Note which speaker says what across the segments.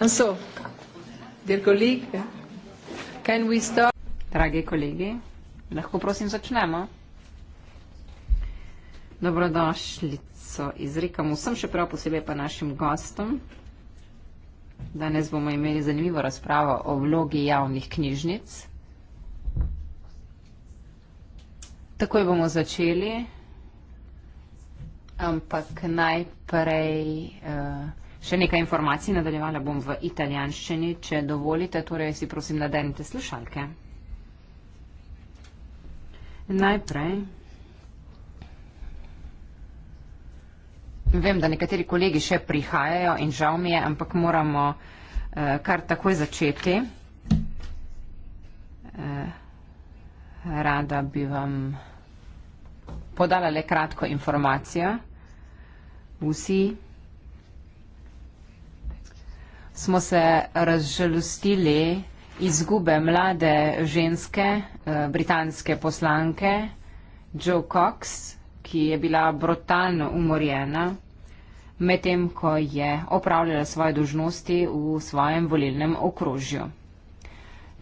Speaker 1: And so, dear colleague, can we start? Dragi kolegi, lahko prosim začnemo? Dobrodošlico izrekam vsem, še prav posebej pa našim gostom. Danes bomo imeli zanimivo razpravo o vlogi javnih knjižnic. Takoj bomo začeli ampak najprej uh, še nekaj informacij, nadaljevala bom v italijanščini, če dovolite, torej si prosim, nadenite slušalke. Najprej. Vem, da nekateri kolegi še prihajajo in žal mi je, ampak moramo uh, kar takoj začeti. Uh, rada bi vam podala le kratko informacijo vsi smo se razžalostili izgube mlade ženske, eh, britanske poslanke, Jo Cox, ki je bila brutalno umorjena medtem, ko je opravljala svoje dožnosti v svojem volilnem okrožju.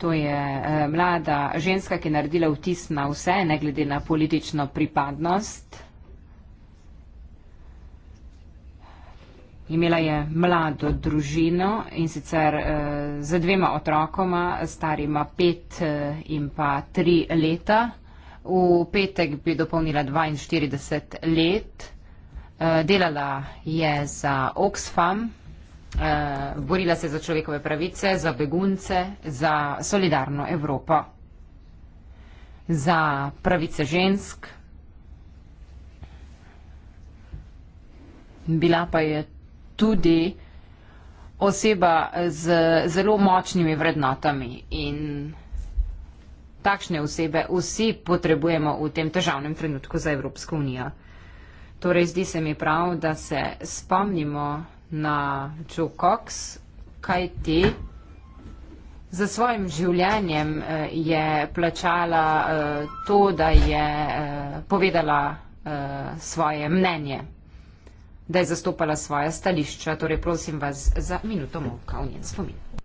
Speaker 1: To je eh, mlada ženska, ki je naredila vtis na vse, ne glede na politično pripadnost. Imela je mlado družino in sicer uh, eh, za dvema otrokoma, starima pet uh, in pa tri leta. V petek bi dopolnila 42 let. Uh, delala je za Oxfam, uh, borila se za človekove pravice, za begunce, za solidarno Evropo, za pravice žensk. Bila pa je tudi oseba z zelo močnimi vrednotami in takšne osebe vsi potrebujemo v tem težavnem trenutku za Evropsko unijo. Torej, zdi se mi prav, da se spomnimo na Joe Cox, kaj ti za svojim življenjem eh, je plačala eh, to, da je eh, povedala svoje mnenje da je zastopala svoje stališča. Torej prosim vas za minuto molka v njen spomin.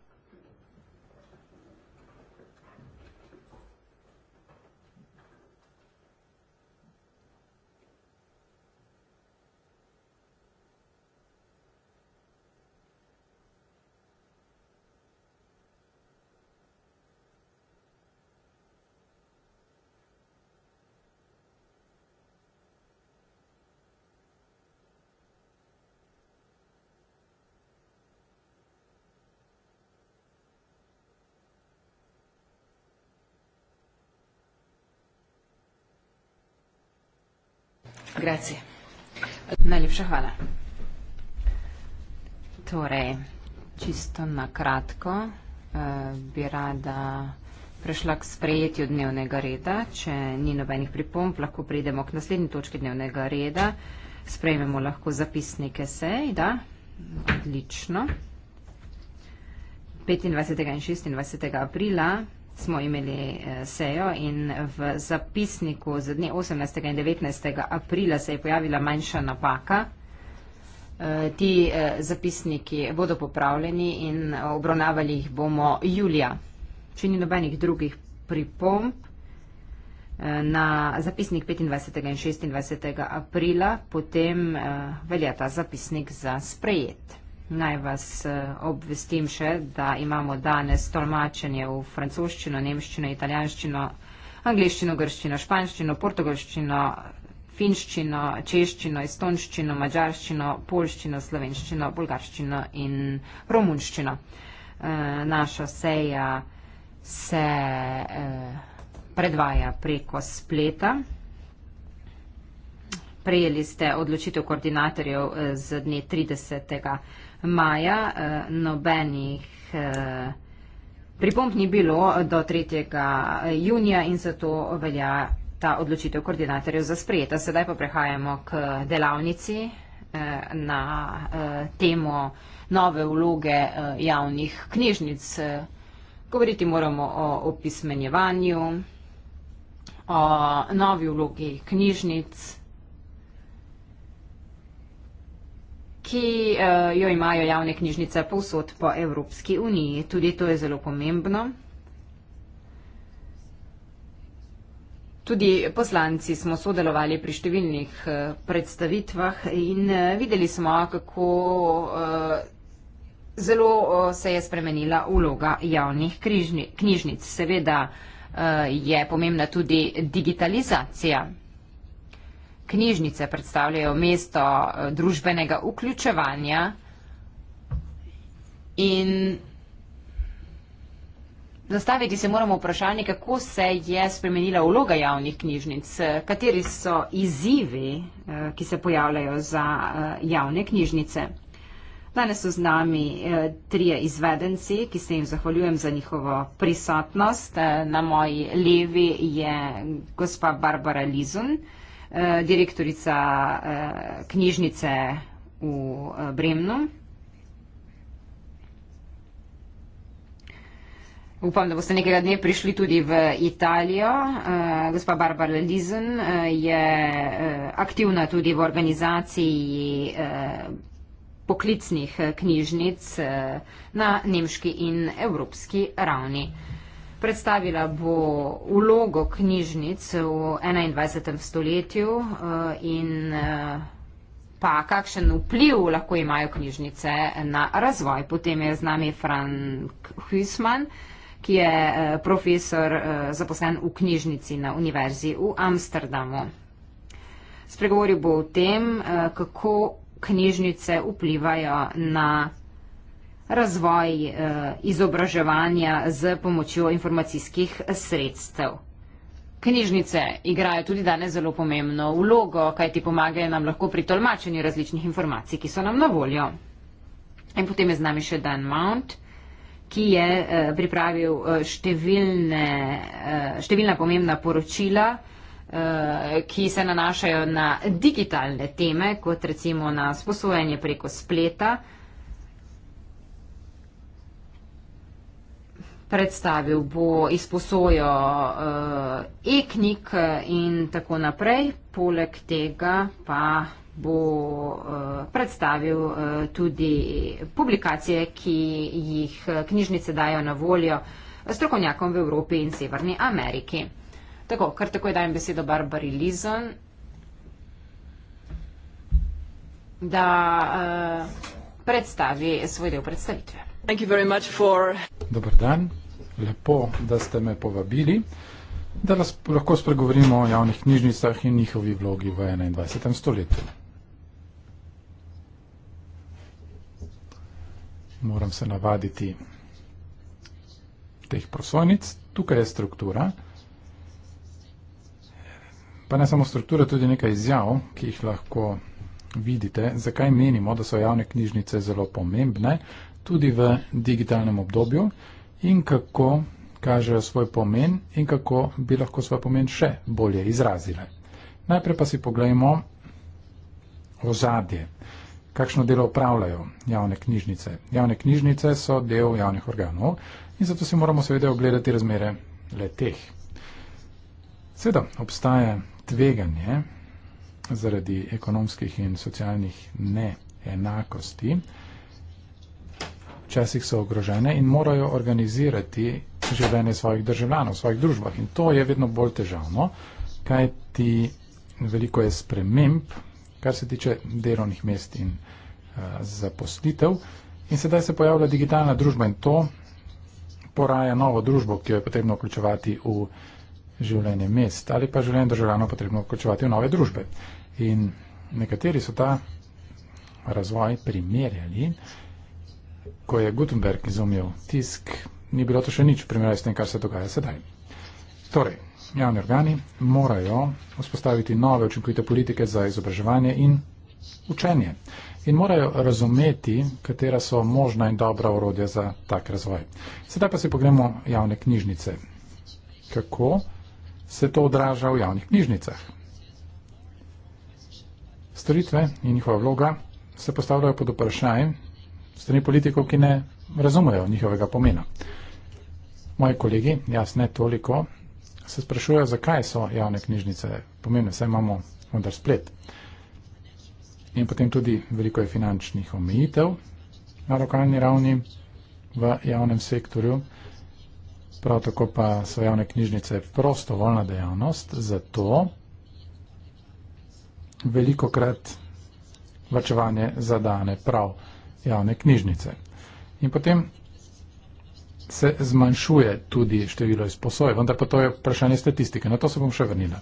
Speaker 1: integracije. Najlepša hvala. Torej, čisto na kratko eh, bi rada prešla k sprejetju dnevnega reda. Če ni nobenih pripomb, lahko pridemo k naslednji točki dnevnega reda. Sprejmemo lahko zapisnike sej, da? Odlično. 25. in 26. aprila smo imeli eh, sejo in v zapisniku z dne 18. in 19. aprila se je pojavila manjša napaka. Eh, ti eh, zapisniki bodo popravljeni in obravnavali jih bomo julija. Če ni nobenih drugih pripomb na zapisnik 25. in 26. aprila, potem velja ta zapisnik za sprejet. Naj vas eh, obvestim še, da imamo danes tolmačenje v francoščino, nemščino, italijanščino, angliščino, grščino, španščino, portugalščino, finščino, češčino, estonščino, mađarščino, polščino, slovenščino, bolgarščino in romunščino. Eh, naša seja se eh, predvaja preko spleta. Prejeli ste odločitev koordinatorjev z dne 30 maja, eh, nobenih eh, pripomp ni bilo do 3. Eh, junija in zato velja ta odločitev koordinatorjev za sprejeta. Sedaj pa prehajamo k delavnici na temo nove vloge javnih knjižnic. Govoriti moramo o opismenjevanju, o novi vlogi knjižnic, ki uh, jo imajo javne knjižnice povsod po Evropski uniji. Tudi to je zelo pomembno. Tudi poslanci smo sodelovali pri številnih eh, predstavitvah in eh, videli smo, kako zelo se je spremenila vloga javnih knjižnic. Seveda je pomembna tudi digitalizacija Knjižnice predstavljajo mesto eh, družbenega vključevanja in zastaviti se moramo vprašanje, kako se je spremenila vloga javnih knjižnic, eh, kateri so izzivi, eh, ki se pojavljajo za javne knjižnice. Danes so z nami trije izvedenci, ki se jim zahvaljujem za njihovo prisotnost. Na moji levi je gospa Barbara Lizun. Eh, direktorica eh, knjižnice v eh, Bremnu. Upam, da boste nekega dne prišli tudi v Italijo. Gospa Barbara Lizen je aktivna tudi v organizaciji poklicnih knjižnic na nemški in evropski ravni. Predstavila bo vlogo knjižnic v 21. stoletju eh, in eh, pa kakšen vpliv lahko imajo knjižnice na razvoj. Potem je z nami Frank Huisman, ki je eh, profesor zaposlen v knjižnici na Univerzi v Amsterdamu. Spregovoril bo o tem, kako knjižnice vplivajo na razvoj eh, izobraževanja z pomočjo informacijskih sredstev. Knjižnice igrajo tudi danes zelo pomembno vlogo, kaj ti pomagajo nam lahko pri tolmačenju različnih informacij, ki so nam na voljo. In potem je z nami še Dan Mount, ki je eh, pripravil eh, številne, številna pomembna poročila, ki se nanašajo na digitalne teme, kot recimo na sposojanje preko spleta, predstavil bo izposojo uh, e-knjig eh, in tako naprej. Poleg tega pa bo uh, predstavil uh, tudi publikacije, ki jih knjižnice dajo na voljo strokovnjakom v Evropi in Severni Ameriki. Tako, kar takoj dajem besedo Barbari Lizon, da uh, predstavi svoj del predstavitve.
Speaker 2: Dobar dan, lepo, da ste me povabili, da lahko spregovorimo o javnih knjižnicah in njihovi vlogi v 21. stoletju. Moram se navaditi teh prosojnic, tukaj je struktura, pa ne samo struktura, tudi nekaj izjav, ki jih lahko vidite, zakaj menimo, da so javne knjižnice zelo pomembne, tudi v digitalnem obdobju in kako kažejo svoj pomen in kako bi lahko svoj pomen še bolje izrazile. Najprej pa si pogledajmo ozadje, kakšno delo upravljajo javne knjižnice. Javne knjižnice so del javnih organov in zato si moramo seveda ogledati razmere le teh. Seveda obstaja tveganje zaradi ekonomskih in socialnih neenakosti, včasih so ogrožene in morajo organizirati življenje svojih državljanov, v svojih družbah. In to je vedno bolj težavno, kaj ti veliko je sprememb, kar se tiče delovnih mest in uh, zaposlitev. In sedaj se pojavlja digitalna družba in to poraja novo družbo, ki jo je potrebno vključevati v življenje mest ali pa življenje državljanov potrebno vključevati v nove družbe. In nekateri so ta razvoj primerjali ko je Gutenberg izumil tisk, ni bilo to še nič v primerjavi s tem, kar se dogaja sedaj. Torej, javni organi morajo vzpostaviti nove učinkovite politike za izobraževanje in učenje in morajo razumeti, katera so možna in dobra orodja za tak razvoj. Sedaj pa si pogremo javne knjižnice. Kako se to odraža v javnih knjižnicah? Storitve in njihova vloga se postavljajo pod vprašanje strani politikov, ki ne razumejo njihovega pomena. Moji kolegi, jaz ne toliko, se sprašujejo, zakaj so javne knjižnice pomembne, saj imamo vendar splet. In potem tudi veliko je finančnih omejitev na lokalni ravni v javnem sektorju. Prav tako pa so javne knjižnice prostovoljna dejavnost, zato veliko krat vrčevanje zadane prav javne knjižnice. In potem se zmanjšuje tudi število izposoj, vendar pa to je vprašanje statistike. Na to se bom še vrnila.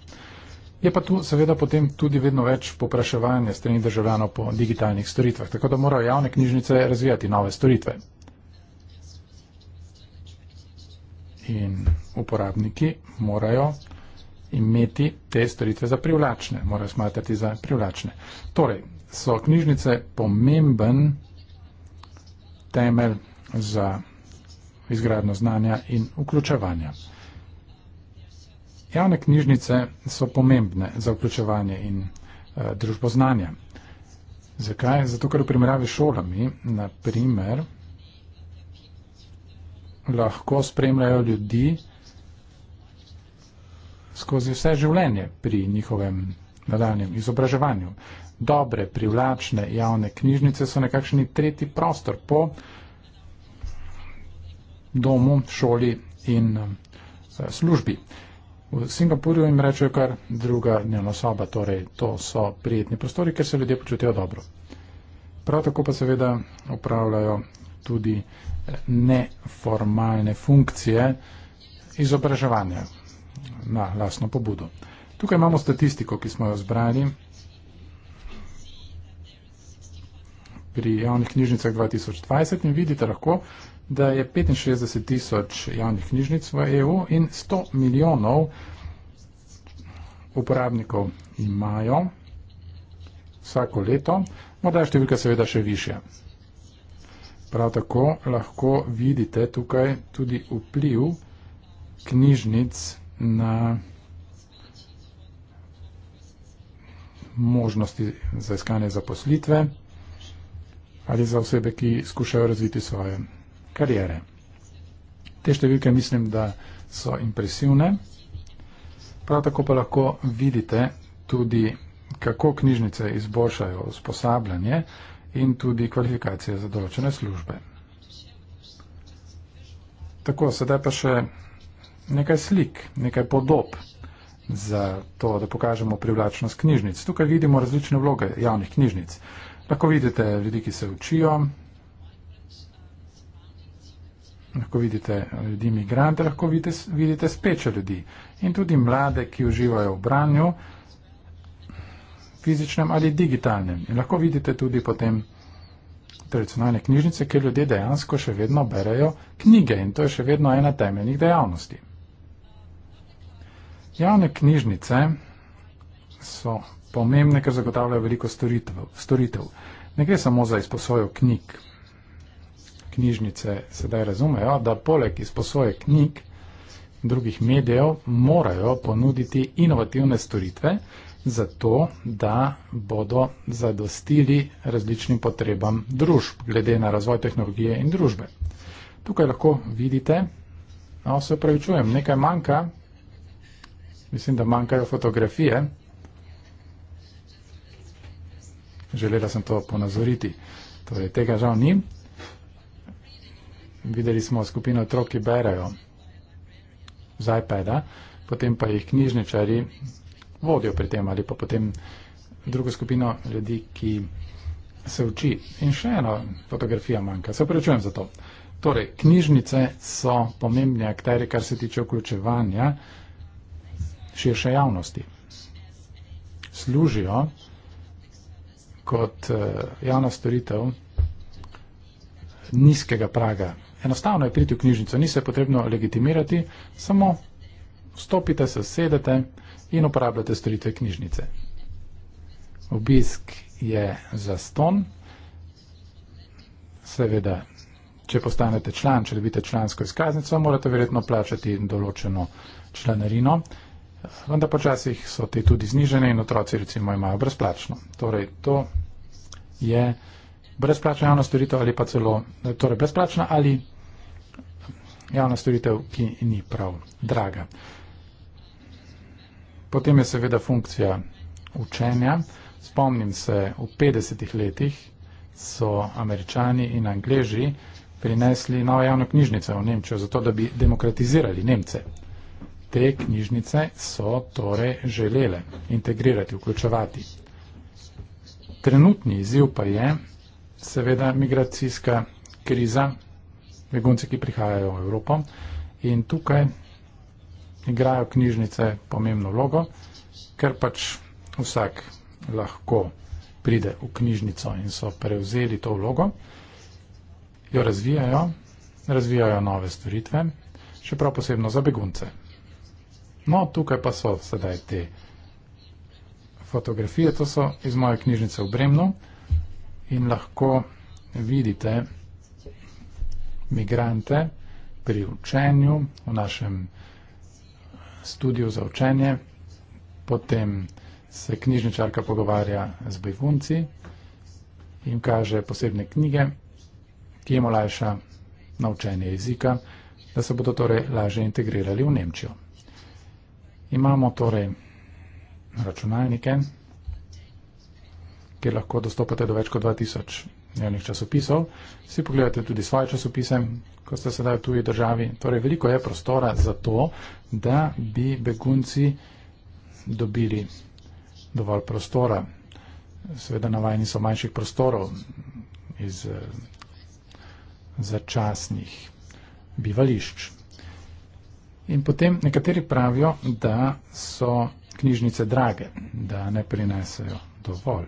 Speaker 2: Je pa tu seveda potem tudi vedno več popraševanja strani državljanov po digitalnih storitvah, tako da morajo javne knjižnice razvijati nove storitve. In uporabniki morajo imeti te storitve za privlačne, morajo smatrati za privlačne. Torej, so knjižnice pomemben temelj za izgradno znanja in vključevanja. Javne knjižnice so pomembne za vključevanje in uh, družbo znanja. Zakaj? Zato, ker v primeravi šolami, na primer, lahko spremljajo ljudi skozi vse življenje pri njihovem nadaljem izobraževanju dobre, privlačne javne knjižnice so nekakšni tretji prostor po domu, šoli in eh, službi. V Singapurju jim rečejo kar druga dnevna soba, torej to so prijetni prostori, ker se ljudje počutijo dobro. Prav tako pa seveda upravljajo tudi eh, neformalne funkcije izobraževanja na lasno pobudo. Tukaj imamo statistiko, ki smo jo zbrali pri javnih knjižnicah 2020 in vidite lahko, da je 65 tisoč javnih knjižnic v EU in 100 milijonov uporabnikov imajo vsako leto, morda je številka seveda še više. Prav tako lahko vidite tukaj tudi vpliv knjižnic na možnosti za iskanje zaposlitve ali za osebe, ki skušajo razviti svoje karijere. Te številke mislim, da so impresivne. Prav tako pa lahko vidite tudi, kako knjižnice izboljšajo usposabljanje in tudi kvalifikacije za določene službe. Tako, sedaj pa še nekaj slik, nekaj podob za to, da pokažemo privlačnost knjižnic. Tukaj vidimo različne vloge javnih knjižnic. Lahko vidite ljudi, ki se učijo, lahko vidite ljudi imigrante, lahko vidite, vidite speče ljudi in tudi mlade, ki uživajo v branju, fizičnem ali digitalnem. In lahko vidite tudi potem tradicionalne knjižnice, kjer ljudje dejansko še vedno berejo knjige in to je še vedno ena temeljnih dejavnosti. Javne knjižnice so pomembne, ker zagotavljajo veliko storitev. storitev. Ne gre samo za izposojo knjig. Knjižnice sedaj razumejo, da poleg izposoje knjig drugih medijev morajo ponuditi inovativne storitve, zato da bodo zadostili različnim potrebam družb, glede na razvoj tehnologije in družbe. Tukaj lahko vidite, no, se pravičujem, nekaj manjka, mislim, da manjkajo fotografije. Želela sem to ponazoriti. Torej, tega žal ni. Videli smo skupino otrok, ki berajo z iPada, potem pa jih knjižničari vodijo pri tem ali pa potem drugo skupino ljudi, ki se uči. In še ena fotografija manjka. Se upravičujem za to. Torej, knjižnice so pomembni akteri, kar se tiče vključevanja širše javnosti. Služijo kot eh, javna storitev nizkega praga. Enostavno je priti v knjižnico, ni se potrebno legitimirati, samo stopite se, sedete in uporabljate storitve knjižnice. Obisk je za ston, seveda, če postanete član, če dobite člansko izkaznico, morate verjetno plačati določeno članarino. Vendar počasi so te tudi znižene in otroci recimo imajo brezplačno. Torej, to je brezplačna javna storitev ali pa celo, torej brezplačna ali javna storitev, ki ni prav draga. Potem je seveda funkcija učenja. Spomnim se, v 50-ih letih so američani in angleži prinesli novo javno knjižnico v Nemčijo, zato da bi demokratizirali Nemce te knjižnice so torej želele integrirati, vključevati. Trenutni izziv pa je seveda migracijska kriza, begunci, ki prihajajo v Evropo in tukaj igrajo knjižnice pomembno vlogo, ker pač vsak lahko pride v knjižnico in so prevzeli to vlogo, jo razvijajo, razvijajo nove storitve, še prav posebno za begunce. No, tukaj pa so sedaj te fotografije, to so iz moje knjižnice v Bremnu in lahko vidite migrante pri učenju v našem studiju za učenje, potem se knjižničarka pogovarja z bivunci in kaže posebne knjige, ki jim olajša naučenje jezika, da se bodo torej lažje integrirali v Nemčijo. Imamo torej računalnike, kjer lahko dostopate do več kot 2000 dnevnih časopisov. Vsi pogledate tudi svoje časopise, ko ste sedaj v tuji državi. Torej, veliko je prostora za to, da bi begunci dobili dovolj prostora. Seveda navajeni so manjših prostorov iz eh, začasnih bivališč. In potem nekateri pravijo, da so knjižnice drage, da ne prinesejo dovolj.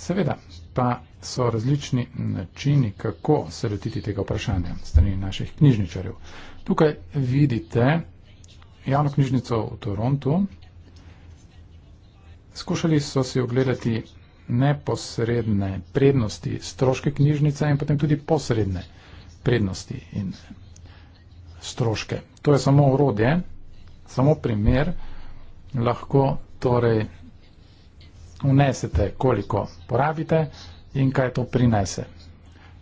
Speaker 2: Seveda pa so različni načini, kako se lotiti tega vprašanja strani naših knjižničarjev. Tukaj vidite javno knjižnico v Torontu. Skušali so si ogledati neposredne prednosti stroške knjižnice in potem tudi posredne prednosti in stroške. To je samo urodje, samo primer, lahko torej unesete, koliko porabite in kaj to prinese.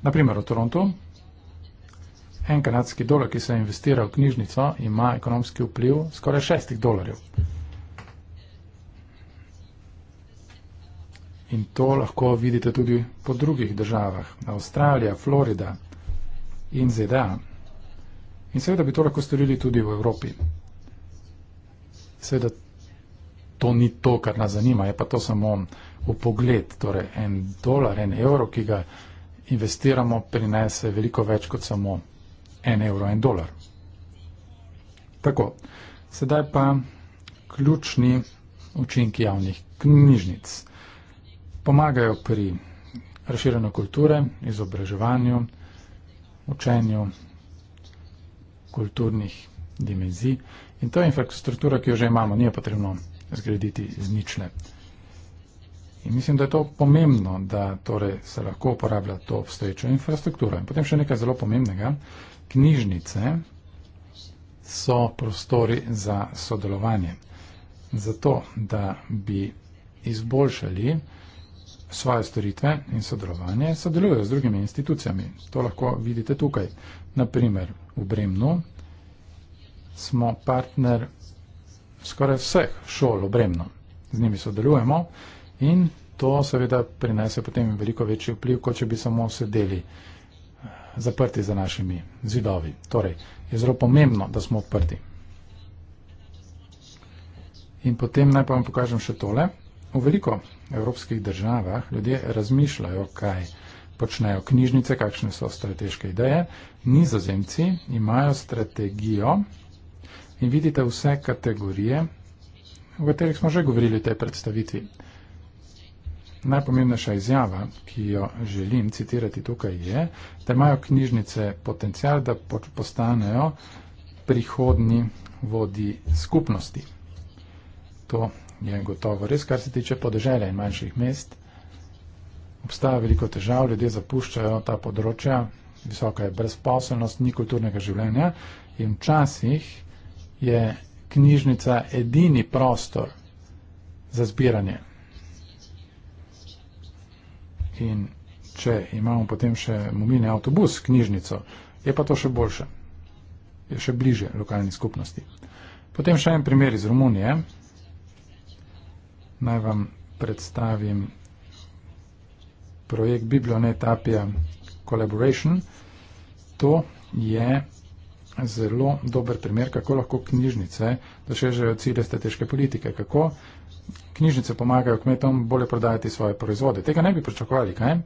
Speaker 2: Naprimer v Torontu, en kanadski dolar, ki se je investira v knjižnico, ima ekonomski vpliv skoraj šestih dolarjev. In to lahko vidite tudi po drugih državah. Avstralija, Florida in ZDA. In seveda bi to lahko storili tudi v Evropi. Seveda to ni to, kar nas zanima, je pa to samo v pogled. Torej, en dolar, en evro, ki ga investiramo, prinese veliko več kot samo en evro, en dolar. Tako, sedaj pa ključni učinki javnih knjižnic. Pomagajo pri razširjanju kulture, izobraževanju, učenju, kulturnih dimenzij. In to je infrastruktura, ki jo že imamo, ni jo potrebno zgraditi z ničle. In mislim, da je to pomembno, da torej se lahko uporablja to obstoječo infrastrukturo. In potem še nekaj zelo pomembnega. Knjižnice so prostori za sodelovanje. Zato, da bi izboljšali svoje storitve in sodelovanje, sodelujejo z drugimi institucijami. To lahko vidite tukaj. Naprimer, v Bremnu, smo partner skoraj vseh šol v Bremnu. Z njimi sodelujemo in to seveda prinese potem veliko večji vpliv, kot če bi samo sedeli eh, zaprti za našimi zidovi. Torej, je zelo pomembno, da smo odprti. In potem naj pa vam pokažem še tole. V veliko evropskih državah ljudje razmišljajo, kaj je počnejo knjižnice, kakšne so strateške ideje. Nizozemci imajo strategijo in vidite vse kategorije, o katerih smo že govorili v tej predstavitvi. Najpomembnejša izjava, ki jo želim citirati tukaj, je, da imajo knjižnice potencial, da postanejo prihodni vodi skupnosti. To je gotovo res, kar se tiče podeželja in manjših mest obstaja veliko težav, ljudje zapuščajo ta področja, visoka je brezposelnost, ni kulturnega življenja in včasih je knjižnica edini prostor za zbiranje. In če imamo potem še mobilni avtobus, knjižnico, je pa to še boljše, je še bliže lokalni skupnosti. Potem še en primer iz Romunije. Naj vam predstavim projekt Biblionet Apia Collaboration. To je zelo dober primer, kako lahko knjižnice dosežejo cilje strateške politike, kako knjižnice pomagajo kmetom bolje prodajati svoje proizvode. Tega ne bi pričakovali, kaj?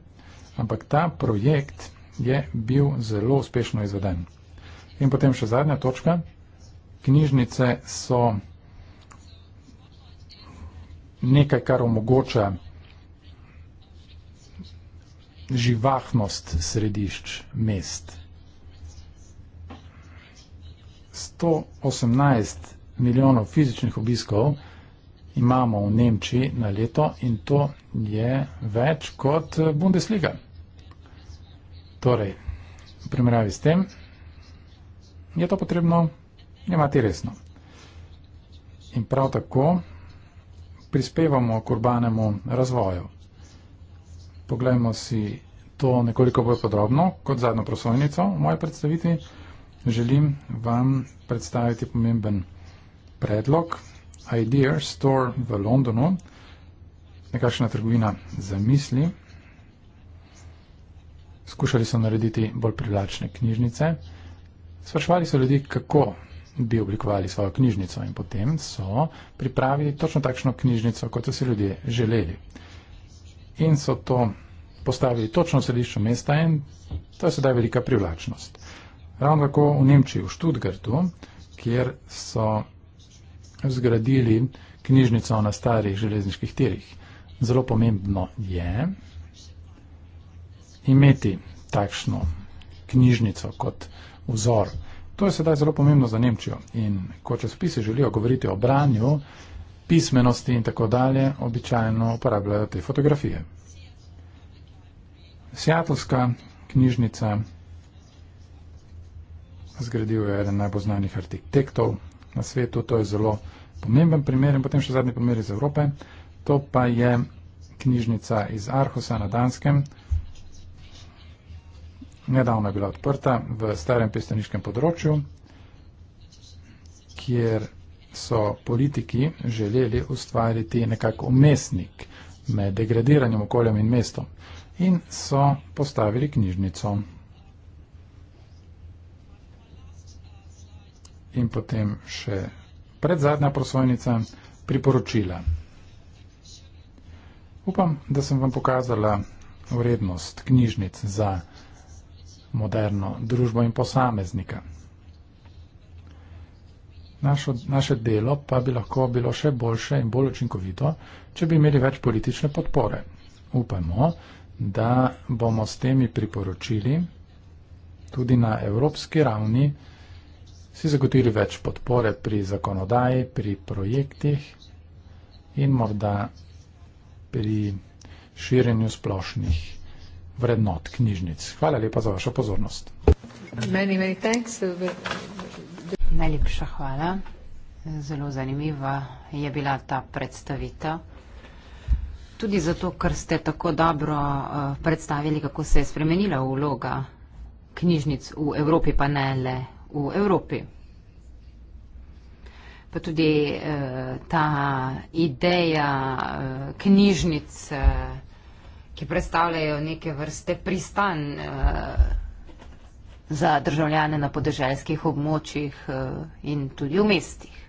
Speaker 2: Ampak ta projekt je bil zelo uspešno izveden. In potem še zadnja točka. Knjižnice so nekaj, kar omogoča živahnost središč mest. 118 milijonov fizičnih obiskov imamo v Nemčiji na leto in to je več kot Bundesliga. Torej, v primeravi s tem, je to potrebno imati resno. In prav tako prispevamo k urbanemu razvoju. Poglejmo si to nekoliko bolj podrobno kot zadnjo prosojnico v moji predstavitvi. Želim vam predstaviti pomemben predlog Ideas Store v Londonu, nekakšna trgovina za misli. Skušali so narediti bolj privlačne knjižnice. Svršvali so ljudi, kako bi oblikovali svojo knjižnico in potem so pripravili točno takšno knjižnico, kot so si ljudje želeli. In so to postavili točno v središču mesta in to je sedaj velika privlačnost. Ravno tako v Nemčiji, v Študgartu, kjer so zgradili knjižnico na starih železniških tirih. Zelo pomembno je imeti takšno knjižnico kot vzor. To je sedaj zelo pomembno za Nemčijo in ko časopisi želijo govoriti o branju, pismenosti in tako dalje, običajno uporabljajo te fotografije. Seattleska knjižnica, zgradil je eden najbolj znanih arhitektov na svetu, to je zelo pomemben primer in potem še zadnji primer iz Evrope. To pa je knjižnica iz Arhusa na Danskem. Nedavno je bila odprta v starem pristaniškem področju, kjer so politiki želeli ustvariti nekako umestnik med degradiranjem okoljem in mestom in so postavili knjižnico. In potem še predzadnja prosojnica, priporočila. Upam, da sem vam pokazala vrednost knjižnic za moderno družbo in posameznika. Našo, naše delo pa bi lahko bilo še boljše in bolj učinkovito, če bi imeli več politične podpore. Upamo, da bomo s temi priporočili tudi na evropski ravni si zagotovili več podpore pri zakonodaji, pri projektih in morda pri širjenju splošnih vrednot knjižnic. Hvala lepa za vašo pozornost.
Speaker 1: Many, many Najlepša hvala. Zelo zanimiva je bila ta predstavitev tudi zato, ker ste tako dobro uh, predstavili, kako se je spremenila vloga knjižnic v Evropi, pa ne le v Evropi. Pa tudi uh, ta ideja uh, knjižnic, uh, ki predstavljajo neke vrste pristan uh, za državljane na podeželskih območjih uh, in tudi v mestih.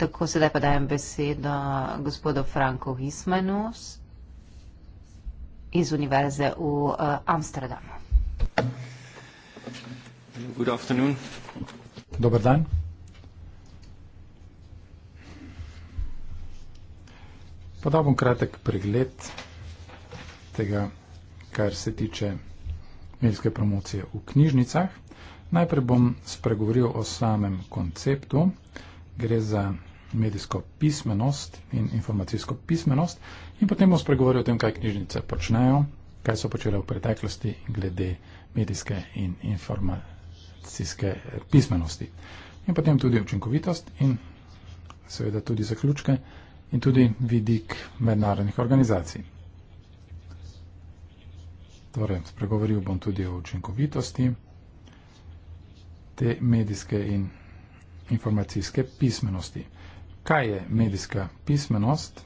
Speaker 1: Tako sedaj pa dajem besedo gospodu Franku Hismanu iz Univerze v eh, Amsterdamu.
Speaker 2: Good afternoon. Dober dan. Podal bom kratek pregled tega, kar se tiče medijske promocije v knjižnicah. Najprej bom spregovoril o samem konceptu. Gre za medijsko pismenost in informacijsko pismenost in potem bom spregovoril o tem, kaj knjižnice počnejo, kaj so počele v preteklosti glede medijske in informacijske pismenosti. In potem tudi učinkovitost in seveda tudi zaključke in tudi vidik mednarodnih organizacij. Torej, spregovoril bom tudi o učinkovitosti te medijske in informacijske pismenosti kaj je medijska pismenost.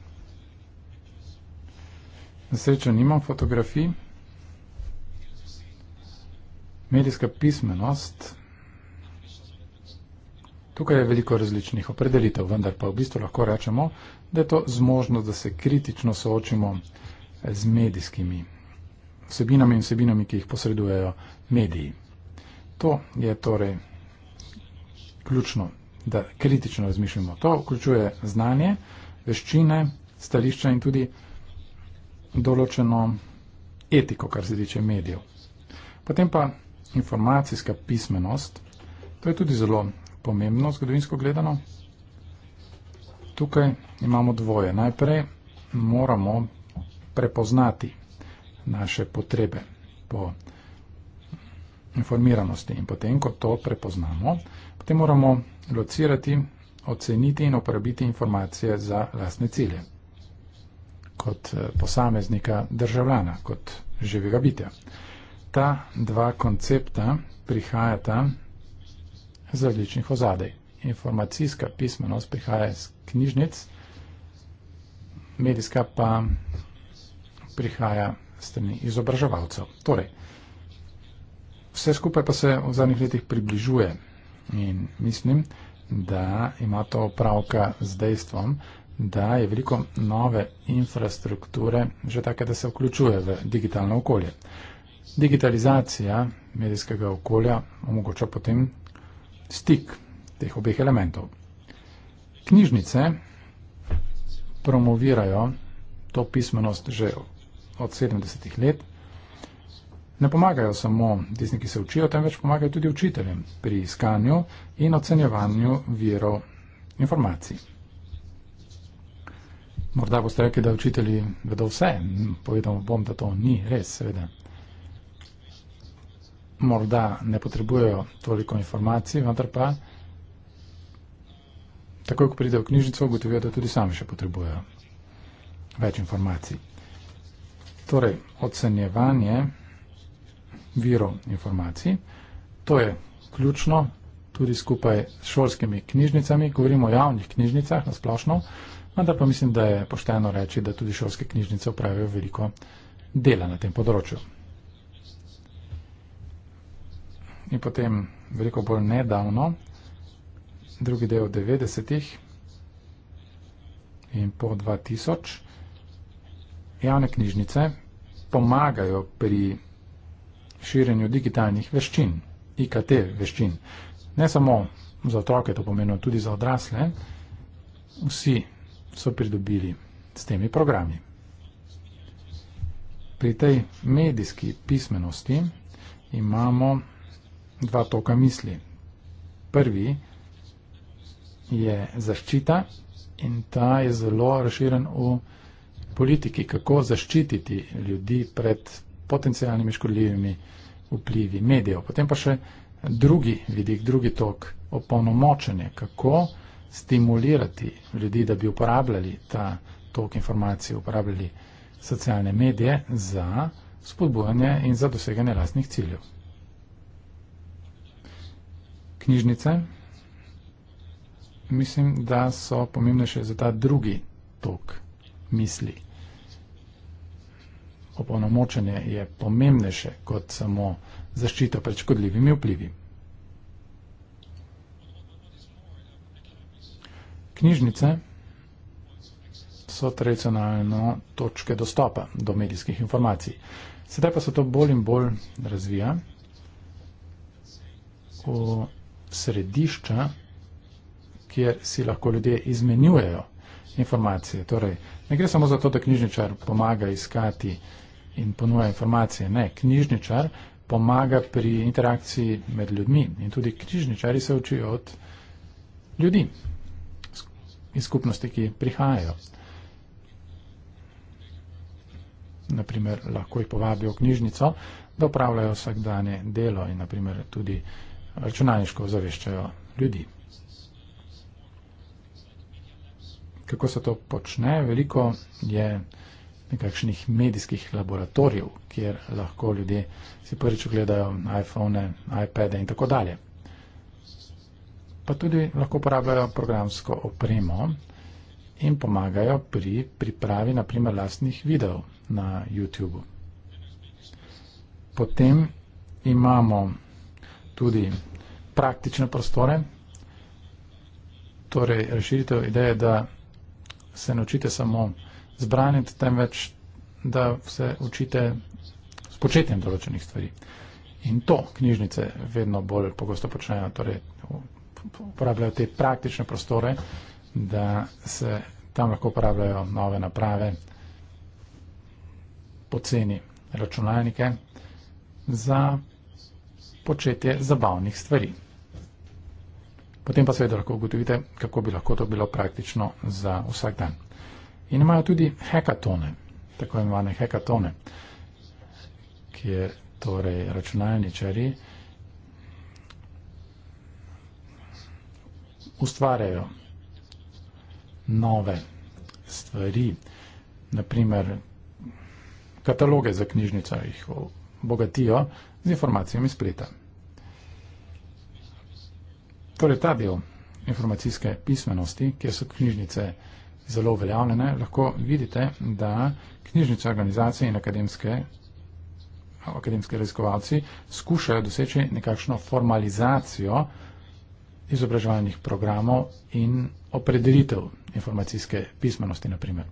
Speaker 2: Na srečo nimam fotografij. Medijska pismenost. Tukaj je veliko različnih opredelitev, vendar pa v bistvu lahko rečemo, da je to zmožno, da se kritično soočimo z medijskimi vsebinami in vsebinami, ki jih posredujejo mediji. To je torej ključno da kritično razmišljamo. To vključuje znanje, veščine, stališča in tudi določeno etiko, kar se tiče medijev. Potem pa informacijska pismenost. To je tudi zelo pomembno, zgodovinsko gledano. Tukaj imamo dvoje. Najprej moramo prepoznati naše potrebe po informiranosti in potem, ko to prepoznamo, te moramo locirati, oceniti in uporabiti informacije za lasne cilje. Kot eh, posameznika državljana, kot živega bitja. Ta dva koncepta prihajata z različnih ozadej. Informacijska pismenost prihaja iz knjižnic, medijska pa prihaja strani izobraževalcev. Torej, vse skupaj pa se v zadnjih letih približuje In mislim, da ima to opravka z dejstvom, da je veliko nove infrastrukture že take, da se vključuje v digitalno okolje. Digitalizacija medijskega okolja omogoča potem stik teh obeh elementov. Knjižnice promovirajo to pismenost že od 70-ih let ne pomagajo samo tisti, ki se učijo, temveč pomagajo tudi učiteljem pri iskanju in ocenjevanju virov informacij. Morda boste rekli, da učitelji vedo vse, povedal bom, da to ni res, seveda. Morda ne potrebujejo toliko informacij, vendar pa takoj, ko pridejo v knjižnico, ugotovijo, da tudi sami še potrebujejo več informacij. Torej, ocenjevanje virov informacij. To je ključno tudi skupaj s šolskimi knjižnicami, govorimo o javnih knjižnicah nasplošno, vendar pa mislim, da je pošteno reči, da tudi šolske knjižnice upravijo veliko dela na tem področju. In potem veliko bolj nedavno, drugi del 90-ih in po 2000, javne knjižnice pomagajo pri širjenju digitalnih veščin, IKT veščin. Ne samo za otroke, to pomeni tudi za odrasle. Vsi so pridobili s temi programi. Pri tej medijski pismenosti imamo dva toka misli. Prvi je zaščita in ta je zelo razširen v politiki, kako zaščititi ljudi pred potencijalnimi škodljivimi vplivi medijev. Potem pa še drugi vidik, drugi tok, opolnomočenje, kako stimulirati ljudi, da bi uporabljali ta tok informacij, uporabljali socialne medije za spodbujanje in za doseganje lastnih ciljev. Knjižnice, mislim, da so pomembnejše za ta drugi tok misli opolnomočenje je pomembnejše kot samo zaščita pred škodljivimi vplivi. Knjižnice so tradicionalno točke dostopa do medijskih informacij. Sedaj pa se to bolj in bolj razvija v središča, kjer si lahko ljudje izmenjujejo informacije. Torej, ne gre samo za to, da knjižničar pomaga iskati informacije, in ponuja informacije. Ne, knjižničar pomaga pri interakciji med ljudmi in tudi knjižničari se učijo od ljudi iz skupnosti, ki prihajajo. Naprimer, lahko jih povabijo v knjižnico, da upravljajo vsakdanje delo in naprimer tudi računalniško zaveščajo ljudi. Kako se to počne? Veliko je nekakšnih medijskih laboratorijev, kjer lahko ljudje si prvič ogledajo iPhone, iPade in tako dalje. Pa tudi lahko uporabljajo programsko opremo in pomagajo pri pripravi naprimer lastnih videov na YouTube. Potem imamo tudi praktične prostore, torej razširitev ideje, da se naučite samo zbraniti, temveč da se učite s početjem določenih stvari. In to knjižnice vedno bolj pogosto počnejo, torej uporabljajo te praktične prostore, da se tam lahko uporabljajo nove naprave, poceni računalnike za početje zabavnih stvari. Potem pa seveda lahko ugotovite, kako bi lahko to bilo praktično za vsak dan in imajo tudi hekatone, tako imenovane hekatone, ki je torej računalničari ustvarjajo nove stvari, naprimer kataloge za knjižnico jih bogatijo z informacijami spleta. Torej ta del informacijske pismenosti, kjer so knjižnice zelo uveljavljene, lahko vidite, da knjižnice organizacije in akademske, akademske raziskovalci skušajo doseči nekakšno formalizacijo izobraževalnih programov in opredelitev informacijske pismenosti, naprimer.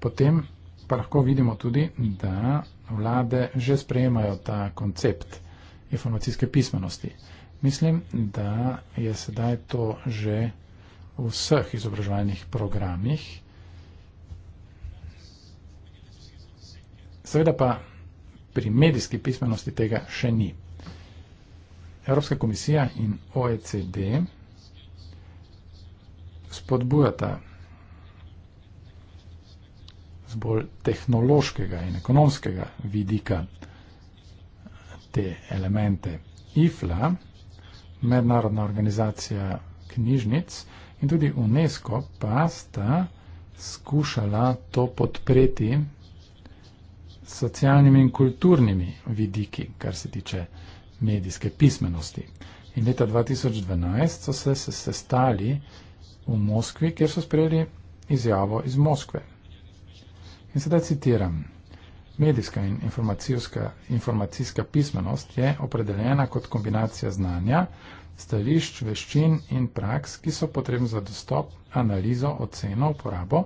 Speaker 2: Potem pa lahko vidimo tudi, da vlade že sprejemajo ta koncept informacijske pismenosti. Mislim, da je sedaj to že v vseh izobraževalnih programih. Seveda pa pri medijski pismenosti tega še ni. Evropska komisija in OECD spodbujata z bolj tehnološkega in ekonomskega vidika te elemente IFLA, mednarodna organizacija knjižnic, In tudi UNESCO pa sta skušala to podpreti s socialnimi in kulturnimi vidiki, kar se tiče medijske pismenosti. In leta 2012 so se sestali v Moskvi, kjer so sprejeli izjavo iz Moskve. In sedaj citiram. Medijska in informacijska, informacijska pismenost je opredeljena kot kombinacija znanja, stališč, veščin in praks, ki so potrebni za dostop, analizo, oceno, uporabo,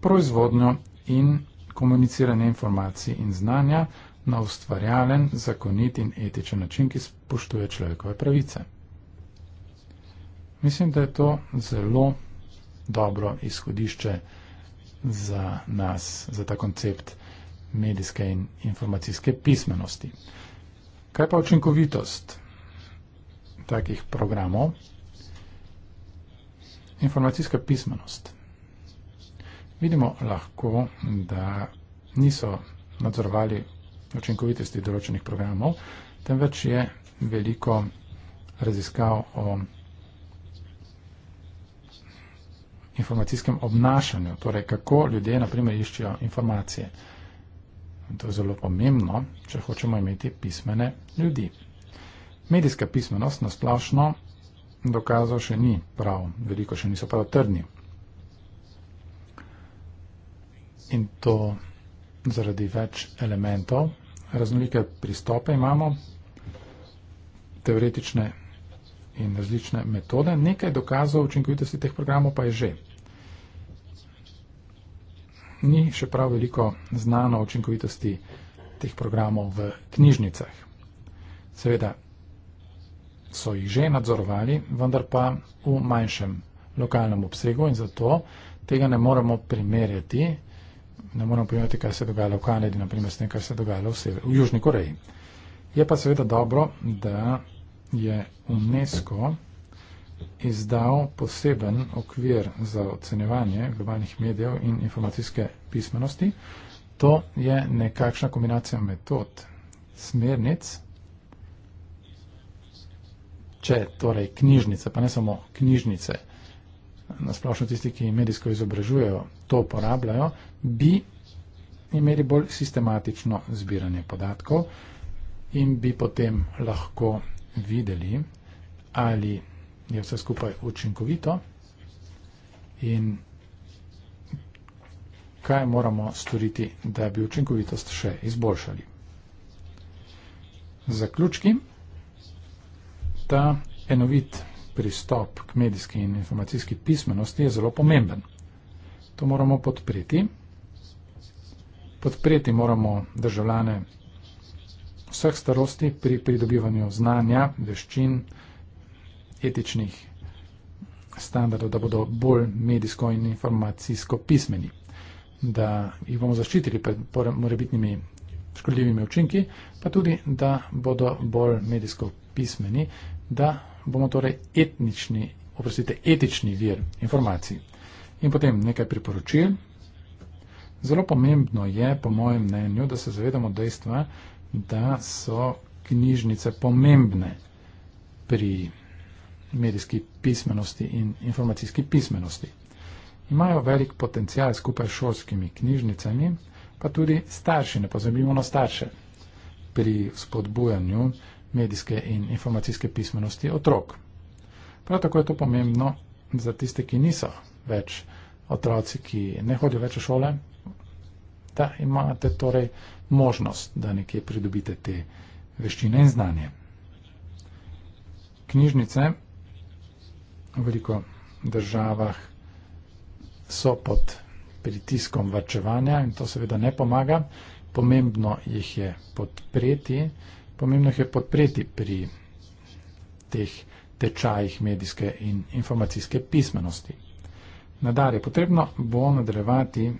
Speaker 2: proizvodnjo in komuniciranje informacij in znanja na ustvarjalen, zakonit in etičen način, ki spoštuje človekove pravice. Mislim, da je to zelo dobro izhodišče za nas, za ta koncept medijske in informacijske pismenosti. Kaj pa učinkovitost takih programov? Informacijska pismenost. Vidimo lahko, da niso nadzorovali učinkovitosti določenih programov, temveč je veliko raziskav o informacijskem obnašanju, torej kako ljudje naprimer iščejo informacije. In to je zelo pomembno, če hočemo imeti pismene ljudi. Medijska pismenost na splošno dokazov še ni prav, veliko še niso prav trdni. In to zaradi več elementov. Raznolike pristope imamo, teoretične in različne metode. Nekaj dokazov učinkovitosti teh programov pa je že ni še prav veliko znano o učinkovitosti teh programov v knjižnicah. Seveda so jih že nadzorovali, vendar pa v manjšem lokalnem obsegu in zato tega ne moremo primerjati, ne moremo primerjati, kaj se dogaja v Kanadi, naprimer s tem, kar se dogaja v, v Južni Koreji. Je pa seveda dobro, da je UNESCO. Okay izdal poseben okvir za ocenjevanje globalnih medijev in informacijske pismenosti. To je nekakšna kombinacija metod, smernic, če torej knjižnice, pa ne samo knjižnice, nasplošno tisti, ki medijsko izobražujejo, to uporabljajo, bi imeli bolj sistematično zbiranje podatkov in bi potem lahko videli, ali je vse skupaj učinkovito in kaj moramo storiti, da bi učinkovitost še izboljšali. Zaključki. Ta enovit pristop k medijski in informacijski pismenosti je zelo pomemben. To moramo podpreti. Podpreti moramo državljane vseh starosti pri pridobivanju znanja, veščin, etičnih standardov, da bodo bolj medijsko in informacijsko pismeni, da jih bomo zaščitili pred morebitnimi škodljivimi učinki, pa tudi, da bodo bolj medijsko pismeni, da bomo torej etnični, oprostite, etični vir informacij. In potem nekaj priporočil. Zelo pomembno je, po mojem mnenju, da se zavedamo dejstva, da so knjižnice pomembne pri informaciji medijski pismenosti in informacijski pismenosti. Imajo velik potencial skupaj s šolskimi knjižnicami, pa tudi starši, ne pozabimo na starše, pri spodbujanju medijske in informacijske pismenosti otrok. Prav tako je to pomembno za tiste, ki niso več otroci, ki ne hodijo več v šole, da imate torej možnost, da nekje pridobite te veščine in znanje. Knjižnice veliko državah so pod pritiskom vrčevanja in to seveda ne pomaga. Pomembno jih je podpreti, pomembno jih je podpreti pri teh tečajih medijske in informacijske pismenosti. Nadalje, potrebno bo nadaljevati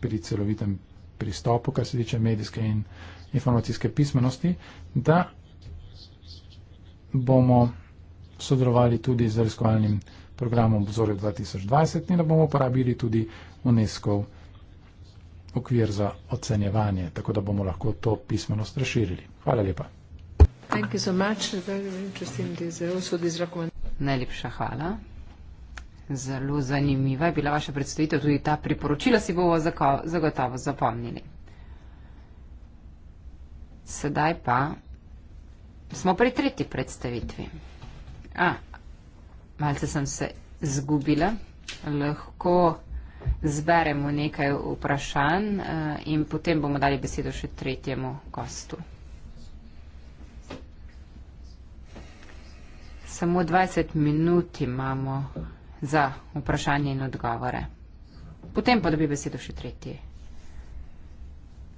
Speaker 2: pri celovitem pristopu, kar se tiče medijske in informacijske pismenosti, da bomo sodelovali tudi z raziskovalnim programom Obzorje 2020 in da bomo uporabili tudi UNESCO okvir za ocenjevanje, tako da bomo lahko to pismenost razširili. Hvala lepa.
Speaker 1: So much. Uh, Najlepša hvala. Zelo zanimiva je bila vaša predstavitev, tudi ta priporočila si bomo zagotovo zapomnili. Sedaj pa smo pri tretji predstavitvi. A, malce sem se zgubila. Lahko zberemo nekaj vprašanj e, in potem bomo dali besedo še tretjemu gostu. Samo 20 minut imamo za vprašanje in odgovore. Potem pa dobi besedo še tretji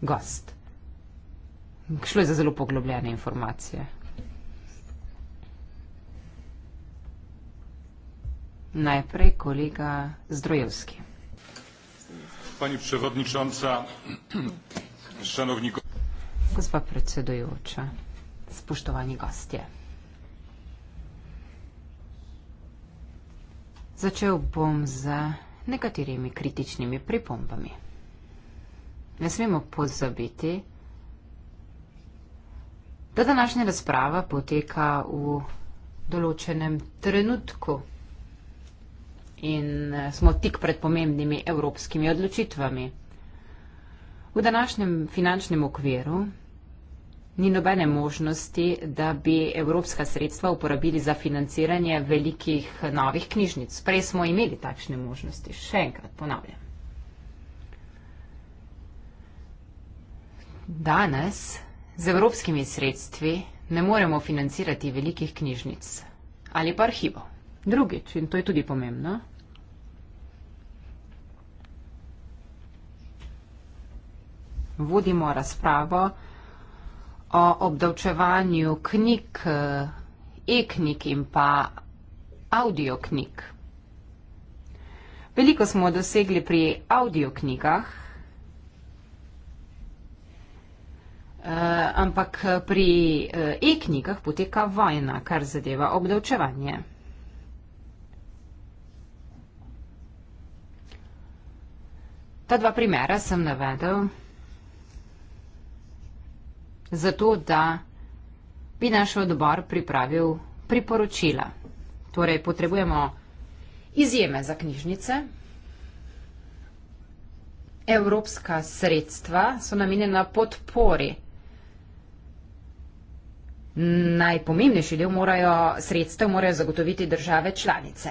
Speaker 1: gost. Šlo je za zelo poglobljene informacije. Najprej kolega Zdrojevski.
Speaker 2: Pani predsednica, šanovni
Speaker 1: Gospa predsedujoča, spoštovani gostje. Začel bom z nekaterimi kritičnimi pripombami. Ne smemo pozabiti, da današnja razprava poteka v določenem trenutku in eh, smo tik pred pomembnimi evropskimi odločitvami. V današnjem finančnem okviru ni nobene možnosti, da bi evropska sredstva uporabili za financiranje velikih novih knjižnic. Prej smo imeli takšne možnosti, še enkrat ponavljam. Danes z evropskimi sredstvi ne moremo financirati velikih knjižnic ali pa arhivov. Drugič, in to je tudi pomembno, vodimo razpravo o obdavčevanju knjig, eh, e-knjig in pa audioknjig. Veliko smo dosegli pri audioknjigah, eh, ampak pri eh, e-knjigah poteka vojna, kar zadeva obdavčevanje. Ta dva primera sem navedel zato da bi naš odbor pripravil priporočila. Torej, potrebujemo izjeme za knjižnice. Evropska sredstva so namenjena podpori. Najpomembnejši del morajo, sredstev morajo zagotoviti države članice.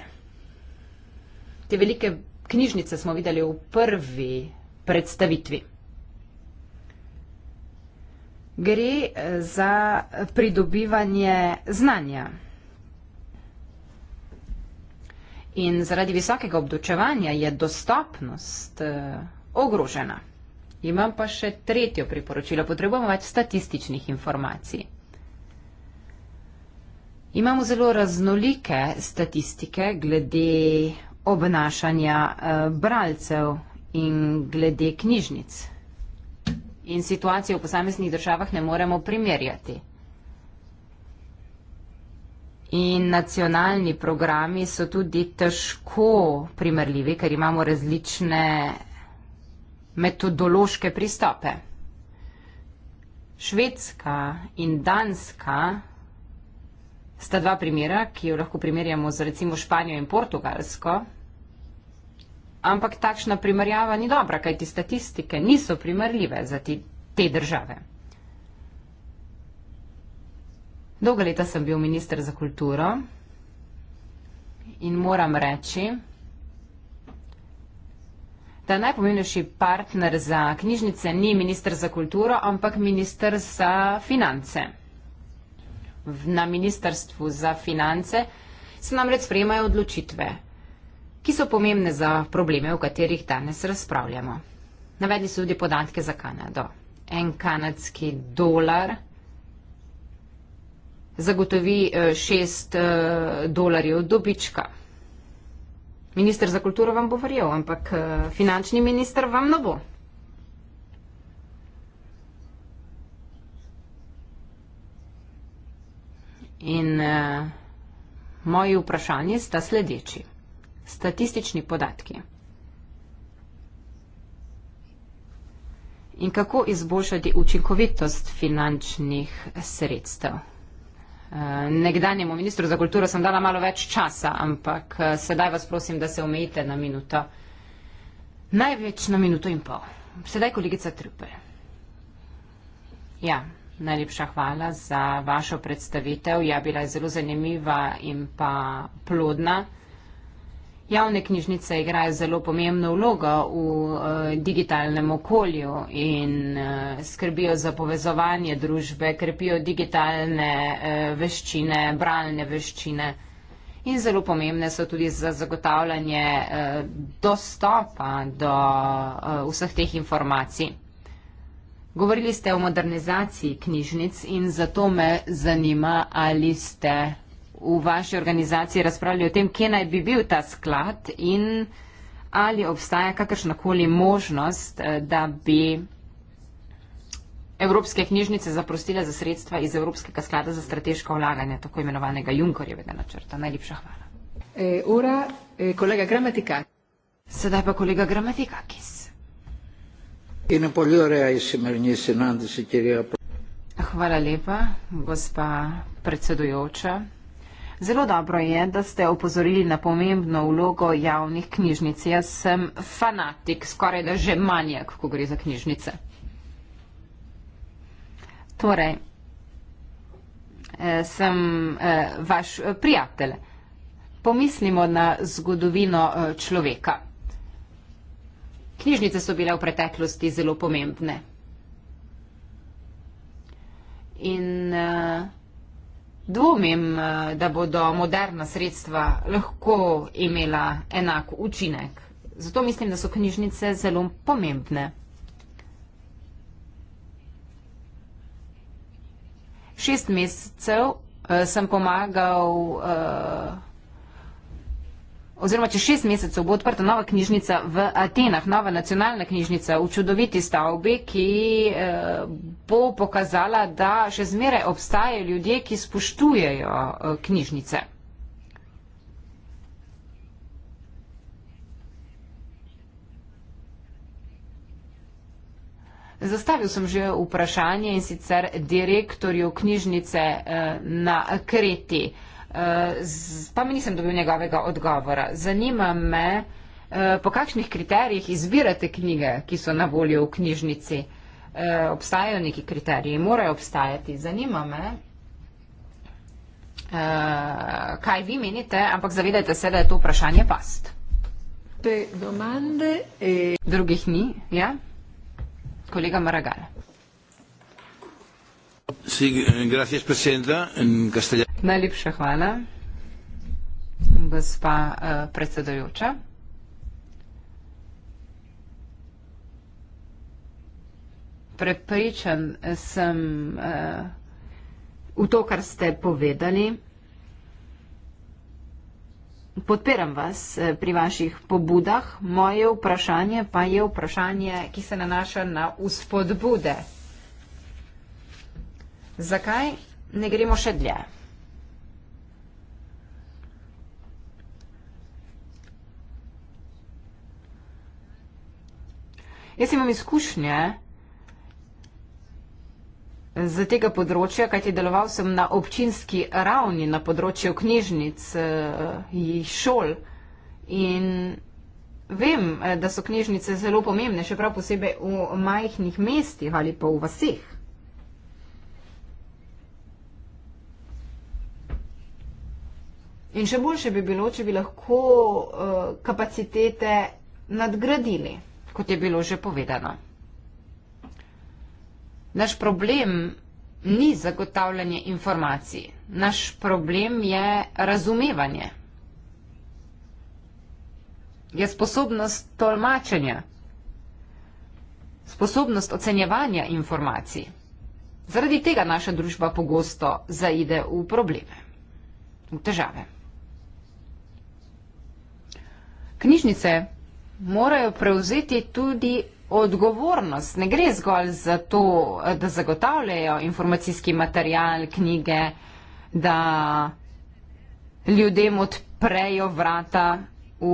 Speaker 1: Te velike knjižnice smo videli v prvi predstavitvi gre eh, za pridobivanje znanja. In zaradi visokega obdočevanja je dostopnost eh, ogrožena. Imam pa še tretjo priporočilo, potrebujemo več statističnih informacij. Imamo zelo raznolike statistike glede obnašanja eh, bralcev in glede knjižnic in situacije v posameznih državah ne moremo primerjati. In nacionalni programi so tudi težko primerljivi, ker imamo različne metodološke pristope. Švedska in Danska sta dva primera, ki jo lahko primerjamo z recimo Španijo in Portugalsko, ampak takšna primerjava ni dobra, kajti statistike niso primerljive za te, te države. Dolga leta sem bil minister za kulturo in moram reči, da najpomembnejši partner za knjižnice ni minister za kulturo, ampak minister za finance. Na ministerstvu za finance se namreč sprejemajo odločitve ki so pomembne za probleme, o katerih danes razpravljamo. Navedli so tudi podatke za Kanado. En kanadski dolar zagotovi 6 eh, eh, dolarjev dobička. Minister za kulturo vam bo verjel, ampak eh, finančni minister vam ne bo. In uh, moji vprašanji sta sledeči statistični podatki. In kako izboljšati učinkovitost finančnih sredstev? Eh, nekdanjemu ministru za kulturo sem dala malo več časa, ampak eh, sedaj vas prosim, da se omejite na minuto. Največ na minuto in pol. Sedaj kolegica Trupel. Ja, najlepša hvala za vašo predstavitev. Ja, bila je zelo zanimiva in pa plodna. Javne knjižnice igrajo zelo pomembno vlogo v uh, digitalnem okolju in uh, skrbijo za povezovanje družbe, krepijo digitalne uh, veščine, bralne veščine in zelo pomembne so tudi za zagotavljanje uh, dostopa do uh, vseh teh informacij. Govorili ste o modernizaciji knjižnic in zato me zanima, ali ste v vaši organizaciji razpravljali o tem, kje naj bi bil ta sklad in ali obstaja kakršnakoli možnost, eh, da bi Evropske knjižnice zaprostile za sredstva iz Evropskega sklada za strateška vlaganja, tako imenovanega Junkorjevega načrta. Najlepša hvala. E, ura, e, kolega Gramatika. Sedaj pa kolega Gramatika, ki se. Hvala lepa, gospa predsedujoča. Zelo dobro je, da ste opozorili na pomembno vlogo javnih knjižnic. Jaz sem fanatik, skoraj da že manjak, ko gre za knjižnice. Torej, eh, sem eh, vaš eh, prijatelj. Pomislimo na zgodovino človeka. Knjižnice so bile v preteklosti zelo pomembne. In uh, dvomim, eh, da bodo moderna sredstva lahko imela enak učinek. Zato mislim, da so knjižnice zelo pomembne. Šest mesecev eh, sem pomagal uh, oziroma čez šest mesecev bo odprta nova knjižnica v Atenah, nova nacionalna knjižnica v čudoviti stavbi, ki eh, bo pokazala, da še zmeraj obstajajo ljudje, ki spoštujejo eh, knjižnice. Zastavil sem že vprašanje in sicer direktorju knjižnice eh, na Kreti. Eh, pa mi nisem dobil njegovega odgovora. Zanima me, eh, po kakšnih kriterijih izbirate knjige, ki so na voljo v knjižnici. Eh, obstajajo neki kriteriji, morajo obstajati. Zanima me, kaj vi menite, ampak zavedajte se, da je to vprašanje past. Drugih ni, ja? Kolega Maragala.
Speaker 2: Sí, castellan...
Speaker 1: Najlepša hvala, gospa uh, eh, predsedojoča. Prepričan sem uh, v to, kar ste povedali. Podpiram vas eh, pri vaših pobudah. Moje vprašanje pa je vprašanje, ki se nanaša na uspodbude. Zakaj ne gremo še dlje? Jaz imam izkušnje z tega področja, kajti deloval sem na občinski ravni, na področju knjižnic eh, in šol. In vem, eh, da so knjižnice zelo pomembne, še prav posebej v majhnih mestih ali pa v vaseh. In še boljše bi bilo, če bi lahko uh, kapacitete nadgradili, kot je bilo že povedano. Naš problem ni zagotavljanje informacij, naš problem je razumevanje, je sposobnost tolmačenja, sposobnost ocenjevanja informacij. Zaradi tega naša družba pogosto zaide v probleme, v težave knjižnice morajo prevzeti tudi odgovornost. Ne gre zgolj za to, da zagotavljajo informacijski material, knjige, da ljudem odprejo vrata v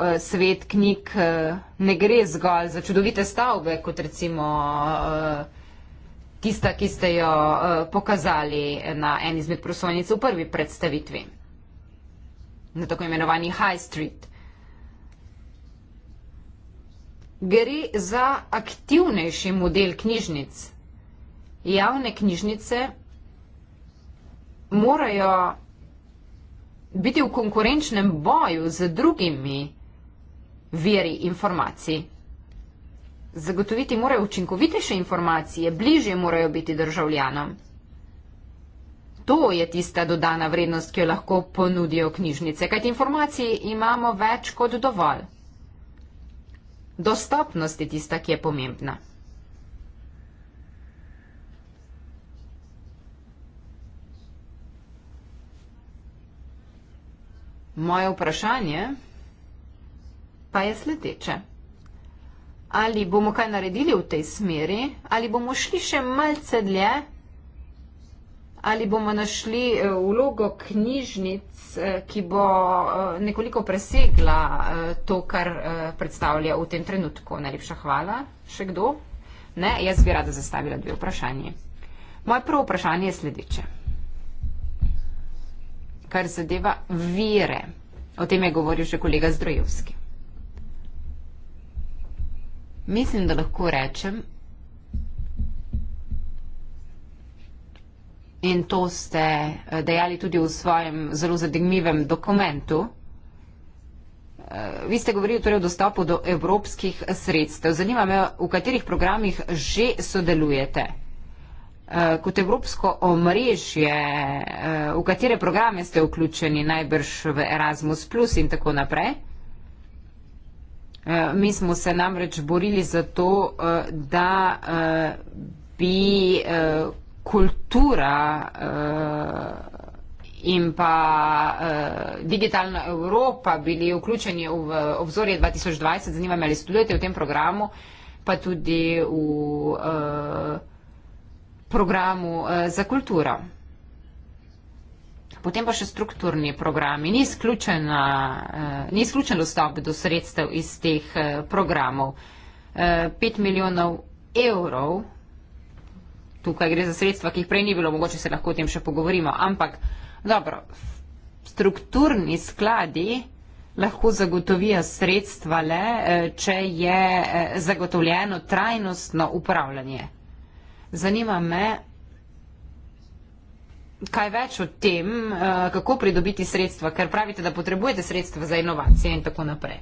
Speaker 1: eh, svet knjig. Eh, ne gre zgolj za čudovite stavbe, kot recimo eh, tista, ki ste jo pokazali na eni izmed prosojnic v prvi predstavitvi, na tako imenovani High Street. gre za aktivnejši model knjižnic. Javne knjižnice morajo biti v konkurenčnem boju z drugimi veri informacij. Zagotoviti morajo učinkovitejše informacije, bližje morajo biti državljanom. To je tista dodana vrednost, ki jo lahko ponudijo knjižnice, kajti informacij imamo več kot dovolj. Dostopnost je tista, ki je pomembna. Moje vprašanje pa je sledeče. Ali bomo kaj naredili v tej smeri, ali bomo šli še malce dlje? ali bomo našli eh, vlogo knjižnic, eh, ki bo eh, nekoliko presegla to, kar predstavlja v tem trenutku. Najlepša hvala. Še kdo? Ne, jaz bi rada zastavila dve vprašanje. Moje prvo vprašanje je sledeče. Kar zadeva vire. O tem je govoril že kolega Zdrojevski. Mislim, da lahko rečem, in to ste eh, dejali tudi v svojem zelo zadegmivem dokumentu. Eh, vi ste govorili torej o dostopu do evropskih sredstev. Zanima me, v katerih programih že sodelujete? Eh, kot evropsko omrežje, v katere programe ste vključeni, najbrž v Erasmus Plus in tako naprej? Mi smo se namreč borili za to, da bi kultura uh, in pa uh, digitalna Evropa bili vključeni v obzorje 2020. Zanima me, ali sodelujete v tem programu, pa tudi v uh, programu uh, za kulturo. Potem pa še strukturni programi. Ni izključen, uh, ni izključen dostop do sredstev iz teh uh, programov. Uh, 5 milijonov evrov tukaj gre za sredstva, ki jih prej ni bilo, mogoče se lahko o tem še pogovorimo. Ampak, dobro, strukturni skladi lahko zagotovijo sredstva le, eh, če je eh, zagotovljeno trajnostno upravljanje. Zanima me, kaj več o tem, eh, kako pridobiti sredstva, ker pravite, da potrebujete sredstva za inovacije in tako naprej.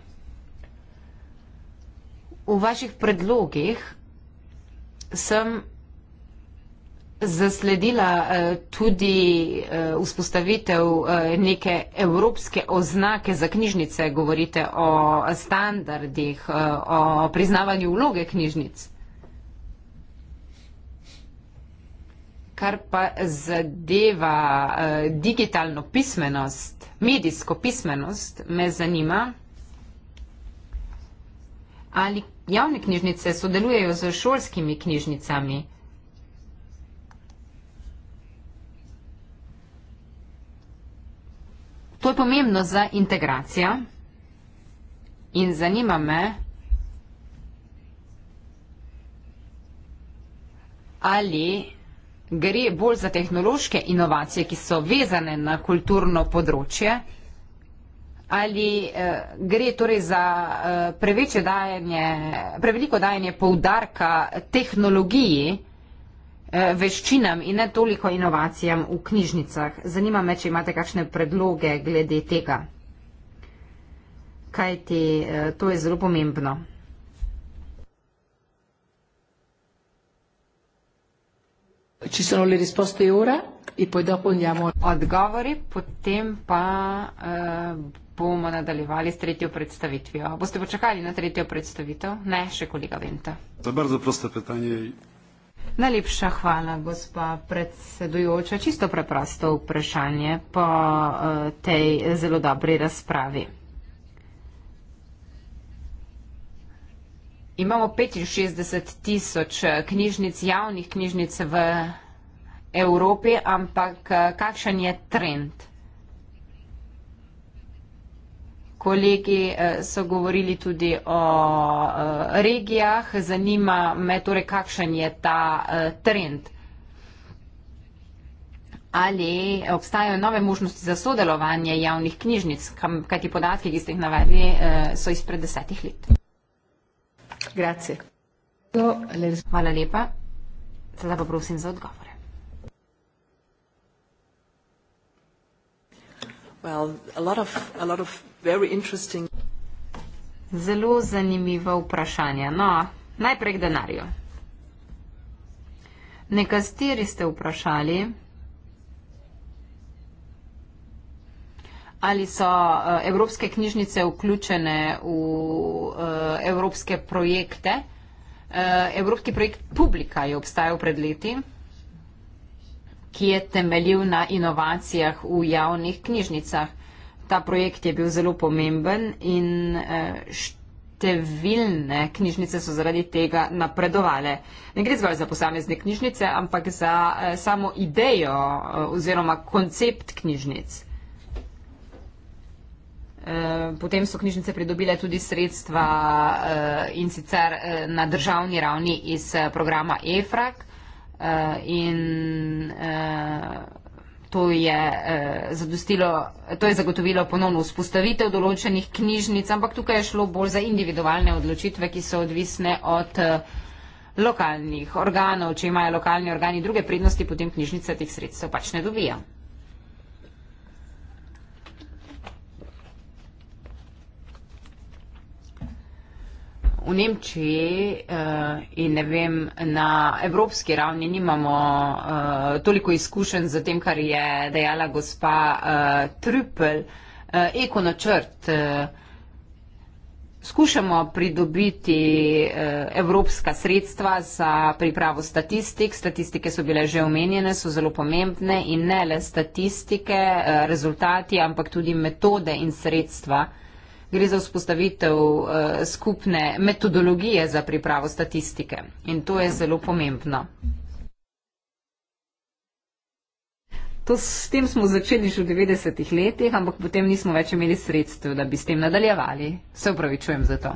Speaker 1: V vaših predlogih sem zasledila eh, tudi eh, vzpostavitev eh, neke evropske oznake za knjižnice, govorite o standardih, o priznavanju vloge knjižnic. Kar pa zadeva digitalno pismenost, medijsko pismenost, me zanima, ali javne knjižnice sodelujejo z šolskimi knjižnicami, To je pomembno za integracijo in zanima me, ali gre bolj za tehnološke inovacije, ki so vezane na kulturno področje, ali eh, gre torej za eh, preveliko dajanje poudarka tehnologiji, Eh, veščinam in ne toliko inovacijam v knjižnicah. Zanima me, če imate kakšne predloge glede tega. Kaj ti, eh, to je zelo pomembno. Ci sono le risposte ora e poi dopo andiamo. Odgovori, potem pa uh, bomo nadaljevali s tretjo predstavitvijo. Boste počakali na tretjo predstavitev? Ne, še kolega Venta. To je zelo prosta vprašanje. Najlepša hvala, gospa predsedujoča. Čisto preprosto vprašanje po eh, tej zelo dobri razpravi. Imamo 65 tisoč eh, knjižnic, javnih knjižnic v Evropi, ampak eh, kakšen je trend? kolegi eh, so govorili tudi o eh, regijah. Zanima me torej, kakšen je ta eh, trend. Ali obstajajo nove možnosti za sodelovanje javnih knjižnic, kaj ti podatki, ki ste jih navedli, so izpred desetih let? Grazie. Hvala lepa. Sedaj pa prosim za odgovore. Well, a lot of a lot of Zelo zanimivo vprašanje. No, najprej k denarju. Nekateri ste vprašali, ali so eh, evropske knjižnice vključene v eh, evropske projekte. Eh, evropski projekt Publika je obstajal pred leti, ki je temeljil na inovacijah v javnih knjižnicah ta projekt je bil zelo pomemben in eh, številne knjižnice so zaradi tega napredovale. Ne gre zgolj za posamezne knjižnice, ampak za eh, samo idejo eh, oziroma koncept knjižnic. Potem so knjižnice pridobile tudi sredstva in sicer na državni ravni iz programa EFRAK in to je, eh, to je zagotovilo ponovno vzpostavitev določenih knjižnic, ampak tukaj je šlo bolj za individualne odločitve, ki so odvisne od eh, lokalnih organov. Če imajo lokalni organi druge prednosti, potem knjižnica teh sredstev pač ne dobija. v Nemčiji uh, in ne vem, na evropski ravni nimamo uh, toliko izkušenj z tem, kar je dejala gospa uh, eh, Trüppel, uh, eko načrt. Uh, Skušamo pridobiti evropska sredstva za pripravo statistik. Statistike so bile že omenjene, so zelo pomembne in ne le statistike, rezultati, ampak tudi metode in sredstva gre za vzpostavitev uh, skupne metodologije za pripravo statistike in to je zelo pomembno. To, s tem smo začeli že v 90-ih letih, ampak potem nismo več imeli sredstev, da bi s tem nadaljevali. Se upravičujem za to.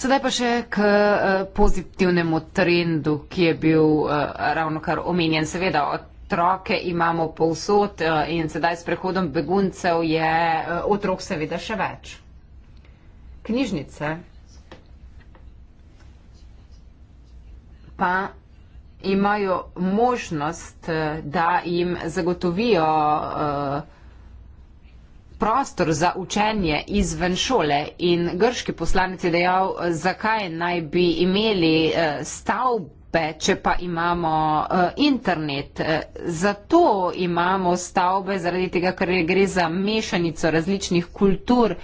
Speaker 1: Sedaj pa še k uh, pozitivnemu trendu, ki je bil uh, eh, ravno kar omenjen. Seveda, otroke imamo povsod eh, in sedaj s prehodom beguncev je eh, otrok seveda še več. Knjižnice pa imajo možnost, eh, da jim zagotovijo prostor za učenje izven šole in grški poslanec je dejal, zakaj naj bi imeli stavb klope, če pa imamo uh, internet. Eh, zato imamo stavbe, zaradi tega, ker gre za mešanico različnih kultur,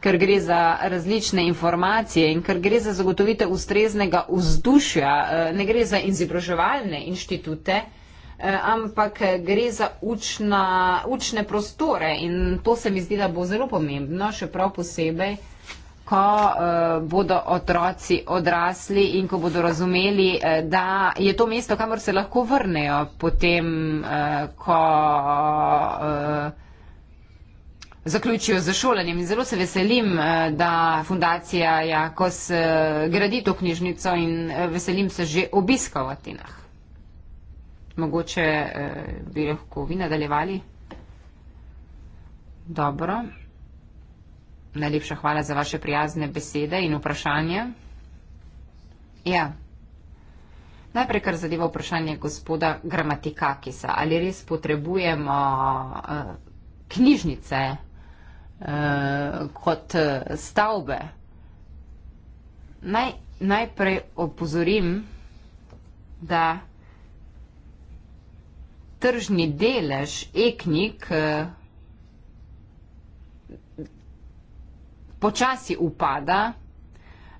Speaker 1: ker gre za različne informacije in ker gre za zagotovitev ustreznega vzdušja. Uh, ne gre za izobraževalne inštitute, uh, ampak gre za učna, učne prostore in to se mi zdi, da bo zelo pomembno, še prav posebej ko uh, bodo otroci odrasli in ko bodo razumeli, uh, da je to mesto, kamor se lahko vrnejo, potem, uh, ko uh, zaključijo z šolanjem. In zelo se veselim, uh, da fundacija Jakos uh, gradi to knjižnico in uh, veselim se že obiska v Atinah. Mogoče uh, bi lahko vi nadaljevali. Dobro. Najlepša hvala za vaše prijazne besede in vprašanje. Ja. Najprej, kar zadeva vprašanje gospoda Gramatikakisa. Ali res potrebujemo uh, knjižnice uh, kot eh, stavbe? Naj, najprej opozorim, da tržni delež e-knjig uh, počasi upada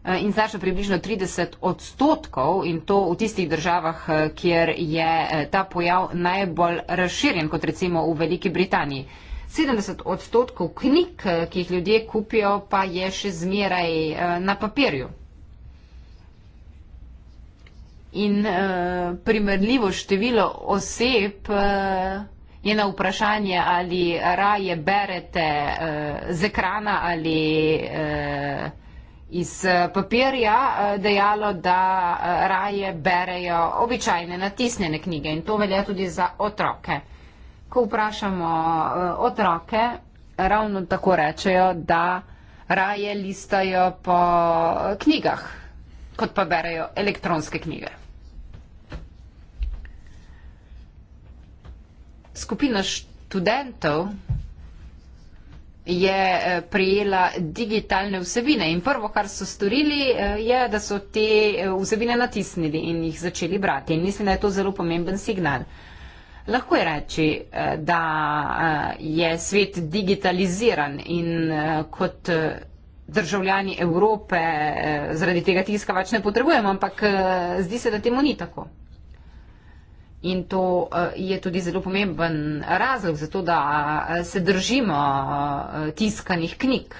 Speaker 1: eh, in zdaj še približno 30 odstotkov in to v tistih državah, eh, kjer je eh, ta pojav najbolj razširjen, kot recimo v Veliki Britaniji. 70 odstotkov knjig, ki jih ljudje kupijo, pa je še zmeraj na papirju. In uh, primerljivo število oseb. Uh, je na vprašanje, ali raje berete eh, z ekrana ali eh, iz papirja, eh, dejalo, da raje berejo običajne natisnjene knjige in to velja tudi za otroke. Ko vprašamo otroke, ravno tako rečejo, da raje listajo po knjigah, kot pa berejo elektronske knjige. skupina študentov je eh, prijela digitalne vsebine in prvo, kar so storili, eh, je, da so te eh, vsebine natisnili in jih začeli brati. In mislim, da je to zelo pomemben signal. Lahko je reči, da je svet digitaliziran in kot državljani Evrope zaradi tega tiska več ne potrebujemo, ampak zdi se, da temu ni tako. In to eh, je tudi zelo pomemben razlog za to, da eh, se držimo eh, tiskanih knjig.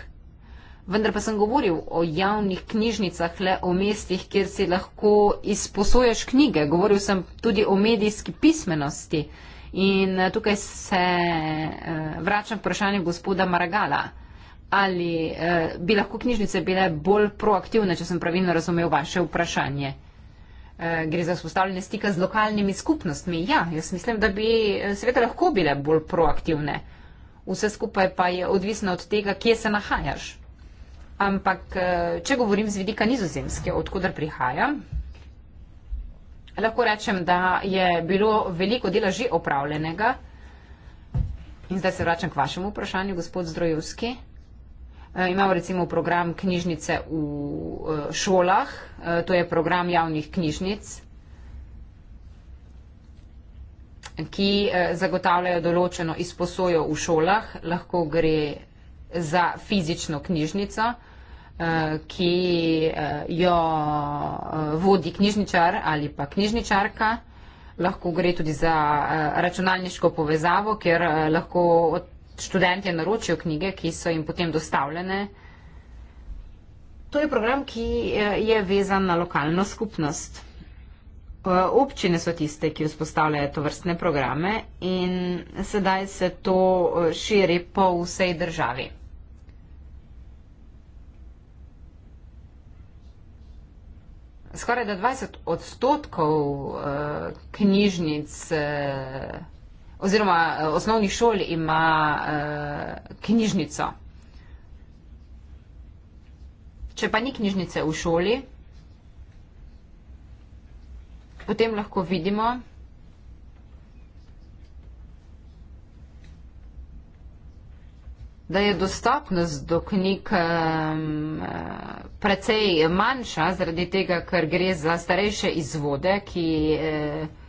Speaker 1: Vendar pa sem govoril o javnih knjižnicah, le o mestih, kjer si lahko izposoješ knjige. Govoril sem tudi o medijski pismenosti. In tukaj se vračam vprašanje gospoda Maragala. Ali bi lahko knjižnice bile bolj proaktivne, če sem pravilno razumel vaše vprašanje? Eh, gre za vzpostavljanje stika z lokalnimi skupnostmi. Ja, jaz mislim, da bi eh, seveda lahko bile bolj proaktivne. Vse skupaj pa je odvisno od tega, kje se nahajaš. Ampak, eh, če govorim z vidika nizozemske, odkudar prihajam, lahko rečem, da je bilo veliko dela že opravljenega. In zdaj se vračam k vašemu vprašanju, gospod Zdrojevski. Eh, imamo recimo program knjižnice v eh, šolah, eh, to je program javnih knjižnic, ki zagotavljajo določeno izposojo v šolah. Lahko gre za fizično knjižnico, ki jo vodi knjižničar ali pa knjižničarka. Lahko gre tudi za računalniško povezavo, ker lahko odpravljajo študentje naročijo knjige, ki so jim potem dostavljene. To je program, ki eh, je vezan na lokalno skupnost. Eh, občine so tiste, ki vzpostavljajo to vrstne programe in sedaj se to eh, širi po vsej državi. Skoraj da 20 odstotkov knjižnic oziroma eh, osnovnih šol ima uh, knjižnico. Če pa ni knjižnice v šoli, potem lahko vidimo, da je dostopnost do knjig um, precej manjša, zaradi tega, ker gre za starejše izvode, ki. Uh,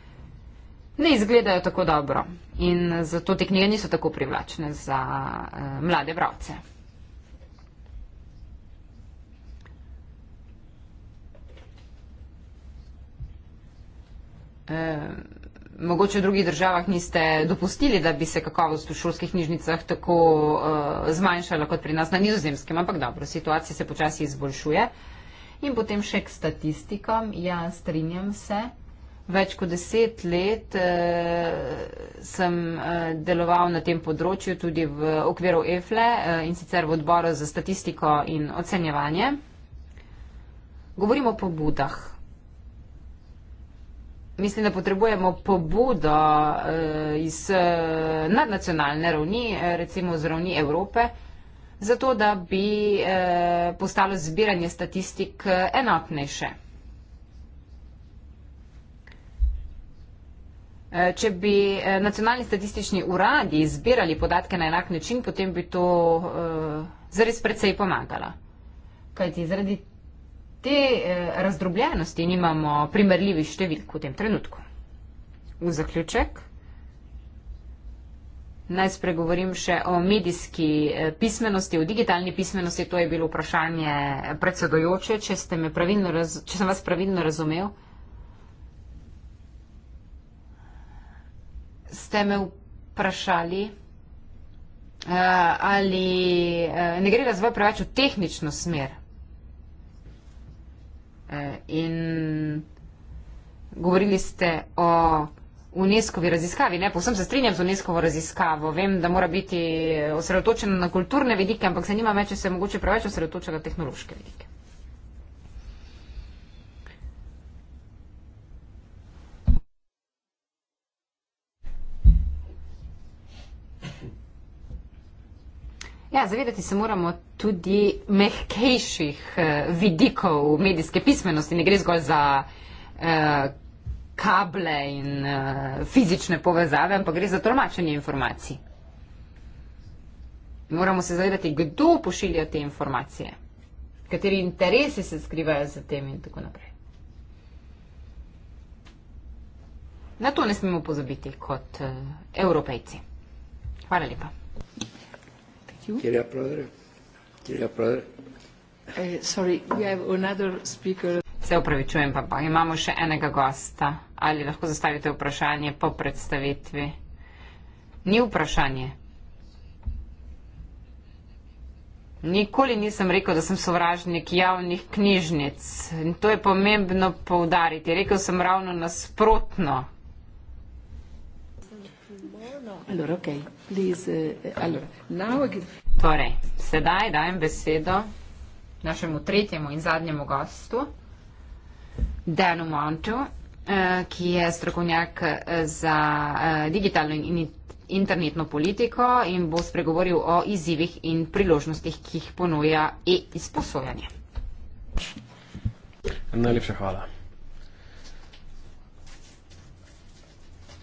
Speaker 1: ne izgledajo tako dobro in zato te knjige niso tako privlačne za uh, mlade bravce. Uh, eh, mogoče v drugih državah niste dopustili, da bi se kakovost v šolskih knjižnicah tako uh, zmanjšala kot pri nas na nizozemskem, ampak dobro, situacija se počasi izboljšuje. In potem še k statistikom. Ja, strinjam se. Več kot deset let eh, sem eh, deloval na tem področju tudi v okviru EFLE eh, in sicer v odboru za statistiko in ocenjevanje. Govorimo o pobudah. Mislim, da potrebujemo pobudo eh, iz eh, nadnacionalne ravni, eh, recimo z ravni Evrope, zato da bi eh, postalo zbiranje statistik eh, enotnejše. Eh, Eh, če bi eh, nacionalni statistični uradi zbirali podatke na enak način, potem bi to uh, zares predvsej pomagalo. Kajti zaradi te uh, razdrobljenosti nimamo primerljivih številk v tem trenutku. V zaključek naj spregovorim še o medijski pismenosti, o digitalni pismenosti. To je bilo vprašanje predsedojoče, če, me pravilno raz, če sem vas pravilno razumel. ste me vprašali, uh, ali uh, ne gre razvoj preveč v tehnično smer. Uh, in govorili ste o UNESCO-vi raziskavi. Ne, povsem se strinjam z UNESCO-vo raziskavo. Vem, da mora biti osredotočena na kulturne vidike, ampak zanima me, če se je mogoče preveč osredotočila na tehnološke vidike. Ja, zavedati se moramo tudi mehkejših eh, vidikov medijske pismenosti. Ne gre zgolj za eh, kable in eh, fizične povezave, ampak gre za tolmačenje informacij. Moramo se zavedati, kdo pošilja te informacije, kateri interesi se skrivajo za tem in tako naprej. Na to ne smemo pozabiti kot eh, evropejci. Hvala lepa you. Kyria
Speaker 2: Prodre. Kyria Prodre.
Speaker 1: Uh, sorry, we have another speaker. Se upravičujem, pa, pa imamo še enega gosta. Ali lahko zastavite vprašanje po predstavitvi? Ni vprašanje. Nikoli nisem rekel, da sem sovražnik javnih knjižnic. In to je pomembno poudariti. Rekel sem ravno nasprotno. Allora, ok, please, uh, allora, now I give... Torej, sedaj dajem besedo našemu tretjemu in zadnjemu gostu, Danu Montu, uh, ki je strokovnjak eh, za uh, digitalno in internetno politiko in bo spregovoril o izzivih in priložnostih, ki jih ponuja e-izposojanje.
Speaker 3: Najlepša hvala.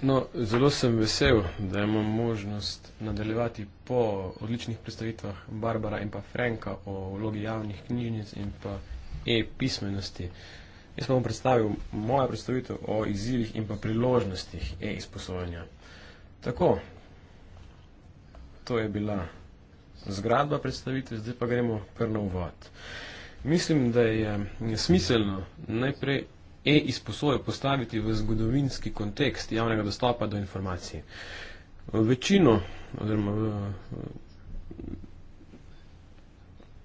Speaker 3: No, zelo sem vesel, da imam možnost nadaljevati po odličnih predstavitvah Barbara in pa Franka o vlogi javnih knjižnic in pa e-pismenosti. Jaz bom predstavil mojo predstavitev o izzivih in pa priložnostih e-izposovanja. Tako, to je bila zgradba predstavitev, zdaj pa gremo kar na uvod. Mislim, da je smiselno najprej e-izposojo postaviti v zgodovinski kontekst javnega dostopa do informacije. Večino, oziroma v,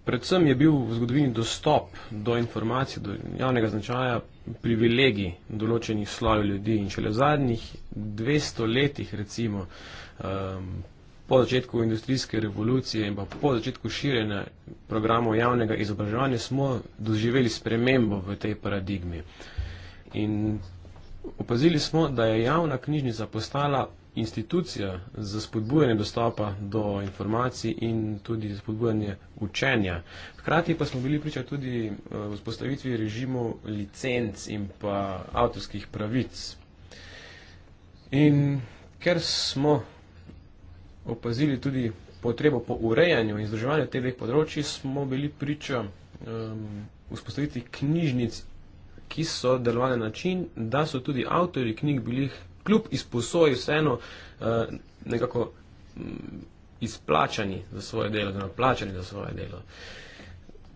Speaker 3: predvsem je bil v zgodovini dostop do informacije, do javnega značaja, privilegij določenih slojev ljudi in šele v zadnjih 200 letih, recimo, um, po začetku industrijske revolucije in pa po začetku širjenja programov javnega izobraževanja, smo doživeli spremembo v tej paradigmi. In opazili smo, da je javna knjižnica postala institucija za spodbujanje dostopa do informacij in tudi za spodbujanje učenja. Hkrati pa smo bili priča tudi eh, vzpostavitvi režimov licenc in pa avtorskih pravic. In ker smo opazili tudi potrebo po urejanju in združevanju teh dveh področji, smo bili priča um, ehm, vzpostaviti knjižnic ki so delovali na način, da so tudi avtori knjig bili kljub izposoji vseeno uh, nekako mm, izplačani za svoje delo, oziroma plačani za svoje delo.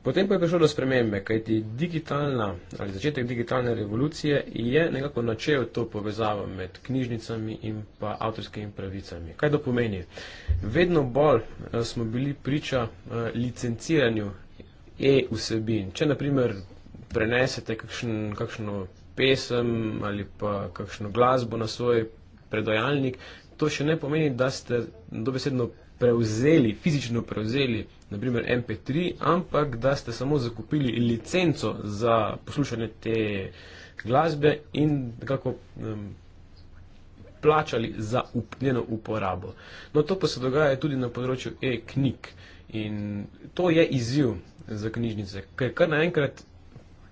Speaker 3: Potem pa je prišlo do spremembe, kajti digitalna ali začetek digitalne revolucije je nekako načel to povezavo med knjižnicami in pa avtorskimi pravicami. Kaj to pomeni? Vedno bolj eh, smo bili priča eh, licenciranju e-vsebin. Če naprimer prenesete kakšen, kakšno pesem ali pa kakšno glasbo na svoj predvajalnik, to še ne pomeni, da ste dobesedno prevzeli, fizično prevzeli, naprimer MP3, ampak da ste samo zakupili licenco za poslušanje te glasbe in nekako um, plačali za up, njeno uporabo. No, to pa se dogaja tudi na področju e-knjig. In to je izziv za knjižnice, ker kar naenkrat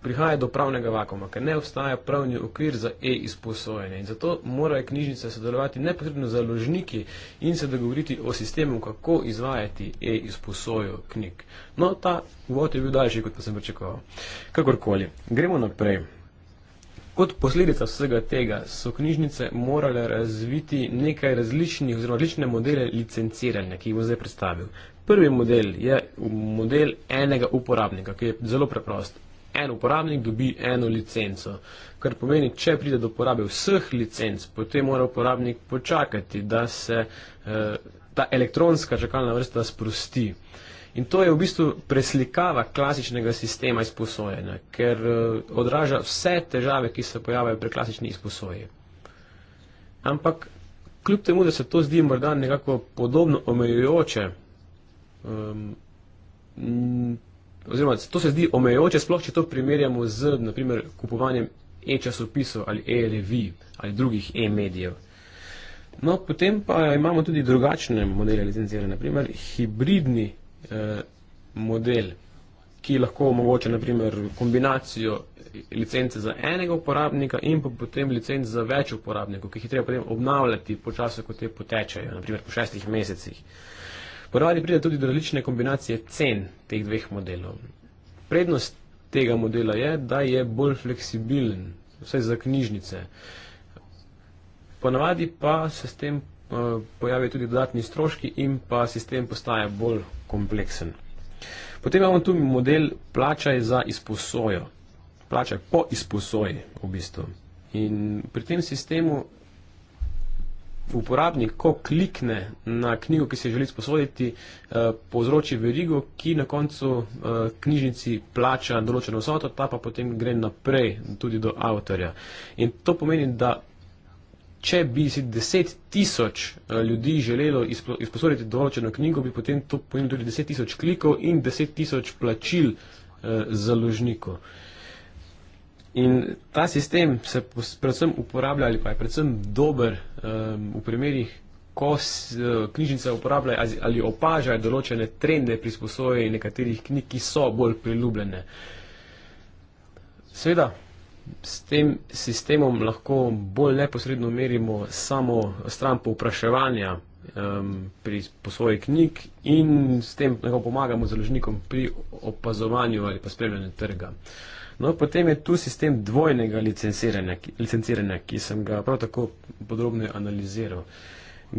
Speaker 3: prihaja do pravnega vakuma, ker ne obstaja pravni okvir za e-izposojanje. In zato morajo knjižnice sodelovati neposredno z založniki in se dogovoriti o sistemu, kako izvajati e-izposojo knjig. No, ta uvod je bil daljši, kot pa sem pričakoval. Kakorkoli, gremo naprej. Kot posledica vsega tega so knjižnice morale razviti nekaj različnih oziroma različne modele licenciranja, ki jih bom zdaj predstavil. Prvi model je model enega uporabnika, ki je zelo preprost en uporabnik dobi eno licenco. Kar pomeni, če pride do porabe vseh licenc, potem mora uporabnik počakati, da se eh, ta elektronska čakalna vrsta sprosti. In to je v bistvu preslikava klasičnega sistema izposojenja, ker eh, odraža vse težave, ki se pojavljajo pri klasični izposoji. Ampak kljub temu, da se to zdi morda nekako podobno omejujoče, eh, oziroma to se zdi omejoče, sploh če to primerjamo z naprimer kupovanjem e-časopisov ali e-revij ali drugih e-medijev. No, potem pa imamo tudi drugačne modele licenciranja, naprimer hibridni eh, model, ki lahko omogoča naprimer kombinacijo licence za enega uporabnika in pa potem licenc za več uporabnikov, ki jih je treba potem obnavljati po času, ko te potečejo, naprimer po šestih mesecih. Eh, Ponavadi pride tudi do različne kombinacije cen teh dveh modelov. Prednost tega modela je, da je bolj fleksibilen, vsaj za knjižnice. Ponavadi pa se s tem eh, pojavijo tudi dodatni stroški in pa sistem postaja bolj kompleksen. Potem imamo tu model plačaj za izposojo. Plačaj po izposoji v bistvu. In pri tem sistemu uporabnik, ko klikne na knjigo, ki se želi sposoditi, eh, povzroči verigo, ki na koncu eh, knjižnici plača določeno vsoto, ta pa potem gre naprej tudi do avtorja. In to pomeni, da če bi si deset tisoč eh, ljudi želelo izposoditi določeno knjigo, bi potem to pomenilo tudi deset tisoč klikov in deset tisoč plačil založniku. In ta sistem se predvsem uporablja ali pa je predvsem dober um, v primerih, ko e, knjižnice uporabljajo ali opažajo določene trende pri sposoji nekaterih knjig, ki so bolj priljubljene. Seveda, s tem sistemom lahko bolj neposredno merimo samo stran povpraševanja um, pri sposoji knjig in s tem pomagamo založnikom pri opazovanju ali pa spremljanju trga. Uh, No, potem je tu sistem dvojnega licenciranja, ki, licenciranja, ki sem ga prav tako podrobno analiziral.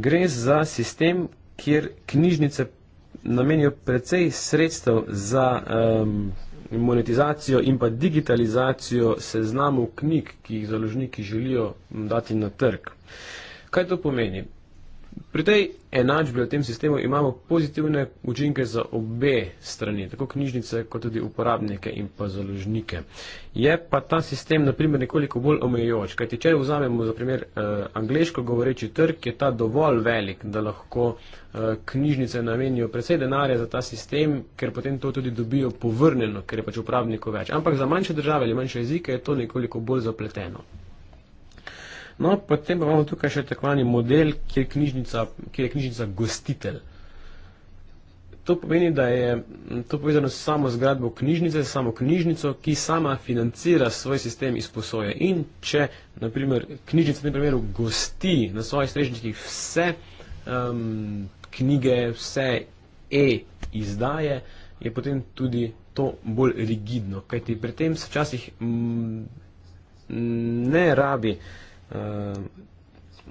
Speaker 3: Gre za sistem, kjer knjižnice namenijo precej sredstev za um, monetizacijo in pa digitalizacijo seznamov knjig, ki jih založniki želijo dati na trg. Kaj to pomeni? pri tej enačbi v tem sistemu imamo pozitivne učinke za obe strani, tako knjižnice kot tudi uporabnike in pa založnike. Je pa ta sistem naprimer nekoliko bolj omejujoč, kajti če vzamemo za primer eh, angliško govoreči trg, je ta dovolj velik, da lahko eh, knjižnice namenijo precej denarja za ta sistem, ker potem to tudi dobijo povrnjeno, ker je pač uporabnikov več. Ampak za manjše države ali manjše jezike je to nekoliko bolj zapleteno. No, potem imamo tukaj še tako imenovani model, kjer, kjer je knjižnica gostitelj. To pomeni, da je to povezano s samo zgradbo knjižnice, s samo knjižnico, ki sama financira svoj sistem izposoje. In če naprimer, knjižnica primeru, gosti na svojih strežnikih vse um, knjige, vse e-izdaje, je potem tudi to bolj rigidno. Kajti pri tem se včasih m, m, ne rabi eh,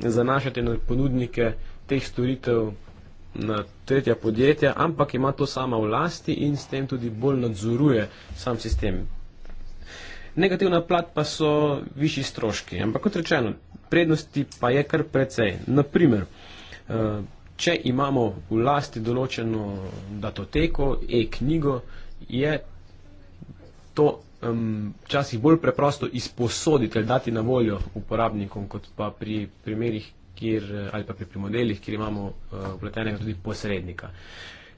Speaker 3: zanašati na ponudnike teh storitev na tretja podjetja, ampak ima to sama v lasti in s tem tudi bolj nadzoruje sam sistem. Negativna plat pa so višji stroški, ampak kot rečeno, prednosti pa je kar precej. Naprimer, eh, če imamo v lasti določeno datoteko, e-knjigo, je to včasih um, bolj preprosto izposoditi ali dati na voljo uporabnikom, kot pa pri primerih kjer, eh, ali pa pri, pri modelih, kjer imamo uh, eh, upletenega tudi posrednika.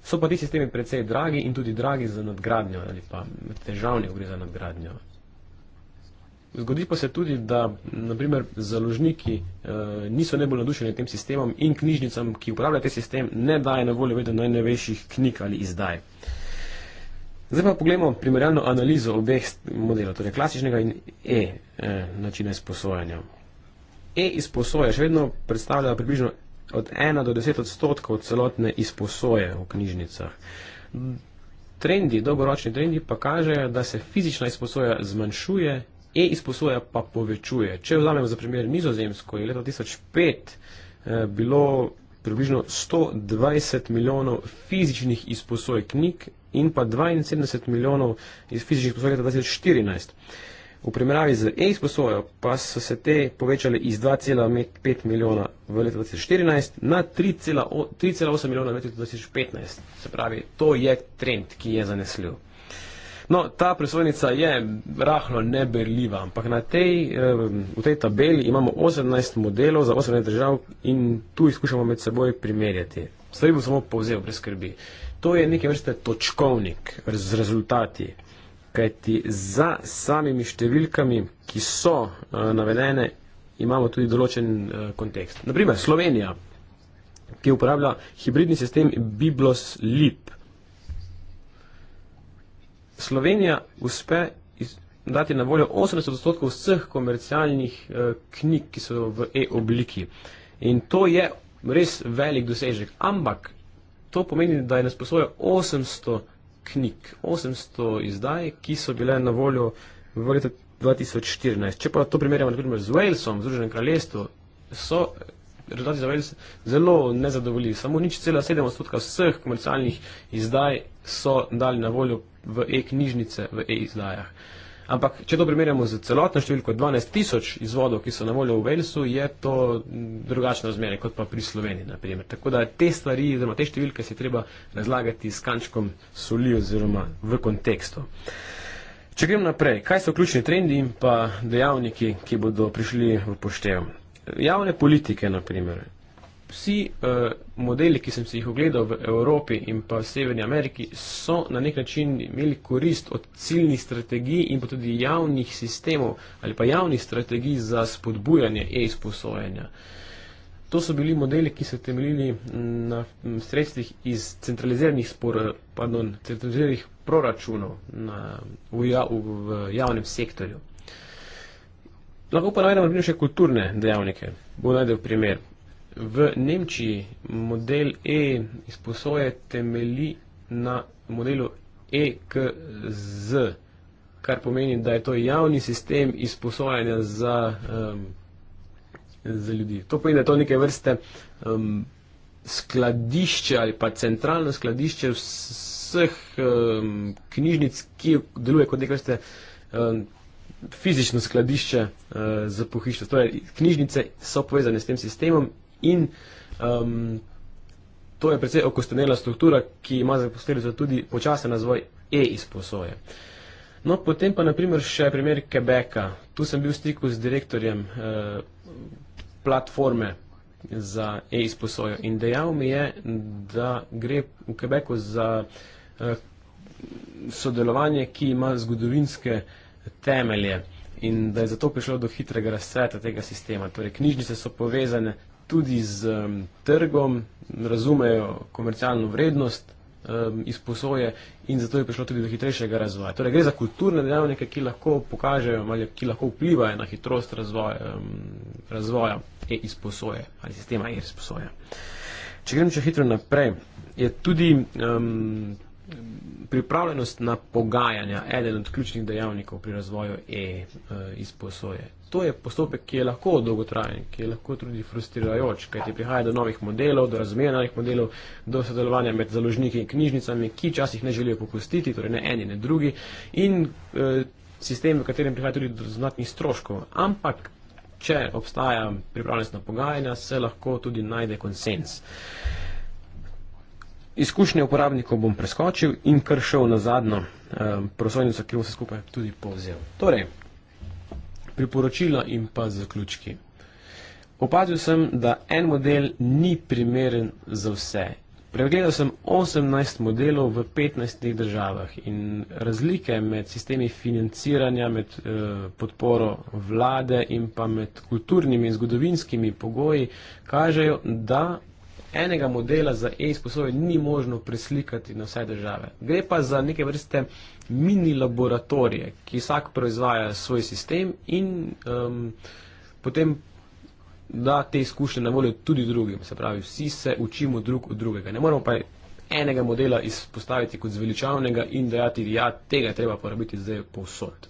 Speaker 3: So pa ti sistemi precej dragi in tudi dragi za nadgradnjo ali pa težavni, ko gre za nadgradnjo. Zgodi pa se tudi, da naprimer založniki eh, niso najbolj nadušeni tem sistemom in knjižnicam, ki uporabljajo te sistem, ne daje na voljo vedno najnovejših knjig ali izdaj. Eh, Zdaj pa pogledamo primerjalno analizo obeh modelov, torej klasičnega in E eh, načina izposojanja. E izposoje še vedno predstavlja približno od 1 do 10 odstotkov celotne izposoje v knjižnicah. Trendi, dolgoročni trendi pa kažejo, da se fizična izposoja zmanjšuje, E izposoja pa povečuje. Če vzamemo za primer nizozemsko, je leto 2005 eh, bilo približno 120 milijonov fizičnih izposoj knjig in pa 72 milijonov fizičnih izposoj leta 2014. V primeravi z e-izposojo pa so se te povečale iz 2,5 milijona v letu 2014 na 3,8 milijona v letu 2015. Se pravi, to je trend, ki je zanesljiv. No, ta prosojnica je rahlo neberljiva, ampak na tej, v tej tabeli imamo 18 modelov za 18 držav in tu izkušamo med seboj primerjati. Stvari bom samo povzel brez skrbi. To je nekaj vrste točkovnik z rezultati, kajti za samimi številkami, ki so eh, navedene, imamo tudi določen eh, kontekst. Naprimer, Slovenija, ki uporablja hibridni sistem Biblos Lip. Slovenija uspe dati na voljo 80% vseh komercialnih eh, knjig, ki so v e-obliki. In to je res velik dosežek. Ampak to pomeni, da je nasposlojo 800 knjig, 800 izdaj, ki so bile na voljo v letu 2014. Če pa to primerjamo naprimer z Walesom, z Združenem kraljestvu, so eh, rezultati za Wales zelo nezadovoljivi. Samo nič cela 7% vseh komercialnih izdaj so dali na voljo v e-knjižnice, v e-izdajah. Ampak, če to primerjamo z celotno številko 12 tisoč izvodov, ki so na voljo v Walesu, je to drugačno razmerje kot pa pri Sloveniji, naprimer. Tako da te stvari, oziroma te številke se treba razlagati s kančkom soli oziroma v kontekstu. Če grem naprej, kaj so ključni trendi in pa dejavniki, ki bodo prišli v poštev? Javne politike, naprimer vsi uh, modeli, ki sem si jih ogledal v Evropi in pa v Severni Ameriki, so na nek način imeli korist od ciljnih strategij in pa tudi javnih sistemov ali pa javnih strategij za spodbujanje e-sposojanja. To so bili modeli, ki so temeljili na sredstvih iz centraliziranih, spor, pardon, centraliziranih proračunov na, v, ja-, v, v javnem sektorju. Lahko pa navedemo še kulturne dejavnike. Bo najdel primer. V Nemčiji model E izposoje temeli na modelu EKZ, kar pomeni, da je to javni sistem izposojanja za, um, za ljudi. To pomeni, da je to neke vrste um, skladišče ali pa centralno skladišče vseh um, knjižnic, ki deluje kot neke vrste um, fizično skladišče uh, za pohištvo. Torej, knjižnice so povezane s tem sistemom in um, to je predvsej okostenela struktura, ki ima za posledico tudi počasen razvoj e-izposoje. No, potem pa naprimer še primer Quebeca. Tu sem bil v stiku z direktorjem eh, platforme za e-izposojo in dejal mi je, da gre v Quebecu za eh, sodelovanje, ki ima zgodovinske temelje in da je zato prišlo do hitrega razsveta tega sistema. Torej, knjižnice so povezane tudi z um, trgom, razumejo komercialno vrednost um, izposoje in zato je prišlo tudi do hitrejšega razvoja. Torej, gre za kulturne dejavnike, ki lahko pokažejo ali ki lahko vplivajo na hitrost razvoja, um, razvoja e-izposoje ali sistema e-izposoje. Če gremo še hitro naprej, je tudi um, pripravljenost na pogajanja eden od ključnih dejavnikov pri razvoju e-izposoje. E, to je postopek, ki je lahko dolgotrajen, ki je lahko tudi frustrirajoč, kajti prihaja do novih modelov, do razmer novih modelov, do sodelovanja med založniki in knjižnicami, ki včasih ne želijo popustiti, torej ne eni, ne drugi, in eh, sistem, v katerem prihaja tudi do znatnih stroškov. Ampak, če obstaja pripravljenost na pogajanja, se lahko tudi najde konsens. Eh, Izkušnje uporabnikov bom preskočil in kar šel na zadnjo eh, prosojnico, ki bo se skupaj tudi povzel. Torej, priporočilo in pa zaključki. Opazil sem, da en model ni primeren za vse. Pregledal sem 18 modelov v 15 državah in razlike med sistemi financiranja, med eh, podporo vlade in pa med kulturnimi in zgodovinskimi pogoji kažejo, da enega modela za e-sposobe ni možno preslikati na vse države. Gre pa za neke vrste mini laboratorije, ki vsak proizvaja svoj sistem in um, potem da te izkušnje na voljo tudi drugim. Se pravi, vsi se učimo drug od drugega. Ne moramo pa enega modela izpostaviti kot zveličavnega in dejati, da ja, tega je treba uporabiti zdaj povsod.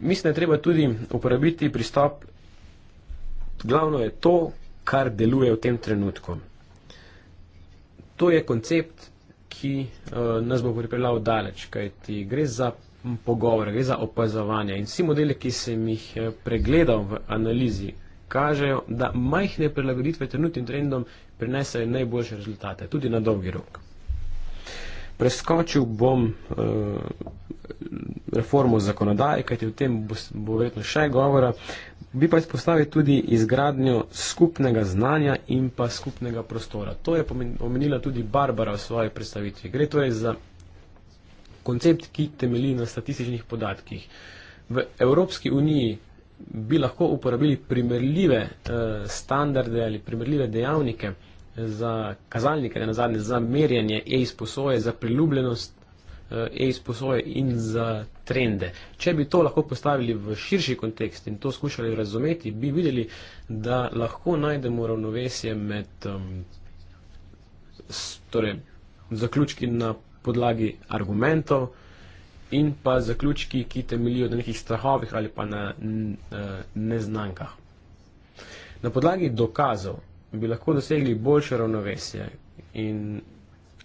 Speaker 3: Mislim, da je treba tudi uporabiti pristop. Glavno je to, kar deluje v tem trenutku. To je koncept, ki uh, nas bo pripeljal daleč, kajti gre za pogovor, gre za opazovanje in vsi modeli, ki sem jih eh, pregledal v analizi, kažejo, da majhne prilagoditve trenutnim trendom prinesejo najboljše rezultate, tudi na dolgi rok. Preskočil bom uh, reformo zakonodaje, kajti o tem bo, bo verjetno še govora. Uh, bi pa izpostavil tudi izgradnjo skupnega znanja in pa skupnega prostora. To je omenila tudi Barbara v svoji predstavitvi. Gre torej za koncept, ki temelji na statističnih podatkih. V Evropski uniji bi lahko uporabili primerljive eh, standarde ali primerljive dejavnike za kazalnike, ne nazadnje za merjanje e-izposoje, za priljubljenost e-izposoje eh, in za trende. Če bi to lahko postavili v širši kontekst in to skušali razumeti, bi videli, da lahko najdemo ravnovesje med um, s, torej, zaključki na podlagi argumentov in pa zaključki, ki temeljijo na nekih strahovih ali pa na eh, neznankah. Na podlagi dokazov bi lahko dosegli boljše ravnovesje in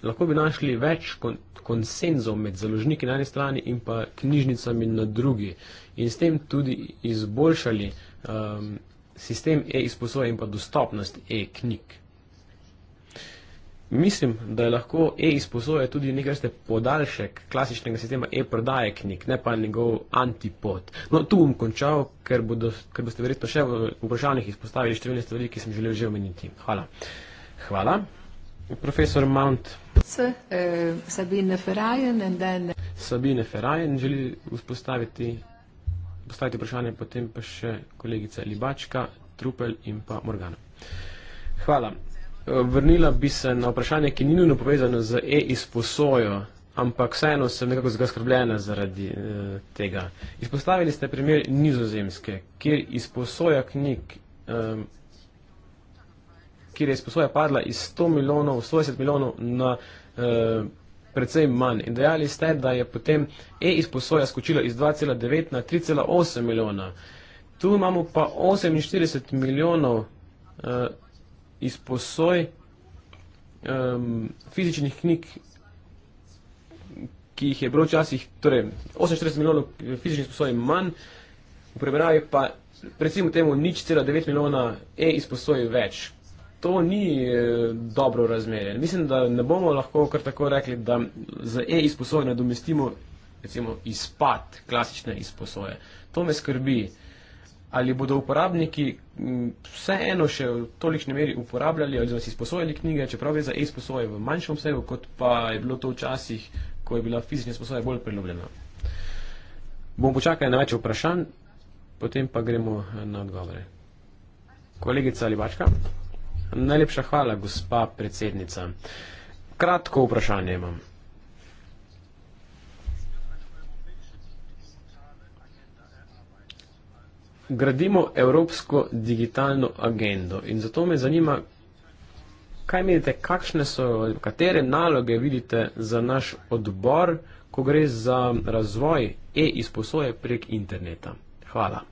Speaker 3: lahko bi našli več kon konsenzov med založniki na eni strani in pa knjižnicami na drugi in s tem tudi izboljšali um, sistem e-izposoje in pa dostopnost e-knjig. Mislim, da je lahko e-izposoje tudi nekaj ste podaljšek klasičnega sistema e-prodaje knjig, ne pa njegov antipod. No, tu bom končal, ker, bodo, ker boste verjetno še v vprašanjih izpostavili številne stvari, ki sem želel že omeniti. Hvala. Hvala. Profesor Mount.
Speaker 1: S, eh, Sabine Ferajen. Then...
Speaker 3: Sabine Ferajen želi vzpostaviti postaviti vprašanje, potem pa še kolegica Libačka, Trupel in pa Morgana. Hvala. Vrnila bi se na vprašanje, ki ni nujno povezano z e-izposojo, ampak vseeno sem nekako zgaskrbljena zaradi eh, tega. Izpostavili ste primer nizozemske, kjer izposoja knjig eh, kjer je izposoja padla iz 100 milijonov, 120 milijonov na uh, precej manj. In dejali ste, da je potem e-izposoja skočila iz 2,9 na 3,8 milijona. Tu imamo pa 48 milijonov uh, izposoj um, fizičnih knjig ki jih je bilo včasih, torej 48 milijonov eh, fizičnih izposoj manj, v prebravi pa predvsem temu nič cela 9 milijona e-izposoj več to ni eh, dobro razmerje. Mislim, da ne bomo lahko kar tako rekli, da za E izposojo nadomestimo recimo izpad klasične izposoje. To me skrbi. Ali bodo uporabniki vseeno še v tolikšni meri uporabljali ali si izposojili knjige, čeprav je za E izposoje v manjšem obsegu, kot pa je bilo to včasih, ko je bila fizična izposoja bolj priljubljena. Bomo počakali na več vprašanj, potem pa gremo na odgovore. Kolegica Libačka. Najlepša hvala, gospa predsednica. Kratko vprašanje imam. Gradimo evropsko digitalno agendo in zato me zanima, kaj menite, kakšne so, katere naloge vidite za naš odbor, ko gre za razvoj e-izposoje prek interneta. Hvala.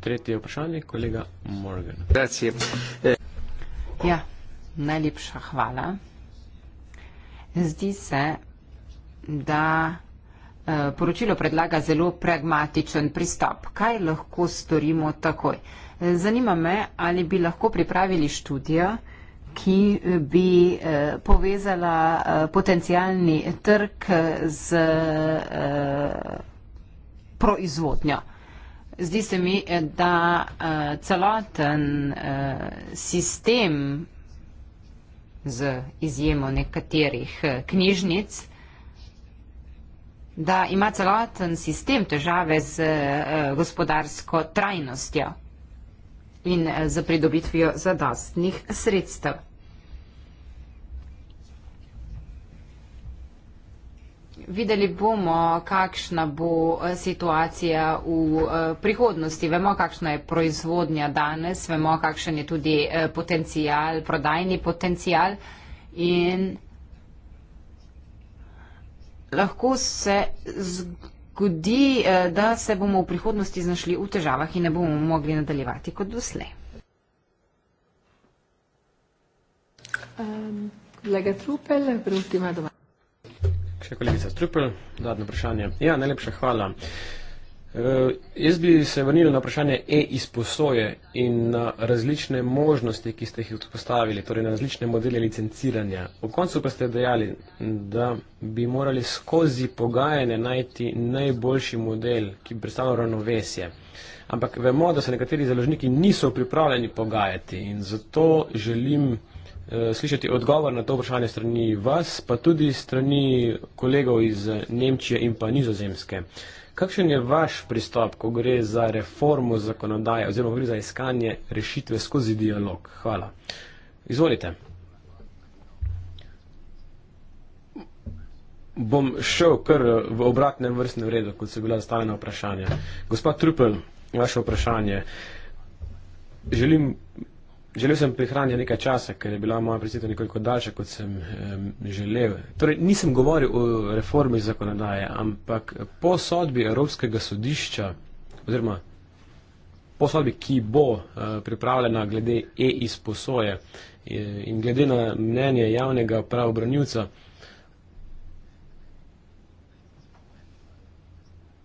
Speaker 3: Tretje vprašanje, kolega Morgan. Eh.
Speaker 1: Ja, najlepša hvala. Zdi se, da eh, poročilo predlaga zelo pragmatičen pristop. Kaj lahko storimo takoj? Eh, zanima me, ali bi lahko pripravili študijo, ki bi povezala potencijalni trg z proizvodnjo. Zdi se mi, eh, da uh, celoten uh, sistem z izjemo nekaterih knjižnic, da ima celoten sistem težave z uh, gospodarsko trajnostjo in uh, z pridobitvijo zadostnih sredstev. videli bomo, kakšna bo eh, situacija v eh, prihodnosti. Vemo, kakšna je proizvodnja danes, vemo, kakšen je tudi eh, potencijal, prodajni potencijal. In lahko se zgodi, da se bomo v prihodnosti znašli v težavah in ne bomo mogli nadaljevati kot doslej. Um, ehm, Lega Trupel, prvotima doma.
Speaker 3: Še kolegica Strupel, dodatno vprašanje. Ja, najlepša hvala. E, jaz bi se vrnil na vprašanje e-izposoje in na različne možnosti, ki ste jih vzpostavili, torej na različne modele licenciranja. V koncu pa ste dejali, da bi morali skozi pogajanje najti najboljši model, ki bi predstavljal ravnovesje. Ampak vemo, da se nekateri založniki niso pripravljeni pogajati in zato želim Eh, slišati odgovor na to vprašanje strani vas, pa tudi strani kolegov iz Nemčije in pa Nizozemske. Kakšen je vaš pristop, ko gre za reformo zakonodaje oziroma gre za iskanje rešitve skozi dialog? Hvala. Izvolite. Bom šel kar v obratnem vrstnem redu, kot so bila zastavljena vprašanja. Gospod Trupel, vaše vprašanje. Želim Želel sem prihraniti nekaj časa, ker je bila moja predsednica nekoliko daljša, kot sem eh, želel. Torej, nisem govoril o reformi zakonodaje, ampak po sodbi Evropskega sodišča, oziroma po sodbi, ki bo eh, pripravljena glede e-izposoje eh, in glede na mnenje javnega pravobranjuca,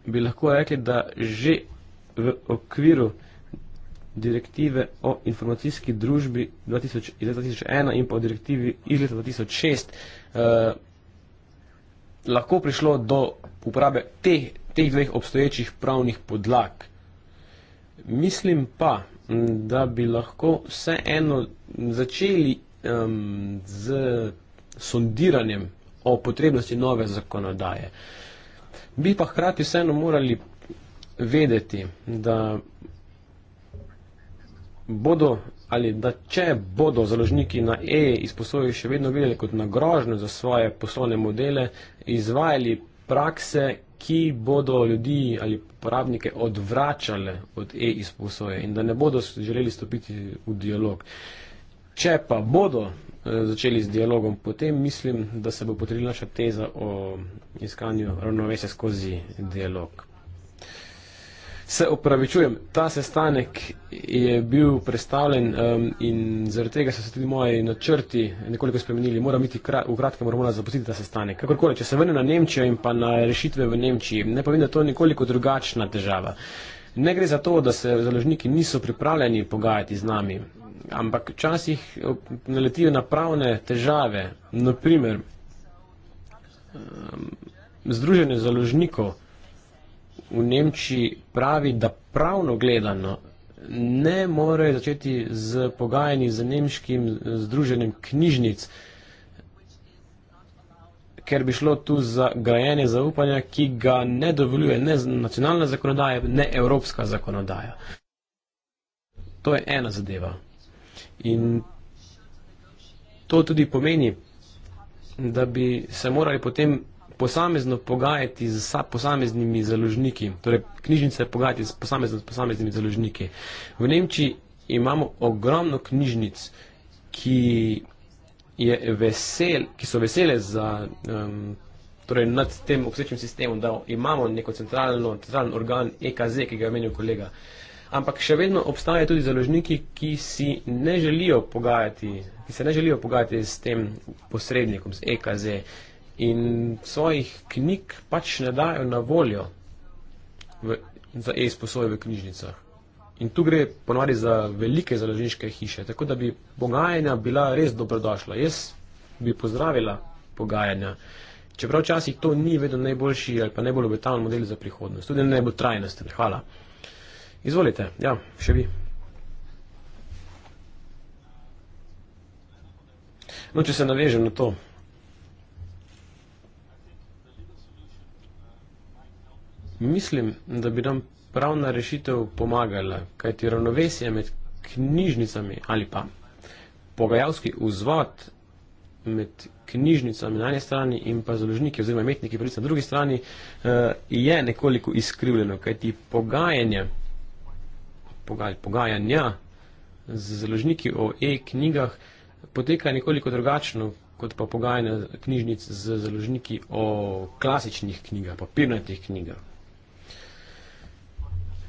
Speaker 3: bi lahko rekli, da že v okviru direktive o informacijski družbi iz 2001 in pa o direktivi iz leta 2006 eh, lahko prišlo do uporabe teh, teh dveh obstoječih pravnih podlag. Mislim pa, da bi lahko vseeno začeli eh, z sondiranjem o potrebnosti nove zakonodaje. Bi pa hkrati vseeno morali vedeti, da bodo ali da če bodo založniki na E izposoji še vedno gledali kot na grožnjo za svoje poslovne modele, izvajali prakse, ki bodo ljudi ali uporabnike odvračale od E izposoje in da ne bodo želeli stopiti v dialog. Če pa bodo eh, začeli z dialogom, potem mislim, da se bo potrebna naša teza o iskanju ravnovesja skozi dialog se opravičujem, ta sestanek je bil predstavljen um, in zaradi tega so se tudi moji načrti nekoliko spremenili. Moram biti krat, v kratkem, moram zapustiti ta sestanek. Kakorkoli, če se vrnem na Nemčijo in pa na rešitve v Nemčiji, ne povem, da to je nekoliko drugačna težava. Ne gre za to, da se založniki niso pripravljeni pogajati z nami, ampak včasih naletijo na pravne težave. Naprimer, um, Združenje založnikov v Nemčiji pravi, da pravno gledano ne morejo začeti z pogajanji z nemškim združenjem knjižnic, ker bi šlo tu za grajenje zaupanja, ki ga ne dovoljuje ne nacionalna zakonodaja, ne evropska zakonodaja. To je ena zadeva. In to tudi pomeni, da bi se morali potem posamezno pogajati z posameznimi založniki, torej knjižnice pogajati z posamezno, posameznimi založniki. V Nemčiji imamo ogromno knjižnic, ki, je vesel, ki so vesele za, um, torej nad tem obsečnim sistemom, da imamo neko centralno, centralno organ EKZ, ki ga je menil kolega. Ampak še vedno obstajajo tudi založniki, ki si ne želijo pogajati, ki se ne želijo pogajati s tem posrednikom, s EKZ in svojih knjig pač ne dajo na voljo v, za e-sposoje v knjižnicah. In tu gre ponovadi za velike založniške hiše, tako da bi pogajanja bila res dobrodošla. Jaz bi pozdravila pogajanja, čeprav včasih to ni vedno najboljši ali pa najbolj obetavni model za prihodnost. Tudi ne bo trajnosten. Hvala. Izvolite, ja, še vi. No, če se navežem na to, Mislim, da bi nam pravna rešitev pomagala, kajti ravnovesje med knjižnicami ali pa pogajalski vzvod med knjižnicami na eni strani in pa založniki oziroma imetniki pravic na drugi strani eh, je nekoliko izkrivljeno, kajti pogajanje, pogaj, pogajanja z založniki o e-knjigah poteka nekoliko drugačno kot pa pogajanje knjižnic z založniki o klasičnih knjigah, papirnatih knjigah.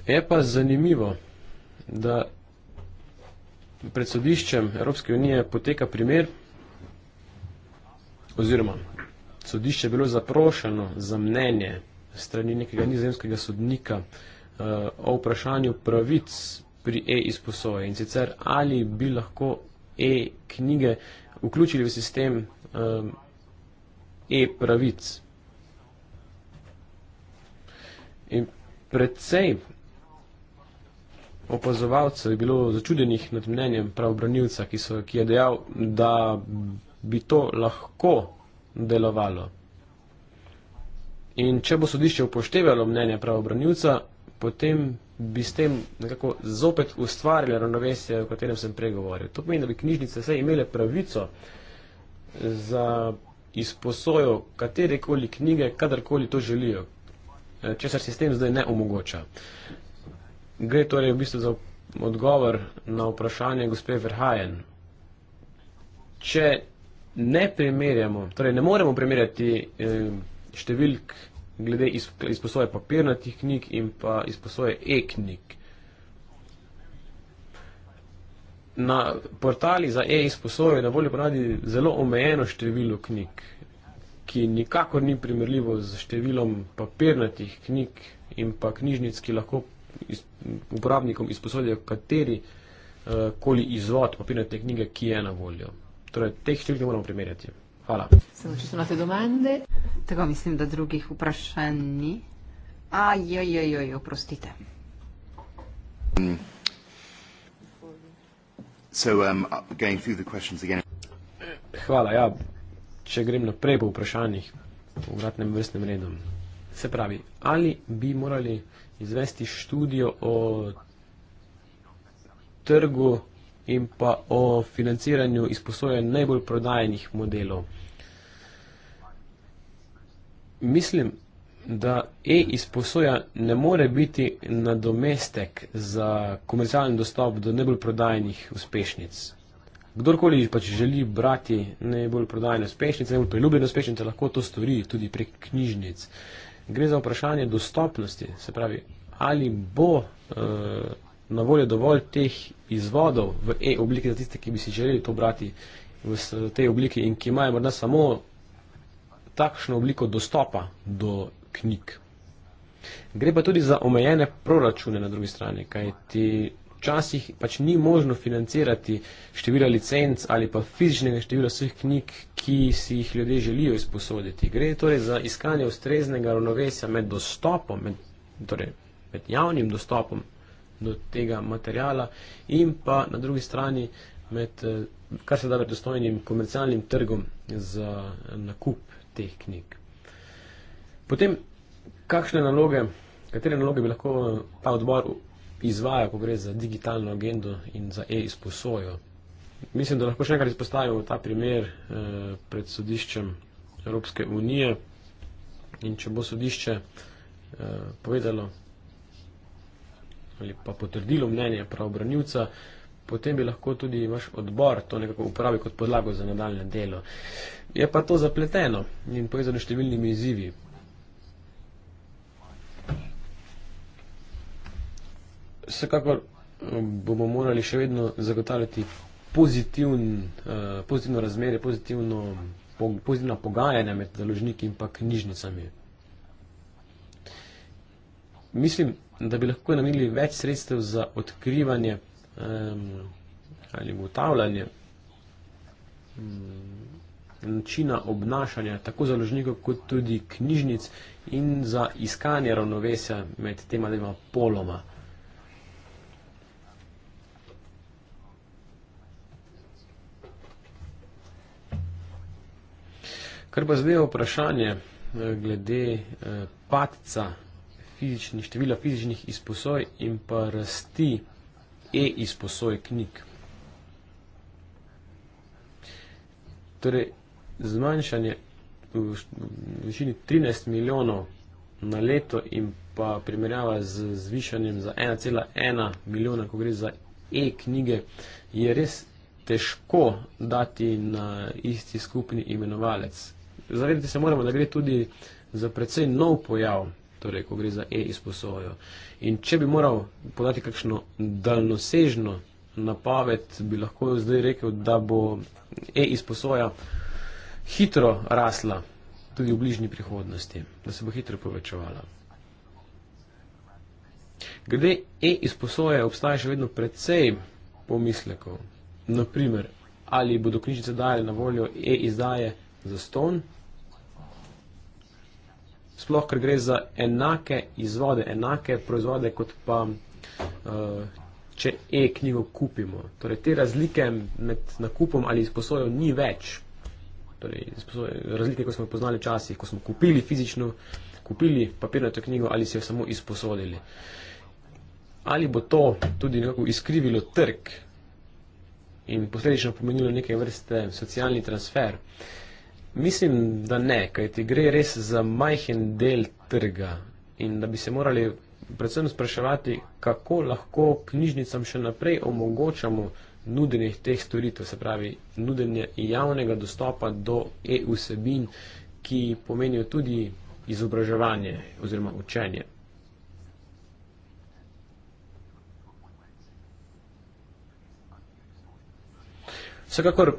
Speaker 3: Je pa zanimivo, da pred sodiščem Evropske unije poteka primer, oziroma sodišče je bilo zaprošeno za mnenje strani nekega nizozemskega sodnika uh, o vprašanju pravic pri e-izposoje in sicer ali bi lahko e-knjige vključili v sistem um, e-pravic. In precej opazovalcev je bilo začudenih nad mnenjem pravobranilca, ki, so, ki je dejal, da bi to lahko delovalo. In če bo sodišče upoštevalo mnenje pravobranilca, potem bi s tem nekako zopet ustvarili ravnovesje, o katerem sem pregovoril. To pomeni, da bi knjižnice vse imele pravico za izposojo katerekoli knjige, kadarkoli to želijo, eh, česar sistem zdaj ne omogoča. Gre torej v bistvu za odgovor na vprašanje gospe Verhajen. Če ne primerjamo, torej ne moremo primerjati eh, številk glede izposoje papirnatih knjig in pa izposoje e-knjig. Na portali za e-izposojo je na voljo ponadi zelo omejeno število knjig, ki nikakor ni primerljivo z številom papirnatih knjig in pa knjižnic, ki lahko izposojo uporabnikom izposodijo kateri uh, koli izvod papirnate knjige, ki je na voljo. Torej, teh številk moramo primerjati. Hvala.
Speaker 1: Samo če so na te domande, tako mislim, da drugih vprašanj ni. Ajajajaj, oprostite. Mm. So, um, going through the questions again.
Speaker 3: Hvala, ja. Če grem naprej po vprašanjih, v vratnem vrstnem redu. Se pravi, ali bi morali izvesti študijo o trgu in pa o financiranju izposoje najbolj prodajenih modelov. Mislim, da e-izposoja ne more biti nadomestek za komercialen dostop do najbolj prodajenih uspešnic. Kdorkoli pač želi brati najbolj prodajene uspešnice, najbolj priljubljene uspešnice, lahko to stori tudi prek knjižnic. Uh, gre za vprašanje dostopnosti, se pravi, ali bo eh, na voljo dovolj teh izvodov v e-obliki za tiste, ki bi si želeli to brati v tej obliki in ki imajo morda samo takšno obliko dostopa do knjig. Gre pa tudi za omejene proračune na drugi strani, kajti včasih pač ni možno financirati števila licenc ali pa fizičnega števila vseh knjig, ki si jih ljudje želijo izposoditi. Gre torej za iskanje ustreznega ravnovesja med dostopom, med, torej med javnim dostopom do tega materijala in pa na drugi strani med eh, kar se da predostojnim komercialnim trgom za eh, nakup teh knjig. Potem, kakšne naloge, katere naloge bi lahko eh, ta odbor izvaja, ko gre za digitalno agendo in za e-izposojo. Mislim, da lahko še enkrat izpostavimo ta primer eh, pred sodiščem Evropske unije in če bo sodišče eh, povedalo ali pa potrdilo mnenje pravobranjivca, potem bi lahko tudi vaš odbor to nekako uporabil kot podlago za nadaljne delo. Je pa to zapleteno in povezano številnimi izzivi. Vsekakor eh, bomo morali še vedno zagotavljati pozitivn, eh, pozitivno razmerje, pozitivno, pozitivna pogajanja med založniki in pa knjižnicami. Mislim, da bi lahko namenili več sredstev za odkrivanje ali ugotavljanje mm, načina obnašanja tako založnikov kot tudi knjižnic in za iskanje ravnovesja med tema dvema poloma. Kar pa zdaj je vprašanje eh, glede eh, padca fizični, števila fizičnih izposoj in pa rasti e-izposoj knjig. Torej, zmanjšanje v višini 13 milijonov na leto in pa primerjava z zvišanjem za 1,1 milijona, ko gre za e-knjige, je res težko dati na isti skupni imenovalec zavedati se moramo, da gre tudi za precej nov pojav, torej, ko gre za e-izposojo. In če bi moral podati kakšno daljnosežno napoved, bi lahko zdaj rekel, da bo e-izposoja hitro rasla tudi v bližnji prihodnosti, da se bo hitro povečevala. Glede e-izposoje obstaja še vedno precej pomislekov. Naprimer, ali bodo knjižice dajali na voljo e-izdaje za ston, sploh ker gre za enake izvode, enake proizvode, kot pa uh, če e-knjigo kupimo. Torej, te razlike med nakupom ali izposojo ni več. Torej, razlike, ko smo jo poznali včasih, ko smo kupili fizično, kupili papirnato knjigo ali se jo samo izposodili. Ali bo to tudi nekako izkrivilo trg in posledično pomenilo neke vrste socialni transfer? Uh, Mislim, da ne, kaj ti gre res za majhen del trga in da bi se morali predvsem spraševati, kako lahko knjižnicam še naprej omogočamo nudenje teh storitev, se pravi nudenje javnega dostopa do e-vsebin, ki pomenijo tudi izobraževanje oziroma učenje. Vsekakor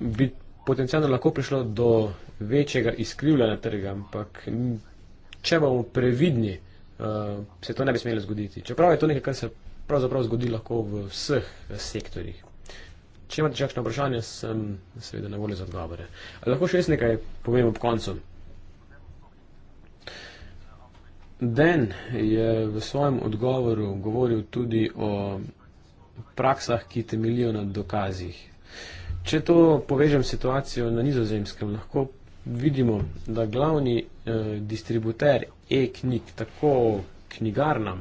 Speaker 3: bi potencialno lahko prišlo do večjega izkrivljanja trga, ampak če bomo previdni, uh, se to ne bi smelo zgoditi. Čeprav je to nekaj, kar se pravzaprav zgodi lahko v vseh eh, sektorjih. Če imate še kakšno vprašanje, sem seveda na voljo za odgovore. Lahko še jaz nekaj povem ob koncu. Dan je v svojem odgovoru govoril tudi o praksah, ki temelijo na dokazih. Če to povežem situacijo na nizozemskem, lahko vidimo, da glavni eh, distributer e-knjig, tako knjigarnam,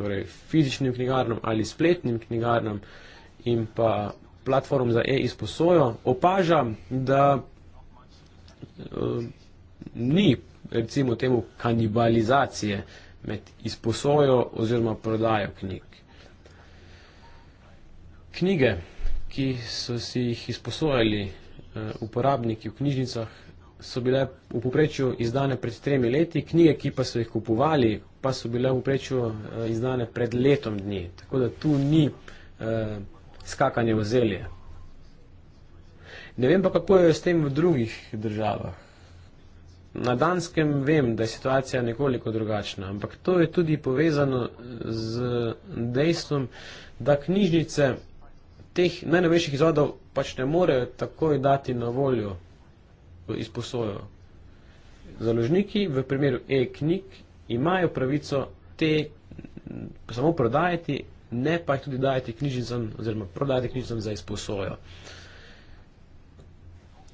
Speaker 3: torej fizičnim knjigarnam ali spletnim knjigarnam in pa platform za e-izposojo, opaža, da eh, ni recimo temu kanibalizacije med izposojo oziroma prodajo knjig knjige, ki so si jih izposojali uh, uporabniki v knjižnicah, so bile v poprečju izdane pred tremi leti, knjige, ki pa so jih kupovali, pa so bile v poprečju uh, eh, izdane pred letom dni. Tako da tu ni uh, skakanje v zelje. Ne vem pa, kako je s tem v drugih državah. Na danskem vem, da je situacija nekoliko drugačna, ampak to je tudi povezano z dejstvom, da knjižnice teh najnovejših izvodov pač ne morejo takoj dati na voljo izposojo. Založniki v primeru e-knjig imajo pravico te samo prodajati, ne pa jih tudi dajati knjižnicam oziroma prodajati knjižnicam za izposojo.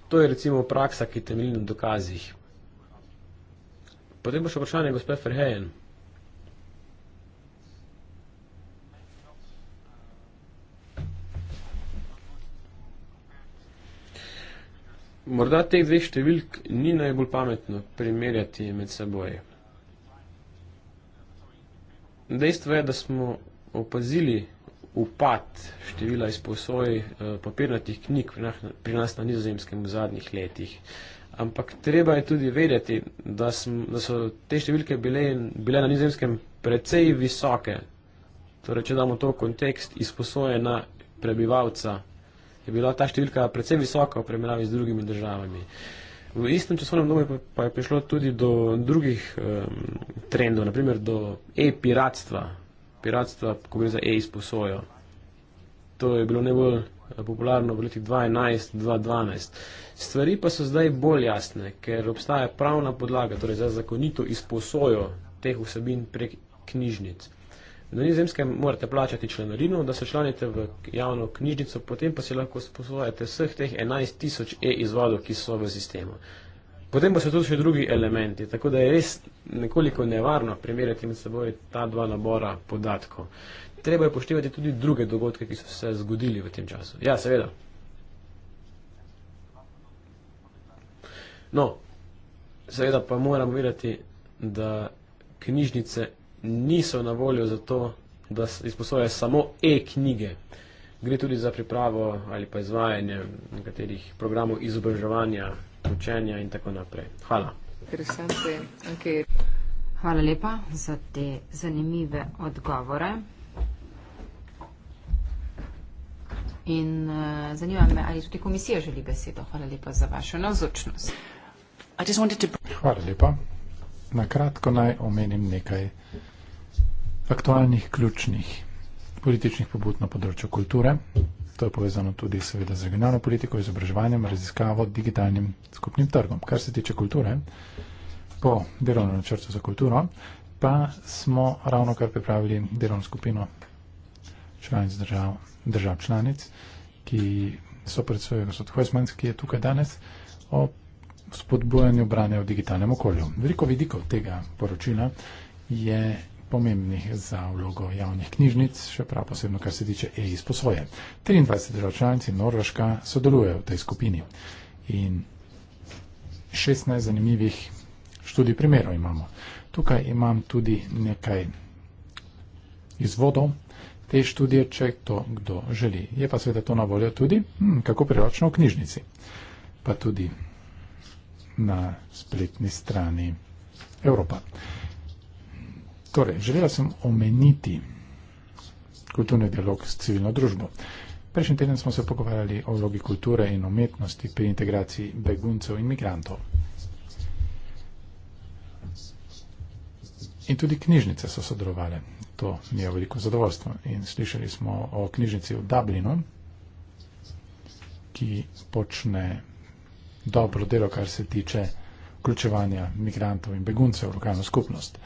Speaker 3: To je recimo praksa, ki temelji na dokazih. Potem bo še vprašanje gospe Ferhejen. Morda teh dveh številk ni najbolj pametno primerjati med seboj. Dejstvo je, da smo opazili upad števila izposoj eh, papirnatih knjig pri nas na nizozemskem v zadnjih letih. Ampak treba je tudi vedeti, da, sm, da so te številke bile, bile na nizozemskem precej visoke. Torej, če damo to v kontekst, izposoje na prebivalca je bila ta številka predvsem visoka v primerjavi z drugimi državami. V istem časovnem domu pa je prišlo tudi do drugih um, trendov, naprimer do e-piratstva, piratstva, ko gre za e-izposojo. To je bilo najbolj eh, popularno v letih 2011-2012. Stvari pa so zdaj bolj jasne, ker obstaja pravna podlaga torej za zakonito izposojo teh vsebin prek knjižnic. Na nizozemskem morate plačati članarino, da se članite v javno knjižnico, potem pa si lahko sposvojate vseh teh 11.000 e-izvodov, ki so v sistemu. Potem pa so tu še drugi elementi, tako da je res nekoliko nevarno primerjati med seboj ta dva nabora podatkov. Treba je poštevati tudi druge dogodke, ki so se zgodili v tem času. Ja, seveda. No, seveda pa moram verjeti, da knjižnice niso na voljo za to, da izposojajo samo e-knjige. Gre tudi za pripravo ali pa izvajanje nekaterih programov izobraževanja, učenja in tako naprej. Hvala.
Speaker 1: Hvala lepa za te zanimive odgovore. In uh, zanima me, ali tudi komisija želi besedo. Hvala lepa za vašo navzočnost. To...
Speaker 2: Hvala lepa. Na kratko naj omenim nekaj. Uh, aktualnih, ključnih političnih pobud na področju kulture. To je povezano tudi seveda z regionalno politiko, izobraževanjem, raziskavo, digitalnim skupnim trgom. Kar se tiče kulture, po delovnem načrtu za kulturo, pa smo ravno kar pripravili delovno skupino članic držav, držav članic, ki so pred svojo gospod Hojsmanc, ki je tukaj danes, o spodbujanju branja v digitalnem okolju. Veliko vidikov tega poročila je pomembnih za vlogo javnih knjižnic, še prav posebno, kar se tiče e-izposoje. 23 držav članici Norveška sodelujejo v tej skupini in 16 zanimivih študij primerov imamo. Tukaj imam tudi nekaj izvodov te študije, če to kdo želi. Je pa seveda to na voljo tudi, hm, kako priročno v knjižnici, pa tudi na spletni strani Evropa. Torej, želela sem omeniti kulturni dialog s civilno družbo. Prejšnji teden smo se pogovarjali o vlogi kulture in umetnosti pri integraciji beguncev in migrantov. In tudi knjižnice so sodelovali. To mi je veliko zadovoljstvo. In slišali smo o knjižnici v Dublinu, ki počne dobro delo, kar se tiče vključevanja migrantov in beguncev v lokalno skupnost.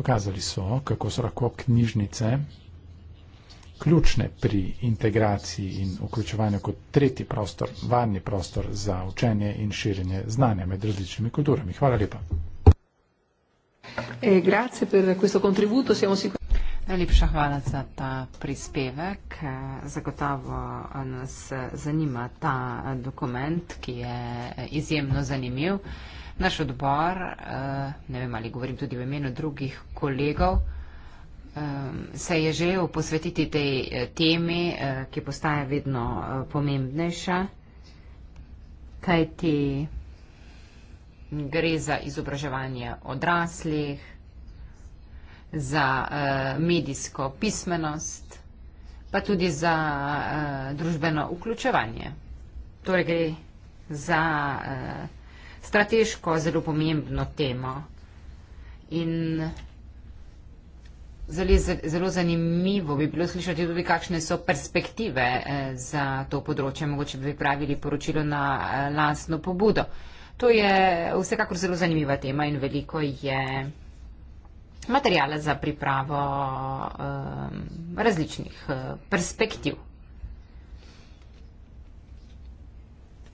Speaker 2: Pokazali so, kako so lahko knjižnice ključne pri integraciji in vključevanju kot tretji prostor, varni prostor za učenje in širjenje znanja med različnimi kulturami. Hvala lepa.
Speaker 1: Eh, Najlepša hvala za ta prispevek. Zagotovo nas zanima ta dokument, ki je izjemno zanimiv. Naš odbor, eh, ne vem ali govorim tudi v imenu drugih kolegov, eh, se je želel posvetiti tej eh, temi, ki postaja vedno pomembnejša, kajti gre za izobraževanje odraslih, za medijsko pismenost, pa tudi za družbeno vključevanje. Torej gre za vključevanje strateško zelo pomembno temo. In zelo zanimivo bi bilo slišati tudi, kakšne so perspektive eh, za to področje. Mogoče bi pravili poročilo na eh, lastno pobudo. To je vsekakor zelo zanimiva tema in veliko je materijala za pripravo um, različnih perspektiv.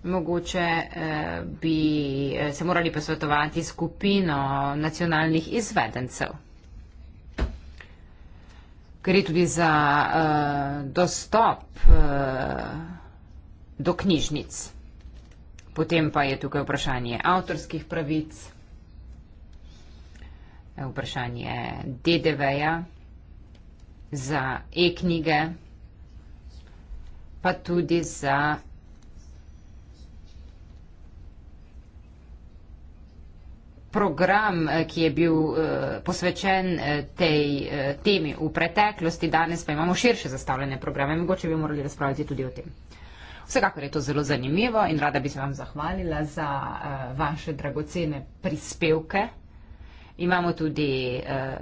Speaker 1: mogoče eh, bi eh, se morali posvetovati skupino nacionalnih izvedencev. Gre tudi za uh, dostop uh, do knjižnic. Potem pa je tukaj vprašanje avtorskih pravic, vprašanje DDV-ja za e-knjige, pa tudi za program, eh, ki je bil eh, posvečen eh, tej temi v preteklosti, danes pa imamo širše zastavljene programe. Mogoče bi morali razpravljati tudi o tem. Vsekakor je to zelo zanimivo in rada bi se vam zahvalila za uh, vaše dragocene prispevke. Imamo tudi uh,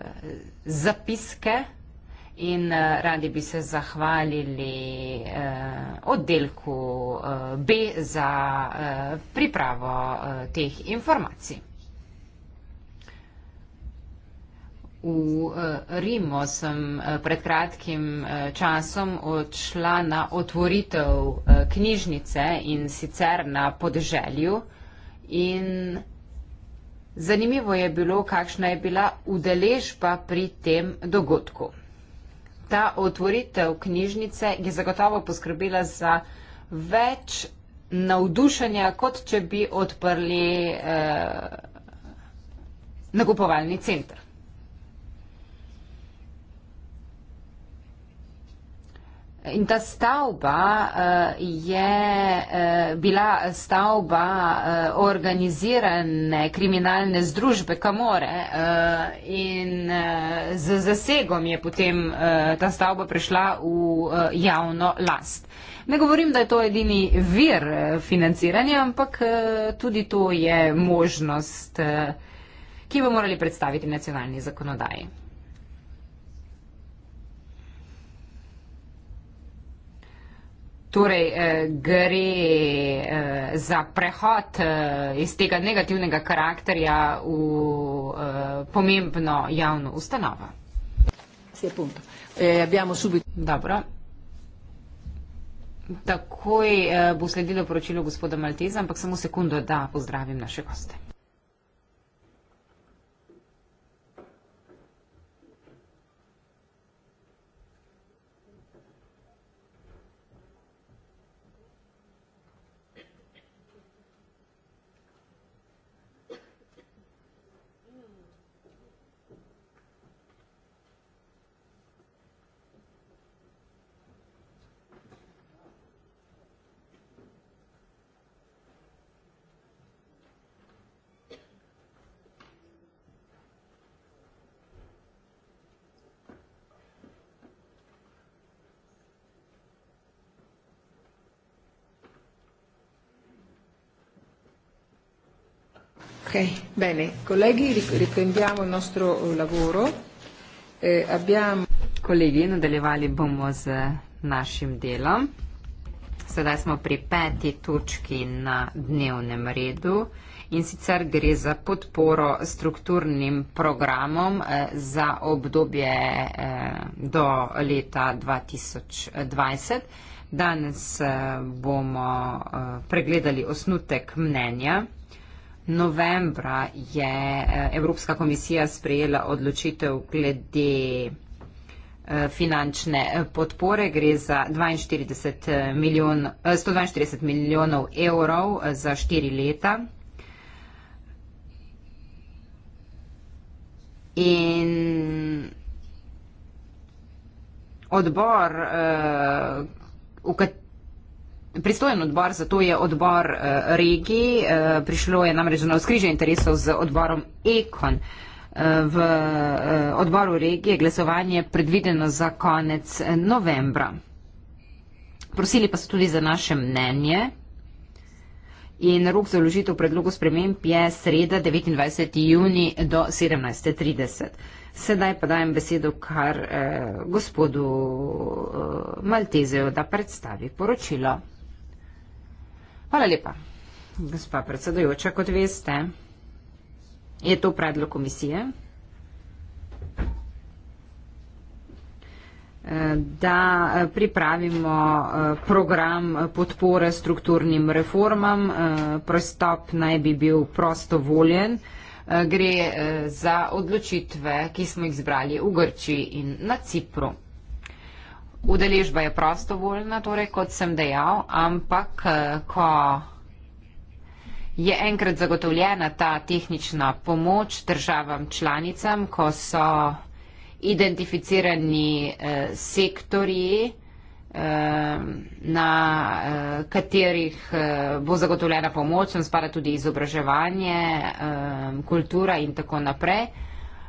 Speaker 1: zapiske in uh, radi bi se zahvalili uh, oddelku uh, B za uh, pripravo uh, teh informacij. V eh, Rimu sem eh, pred kratkim eh, časom odšla na otvoritev knjižnice in sicer na podeželju. In zanimivo je bilo, kakšna je bila udeležba pri tem dogodku. Ta otvoritev knjižnice je zagotovo poskrbela za več navdušenja, kot če bi odprli eh, nakupovalni center. In ta stavba uh, je uh, bila stavba uh, organizirane kriminalne združbe Kamore uh, in uh, z zasegom je potem uh, ta stavba prišla v uh, javno last. Ne govorim, da je to edini vir financiranja, ampak uh, tudi to je možnost, uh, ki bi morali predstaviti nacionalni zakonodaji. Torej, eh, gre eh, za prehod eh, iz tega negativnega karakterja v pomembno javno ustanovo. Dobro. Takoj bo sledilo poročilo gospoda Malteza, ampak samo sekundo, da pozdravim naše goste. Okay. Bene, colleghi, riprendiamo il nostro eh, lavoro. Eh, abbiamo... Colleghi, nadaljevali bomo z eh, našim delom. Sedaj smo pri peti točki na dnevnem redu in sicer gre za podporo strukturnim programom eh, za obdobje eh, do leta 2020. Danes eh, bomo eh, pregledali osnutek mnenja. Eh, novembra je eh, Evropska komisija sprejela odločitev glede eh, finančne eh, podpore. Gre za 42 milijon, 142 milijonov evrov za štiri leta. In odbor, v katerem Pristojen odbor za to je odbor uh, regij, uh, prišlo je namreč na skrižje interesov z odborom Ekon. Eh, v odboru regije glasovanje je predvideno za konec novembra. Prosili pa so tudi za naše mnenje in rok za vložitev predlogu sprememb je sreda 29. juni do 17.30. Sedaj pa dajem besedo kar eh, gospodu Maltezeju, da predstavi poročilo. Hvala lepa. Gospa predsedojoča, kot veste, je to predlog komisije, da pripravimo program podpore strukturnim reformam. Prostop naj bi bil prostovoljen. Gre za odločitve, ki smo jih zbrali v Grči in na Cipru. Udeležba je prostovoljna, torej kot sem dejal, ampak eh, ko je enkrat zagotovljena ta tehnična pomoč državam članicam, ko so identificirani eh, sektorji, eh, na eh, katerih bo zagotovljena pomoč, sem spada tudi izobraževanje, kultura in tako naprej.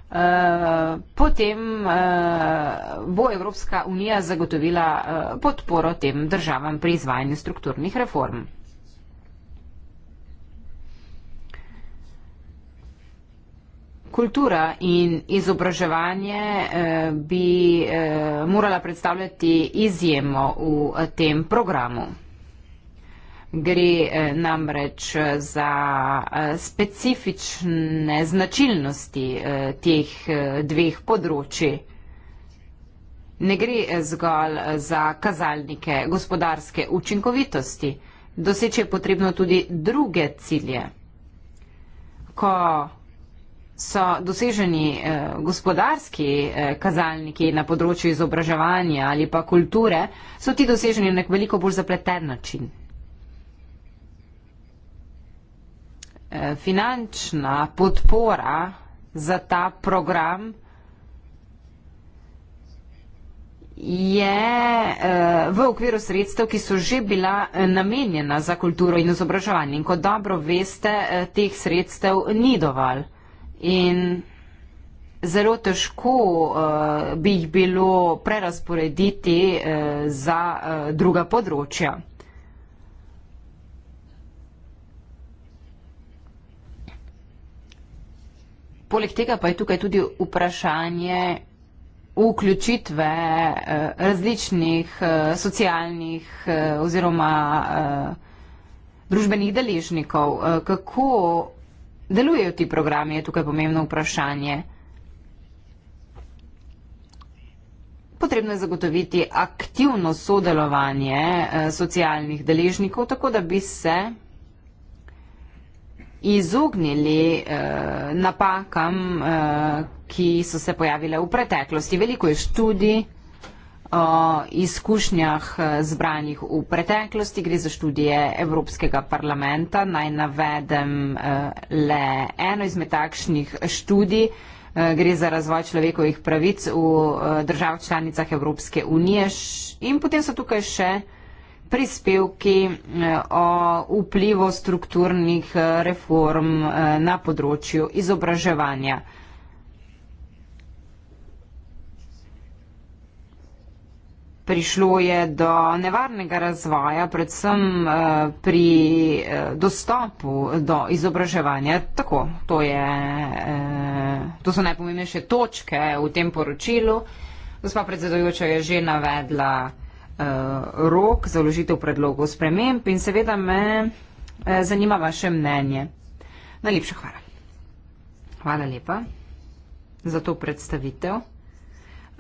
Speaker 1: Eh, potem eh, bo Evropska unija zagotovila eh, podporo tem državam pri izvajanju strukturnih reform. Kultura in izobraževanje bi morala predstavljati izjemo v tem programu. Gre eh, namreč za eh, specifične značilnosti eh, teh dveh področji. Ne gre zgolj za kazalnike gospodarske učinkovitosti. Doseče je potrebno tudi druge cilje. Ko so doseženi gospodarski kazalniki na področju izobraževanja ali pa kulture, so ti doseženi na veliko bolj zapleten način. Eh, finančna podpora za ta program je eh, v okviru sredstev, ki so že bila eh, namenjena za kulturo in izobraževanje. In kot dobro veste, teh sredstev ni dovolj. In zelo težko bi jih bilo prerasporediti za druga področja. Poleg tega pa je tukaj tudi vprašanje vključitve eh, različnih eh, socialnih eh, oziroma družbenih deležnikov. Kako delujejo ti programi, je tukaj pomembno vprašanje. Potrebno je zagotoviti aktivno sodelovanje socialnih deležnikov, tako da bi se izognili eh, napakam, eh, ki so se pojavile v preteklosti. Veliko je študij o izkušnjah eh, zbranih v preteklosti. Gre za študije Evropskega parlamenta. Naj navedem eh, le eno izmed takšnih študij. Eh, gre za razvoj človekovih pravic v eh, državah članicah Evropske unije. In potem so tukaj še uh, prispevki eh, o vplivu strukturnih eh, reform eh, na področju izobraževanja. Prišlo je do nevarnega razvoja, predvsem pri dostopu do izobraževanja. Tako, to, je, to so najpomembnejše točke v tem poročilu. Gospa predsedujoča je že navedla Eh, rok za vložitev predlogov sprememb in seveda me eh, zanima vaše mnenje. Najlepša hvala. Hvala lepa za to predstavitev.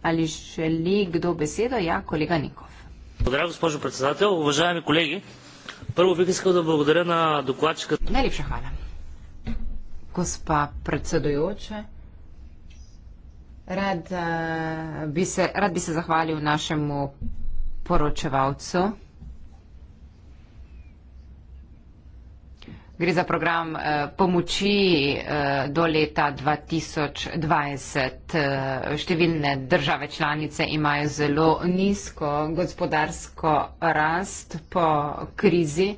Speaker 1: Ali želi kdo besedo? Ja, kolega Nikov. Pozdrav, gospodin predsedatelj, uvaženi kolegi. Prvo bi iskal, da bi na dokladčka. Najlepša hvala. Gospa predsedujoče, rad, uh, bi se, rad bi se zahvalil našemu poročevalcu. Gre za program eh, pomoči eh, do leta 2020. Eh, številne države članice imajo zelo nizko gospodarsko rast po krizi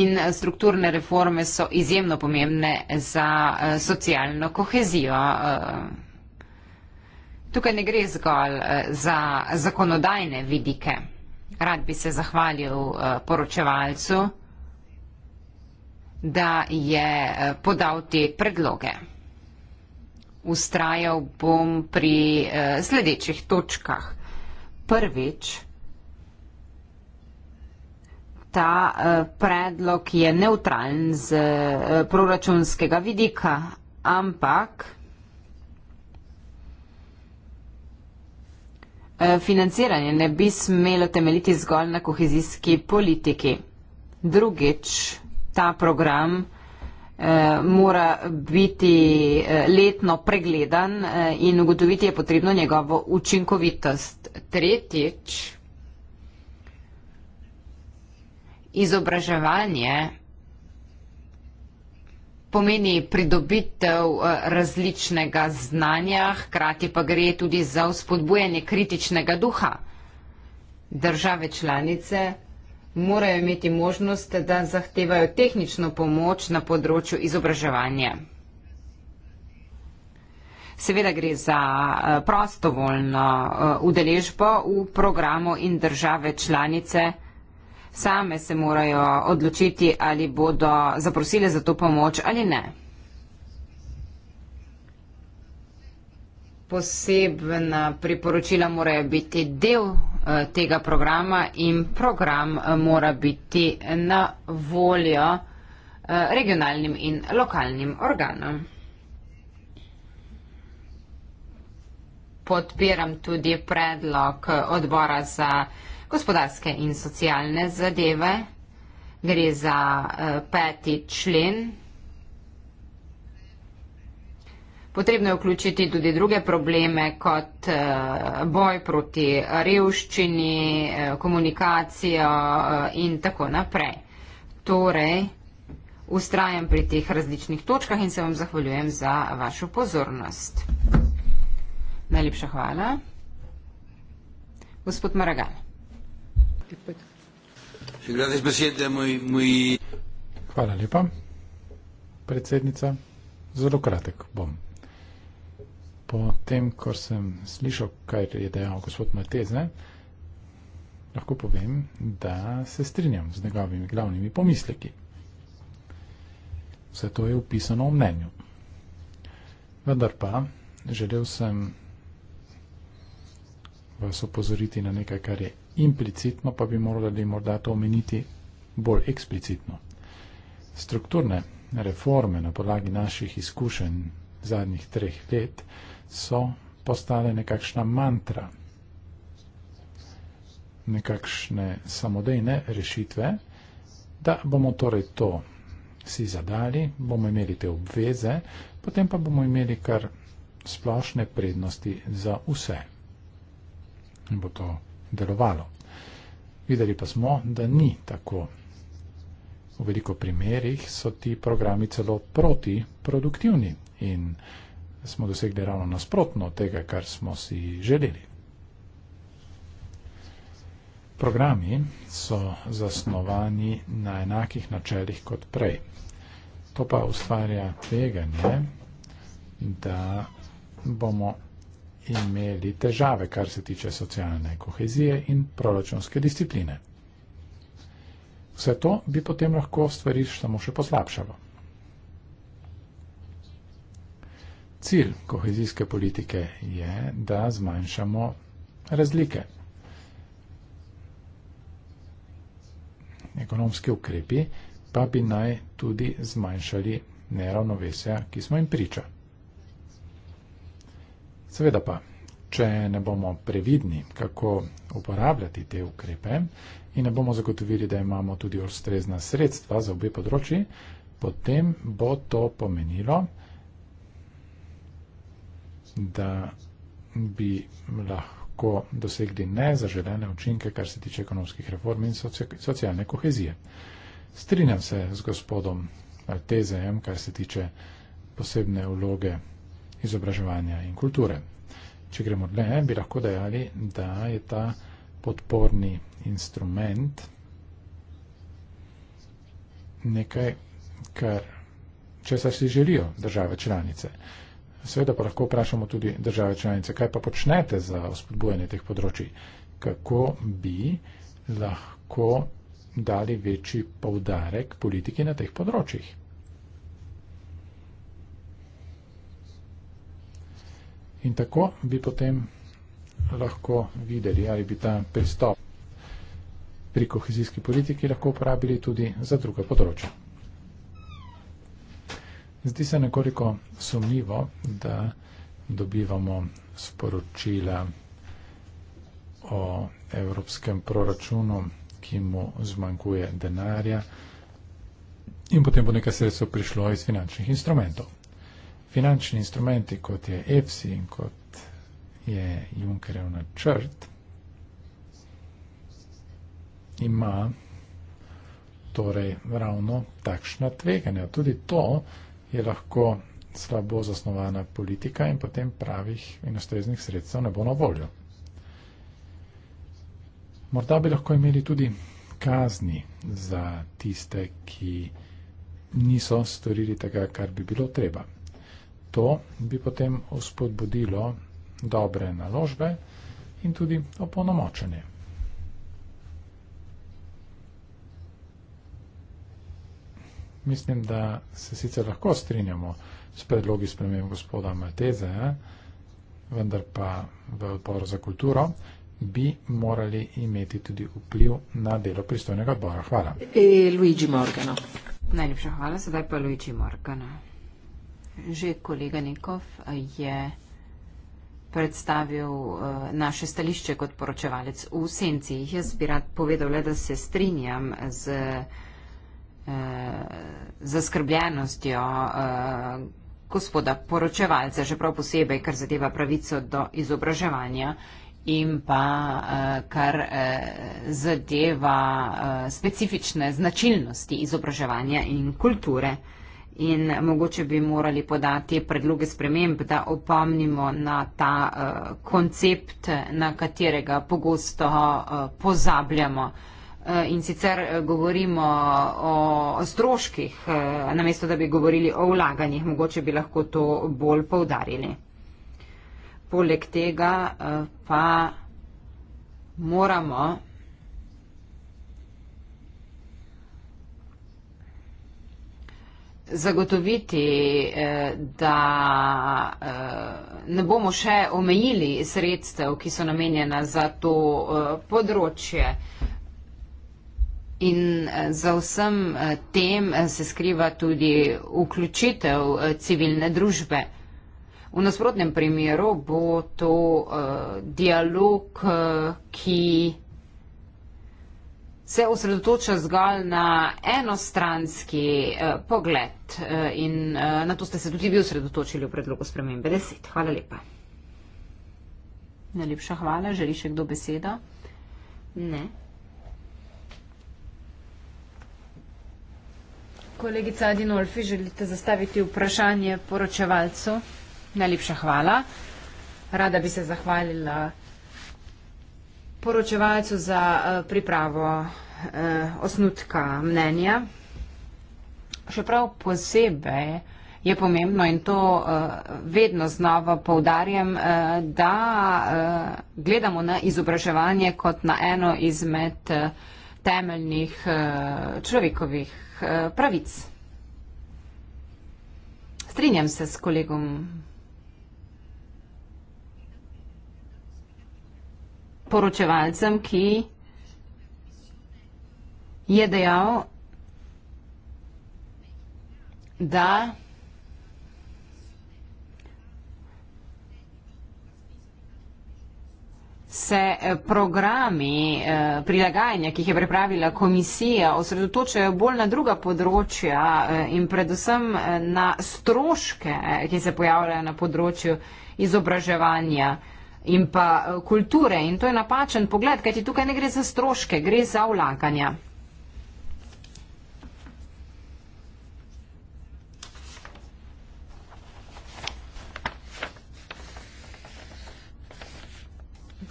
Speaker 1: in strukturne reforme so izjemno pomembne za socialno kohezijo. Tukaj ne gre zgolj eh, za zakonodajne vidike. Rad bi se zahvalil eh, poročevalcu, da je eh, podal te predloge. Ustrajal bom pri sledečih točkah. Prvič, ta predlog je neutralen z proračunskega vidika, ampak Eh, financiranje ne bi smelo temeljiti zgolj na kohezijski politiki. Drugič, ta program eh, mora biti eh, letno pregledan in ugotoviti je potrebno njegovo učinkovitost. Tretjič, izobraževanje pomeni pridobitev eh, različnega znanja, hkrati pa gre tudi za vzpodbujanje kritičnega duha. Države članice morajo imeti možnost, da zahtevajo tehnično pomoč na področju izobraževanja. Seveda gre za eh, prostovoljno eh, udeležbo v programu in države članice same se morajo odločiti, ali bodo zaprosile za to pomoč ali ne. Posebna priporočila morajo biti del eh, tega programa in program eh, mora biti na voljo eh, regionalnim in lokalnim organom. Podpiram tudi predlog odbora za gospodarske in socialne zadeve. Gre za uh, peti člen. Potrebno je vključiti tudi druge probleme kot uh, boj proti revščini, uh, komunikacijo uh, in tako naprej. Torej, ustrajam pri teh različnih točkah in se vam zahvaljujem za vašo pozornost. Najlepša hvala. Gospod Maragal.
Speaker 2: Hvala lepa. Predsednica, zelo kratek bom. Po tem, ko sem slišal, kaj je dejal gospod Mateze, lahko povem, da se strinjam z njegovimi glavnimi pomisleki. Vse to je upisano v mnenju. Vendar pa želel sem vas opozoriti na nekaj, kar je implicitno, pa bi morali morda to omeniti bolj eksplicitno. Strukturne reforme na podlagi naših izkušenj zadnjih treh let so postale nekakšna mantra, nekakšne samodejne rešitve, da bomo torej to si zadali, bomo imeli te obveze, potem pa bomo imeli kar splošne prednosti za vse. Bo to delovalo. Videli pa smo, da ni tako. V veliko primerjih so ti programi celo protiproduktivni in smo dosegli ravno nasprotno tega, kar smo si želeli. Programi so zasnovani na enakih načelih kot prej. To pa ustvarja tveganje, da bomo imeli težave, kar se tiče socialne kohezije in proračunske discipline. Vse to bi potem lahko stvari samo še poslabšalo. Cilj kohezijske politike je, da zmanjšamo razlike. Ekonomski ukrepi pa bi naj tudi zmanjšali neravnovesja, ki smo jim pričali. Seveda pa, če ne bomo previdni, kako uporabljati te ukrepe in ne bomo zagotovili, da imamo tudi ustrezna sredstva za obe področji, potem bo to pomenilo, da bi lahko dosegli nezaželene učinke, kar se tiče ekonomskih reform in socialne kohezije. Strinjam se z gospodom Tezejem, kar se tiče posebne vloge izobraževanja in kulture. Če gremo dlje, bi lahko dejali, da je ta podporni instrument nekaj, kar česar si želijo države članice. Seveda pa lahko vprašamo tudi države članice, kaj pa počnete za vzpodbujanje teh področji, kako bi lahko dali večji poudarek politiki na teh področjih. In tako bi potem lahko videli, ali bi ta pristop pri kohezijski politiki lahko uporabili tudi za druga področja. Zdi se nekoliko sumljivo, da dobivamo sporočila o evropskem proračunu, ki mu zmanjkuje denarja in potem bo nekaj sredstva prišlo iz finančnih instrumentov finančni instrumenti, kot je EFSI in kot je Junkerjev načrt, ima torej ravno takšna tveganja. Tudi to je lahko slabo zasnovana politika in potem pravih in ustreznih sredstev ne bo na voljo. Morda bi lahko imeli tudi kazni za tiste, ki niso storili tega, kar bi bilo treba to bi potem uspodbudilo dobre naložbe in tudi opolnomočenje. Mislim, da se sicer lahko strinjamo s predlogi sprememb gospoda Mateze, vendar pa v odboru za kulturo bi morali imeti tudi vpliv na delo pristojnega odbora. Hvala.
Speaker 1: E, Luigi Morgano. Najlepša hvala, sedaj pa Luigi Morgano. Že kolega Nekov je predstavil eh, naše stališče kot poročevalec v senci. Jaz bi rad povedal le, da se strinjam z eh, zaskrbljenostjo eh, gospoda poročevalca, že prav posebej, kar zadeva pravico do izobraževanja in pa kar zadeva specifične značilnosti izobraževanja in kulture in mogoče bi morali podati predloge sprememb, da opomnimo na ta uh, koncept, na katerega pogosto uh, pozabljamo. Eh, in sicer govorimo o stroških, namesto da bi govorili o vlaganjih, mogoče bi lahko to bolj povdarili. Poleg tega pa moramo zagotoviti, eh, da eh, ne bomo še omejili sredstev, ki so namenjena za to eh, področje. In za vsem tem se skriva tudi vključitev civilne družbe. V nasprotnem primeru bo to dialog, ki se osredotoča zgolj na enostranski eh, pogled eh, in eh, na to ste se tudi vi osredotočili v predlogu spremembe 10. Hvala lepa. Najlepša hvala. Želi še kdo besedo? Ne. Kolegica Adinolfi, želite zastaviti vprašanje poročevalcu? Najlepša hvala. Rada bi se zahvalila poročevalcu za eh, pripravo eh, osnutka mnenja. Še prav posebej je pomembno in to eh, vedno znova poudarjam, eh, da eh, gledamo na izobraževanje kot na eno izmed eh, temeljnih eh, človekovih eh, pravic. Strinjam se s kolegom. poročevalcem, ki je dejal, da se programi eh, prilagajanja, ki jih je pripravila komisija, osredotočajo bolj na druga področja eh, in predvsem eh, na stroške, ki se pojavljajo na področju izobraževanja in pa kulture. In to je napačen pogled, kajti tukaj ne gre za stroške, gre za vlaganja.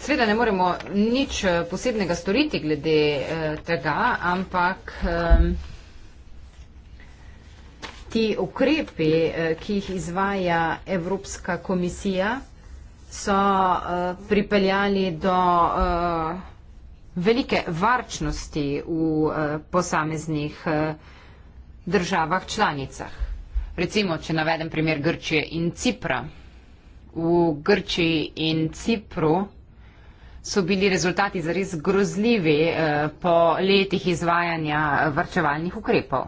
Speaker 1: Sveda ne moremo nič eh, posebnega storiti glede eh, tega, ampak eh, ti ukrepi, eh, ki jih izvaja Evropska komisija, so eh, pripeljali do eh, velike varčnosti v eh, posameznih eh, državah članicah. Recimo, če navedem primer Grčije in Cipra. V Grčiji in Cipru so bili rezultati zares grozljivi eh, po letih izvajanja vrčevalnih ukrepov.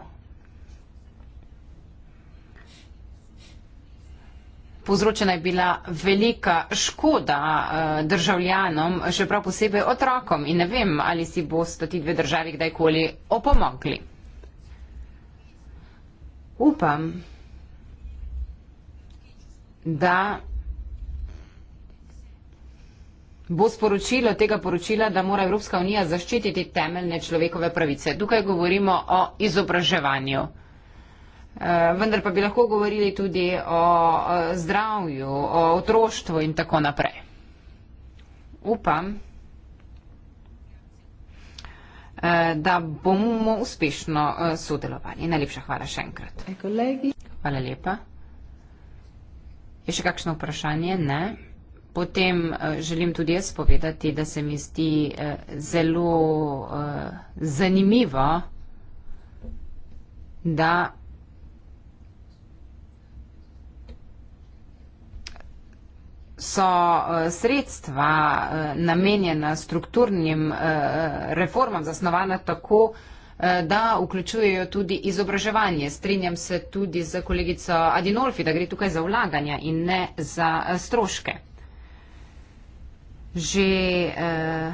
Speaker 1: Povzročena je bila velika škoda eh, državljanom, še prav posebej otrokom in ne vem, ali si boste ti dve državi kdajkoli opomogli. Upam, da bo sporočilo tega poročila, da mora Evropska unija zaščititi temeljne človekove pravice. Tukaj govorimo o izobraževanju. Eh, vendar pa bi lahko govorili tudi o zdravju, o otroštvu in tako naprej. Upam, eh, da bomo uspešno eh, sodelovali. Najlepša hvala še enkrat. Hvala lepa. Je še kakšno vprašanje? Ne. Potem eh, želim tudi jaz povedati, da se mi zdi eh, zelo eh, zanimivo, da so sredstva namenjena strukturnim reformam zasnovana tako, da vključujejo tudi izobraževanje. Strinjam se tudi z kolegico Adinolfi, da gre tukaj za vlaganja in ne za stroške že eh,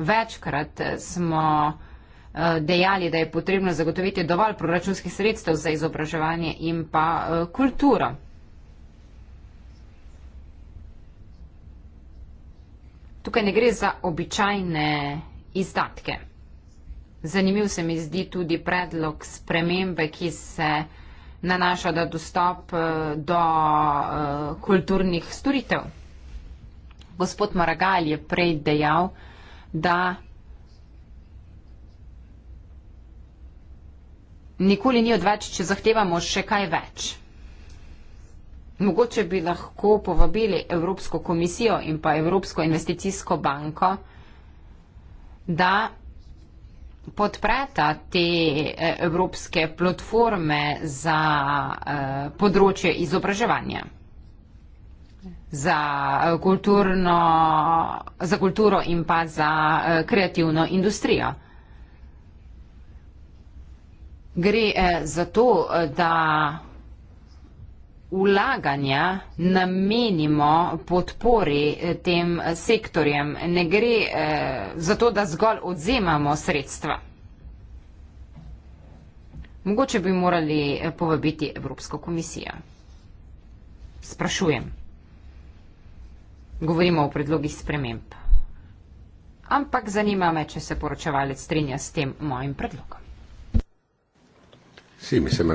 Speaker 1: večkrat smo eh, dejali, da je potrebno zagotoviti dovolj proračunskih sredstev za izobraževanje in pa eh, kulturo. Tukaj ne gre za običajne izdatke. Zanimiv se mi zdi tudi predlog spremembe, ki se nanaša na dostop eh, do eh, kulturnih storitev gospod Maragal je prej dejal, da nikoli ni odveč, če zahtevamo še kaj več. Mogoče bi lahko povabili Evropsko komisijo in pa Evropsko investicijsko banko, da podpreta te eh, evropske platforme za eh, področje izobraževanja za eh, kulturno, za kulturo in pa za eh, kreativno industrijo. Gre eh, za to, da vlaganja namenimo podpori tem sektorjem. Ne gre za to, da zgolj odzemamo sredstva. Mogoče bi morali povabiti Evropsko komisijo. Sprašujem govorimo o predlogih sprememb. Ampak zanima me, če se poročevalec strinja s tem mojim predlogom.
Speaker 2: Si, mislim,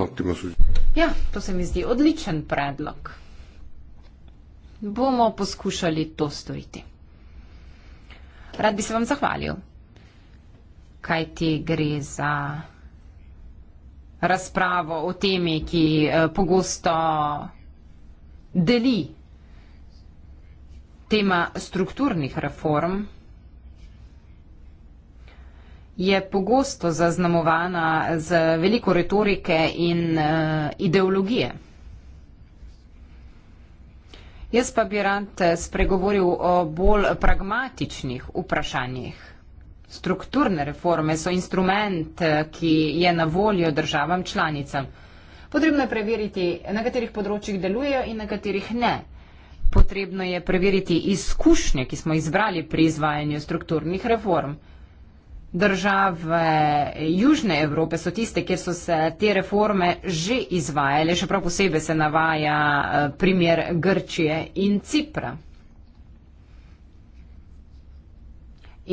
Speaker 2: optimo služ...
Speaker 1: Ja, to se mi zdi odličen predlog. Bomo poskušali to storiti. Rad bi se vam zahvalil, kaj ti gre za razpravo o temi, ki eh, pogosto deli Tema strukturnih reform je pogosto zaznamovana z veliko retorike in uh, ideologije. Jaz pa bi rad eh, spregovoril o bolj pragmatičnih vprašanjih. Strukturne reforme so instrument, eh, ki je na voljo državam članicam. Potrebno je preveriti, na katerih področjih delujejo in na katerih ne. Potrebno je preveriti izkušnje, ki smo izbrali pri izvajanju strukturnih reform. Države Južne Evrope so tiste, kjer so se te reforme že izvajale, še prav posebej se navaja eh, primer Grčije in Cipra.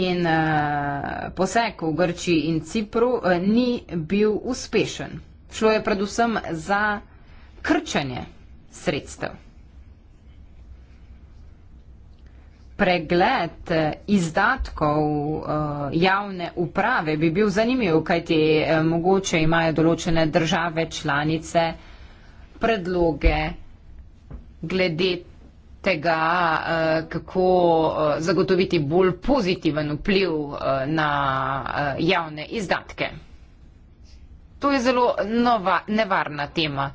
Speaker 1: In eh, poseg v Grčiji in Cipru eh, ni bil uspešen. Šlo je predvsem za krčanje sredstev. pregled eh, izdatkov eh, javne uprave bi bil zanimiv, kajti eh, mogoče imajo določene države članice predloge glede tega, kako zagotoviti bolj pozitiven vpliv na javne izdatke. To je zelo nova, nevarna tema.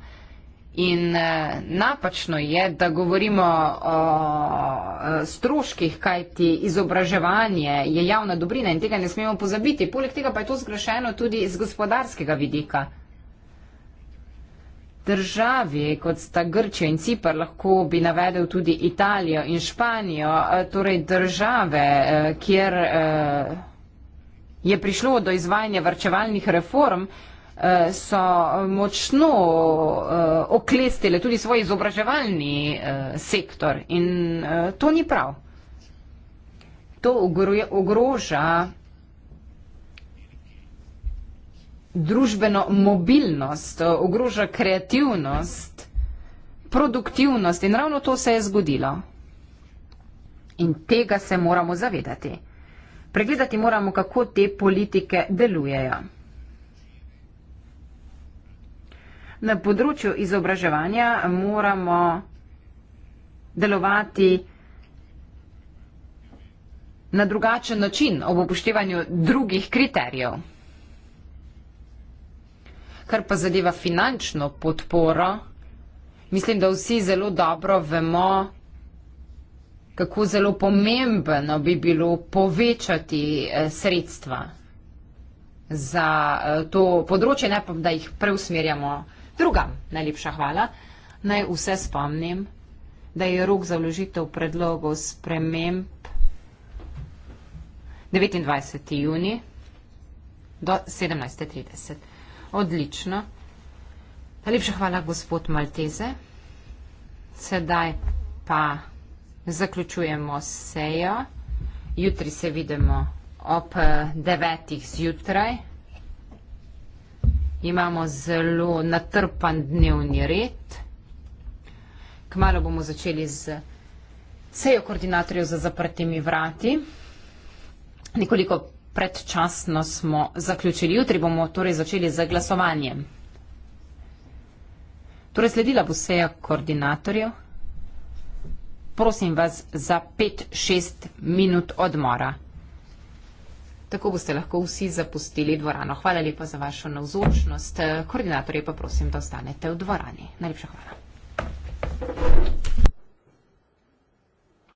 Speaker 1: In eh, napačno je, da govorimo o eh, stroških, kajti izobraževanje je javna dobrina in tega ne smemo pozabiti. Poleg tega pa je to zgrešeno tudi iz gospodarskega vidika. Državi, kot sta Grčija in Cipr, lahko bi navedel tudi Italijo in Španijo, eh, torej države, kjer je prišlo do izvajanja vrčevalnih reform, Eh, so močno eh, oklestile tudi svoj izobraževalni eh, sektor in to ni prav. To ogroža družbeno mobilnost, ogroža kreativnost, produktivnost in ravno to se je zgodilo. In tega se moramo zavedati. Pregledati moramo, kako te politike delujejo. na področju izobraževanja moramo delovati na drugačen način ob upoštevanju drugih kriterijev. Kar pa zadeva finančno podporo, mislim, da vsi zelo dobro vemo, kako zelo pomembno bi bilo povečati eh, sredstva za eh, to področje, ne pa da jih preusmerjamo Druga najlepša hvala. Naj vse spomnim, da je rok za vložitev predlogov sprememb 29. juni do 17.30. Odlično. Najlepša hvala, gospod Malteze. Sedaj pa zaključujemo sejo. Jutri se vidimo ob devetih zjutraj imamo zelo natrpan dnevni red. Kmalo bomo začeli z sejo koordinatorjev za zaprtimi vrati. Nekoliko predčasno smo zaključili, jutri bomo torej začeli z glasovanjem. Torej sledila bo seja koordinatorjev. Prosim vas za 5-6 minut odmora. Tako boste lahko vsi zapustili dvorano. Hvala lepa za vašo navzočnost. Koordinatorje pa prosim, da ostanete v dvorani. Najlepša hvala.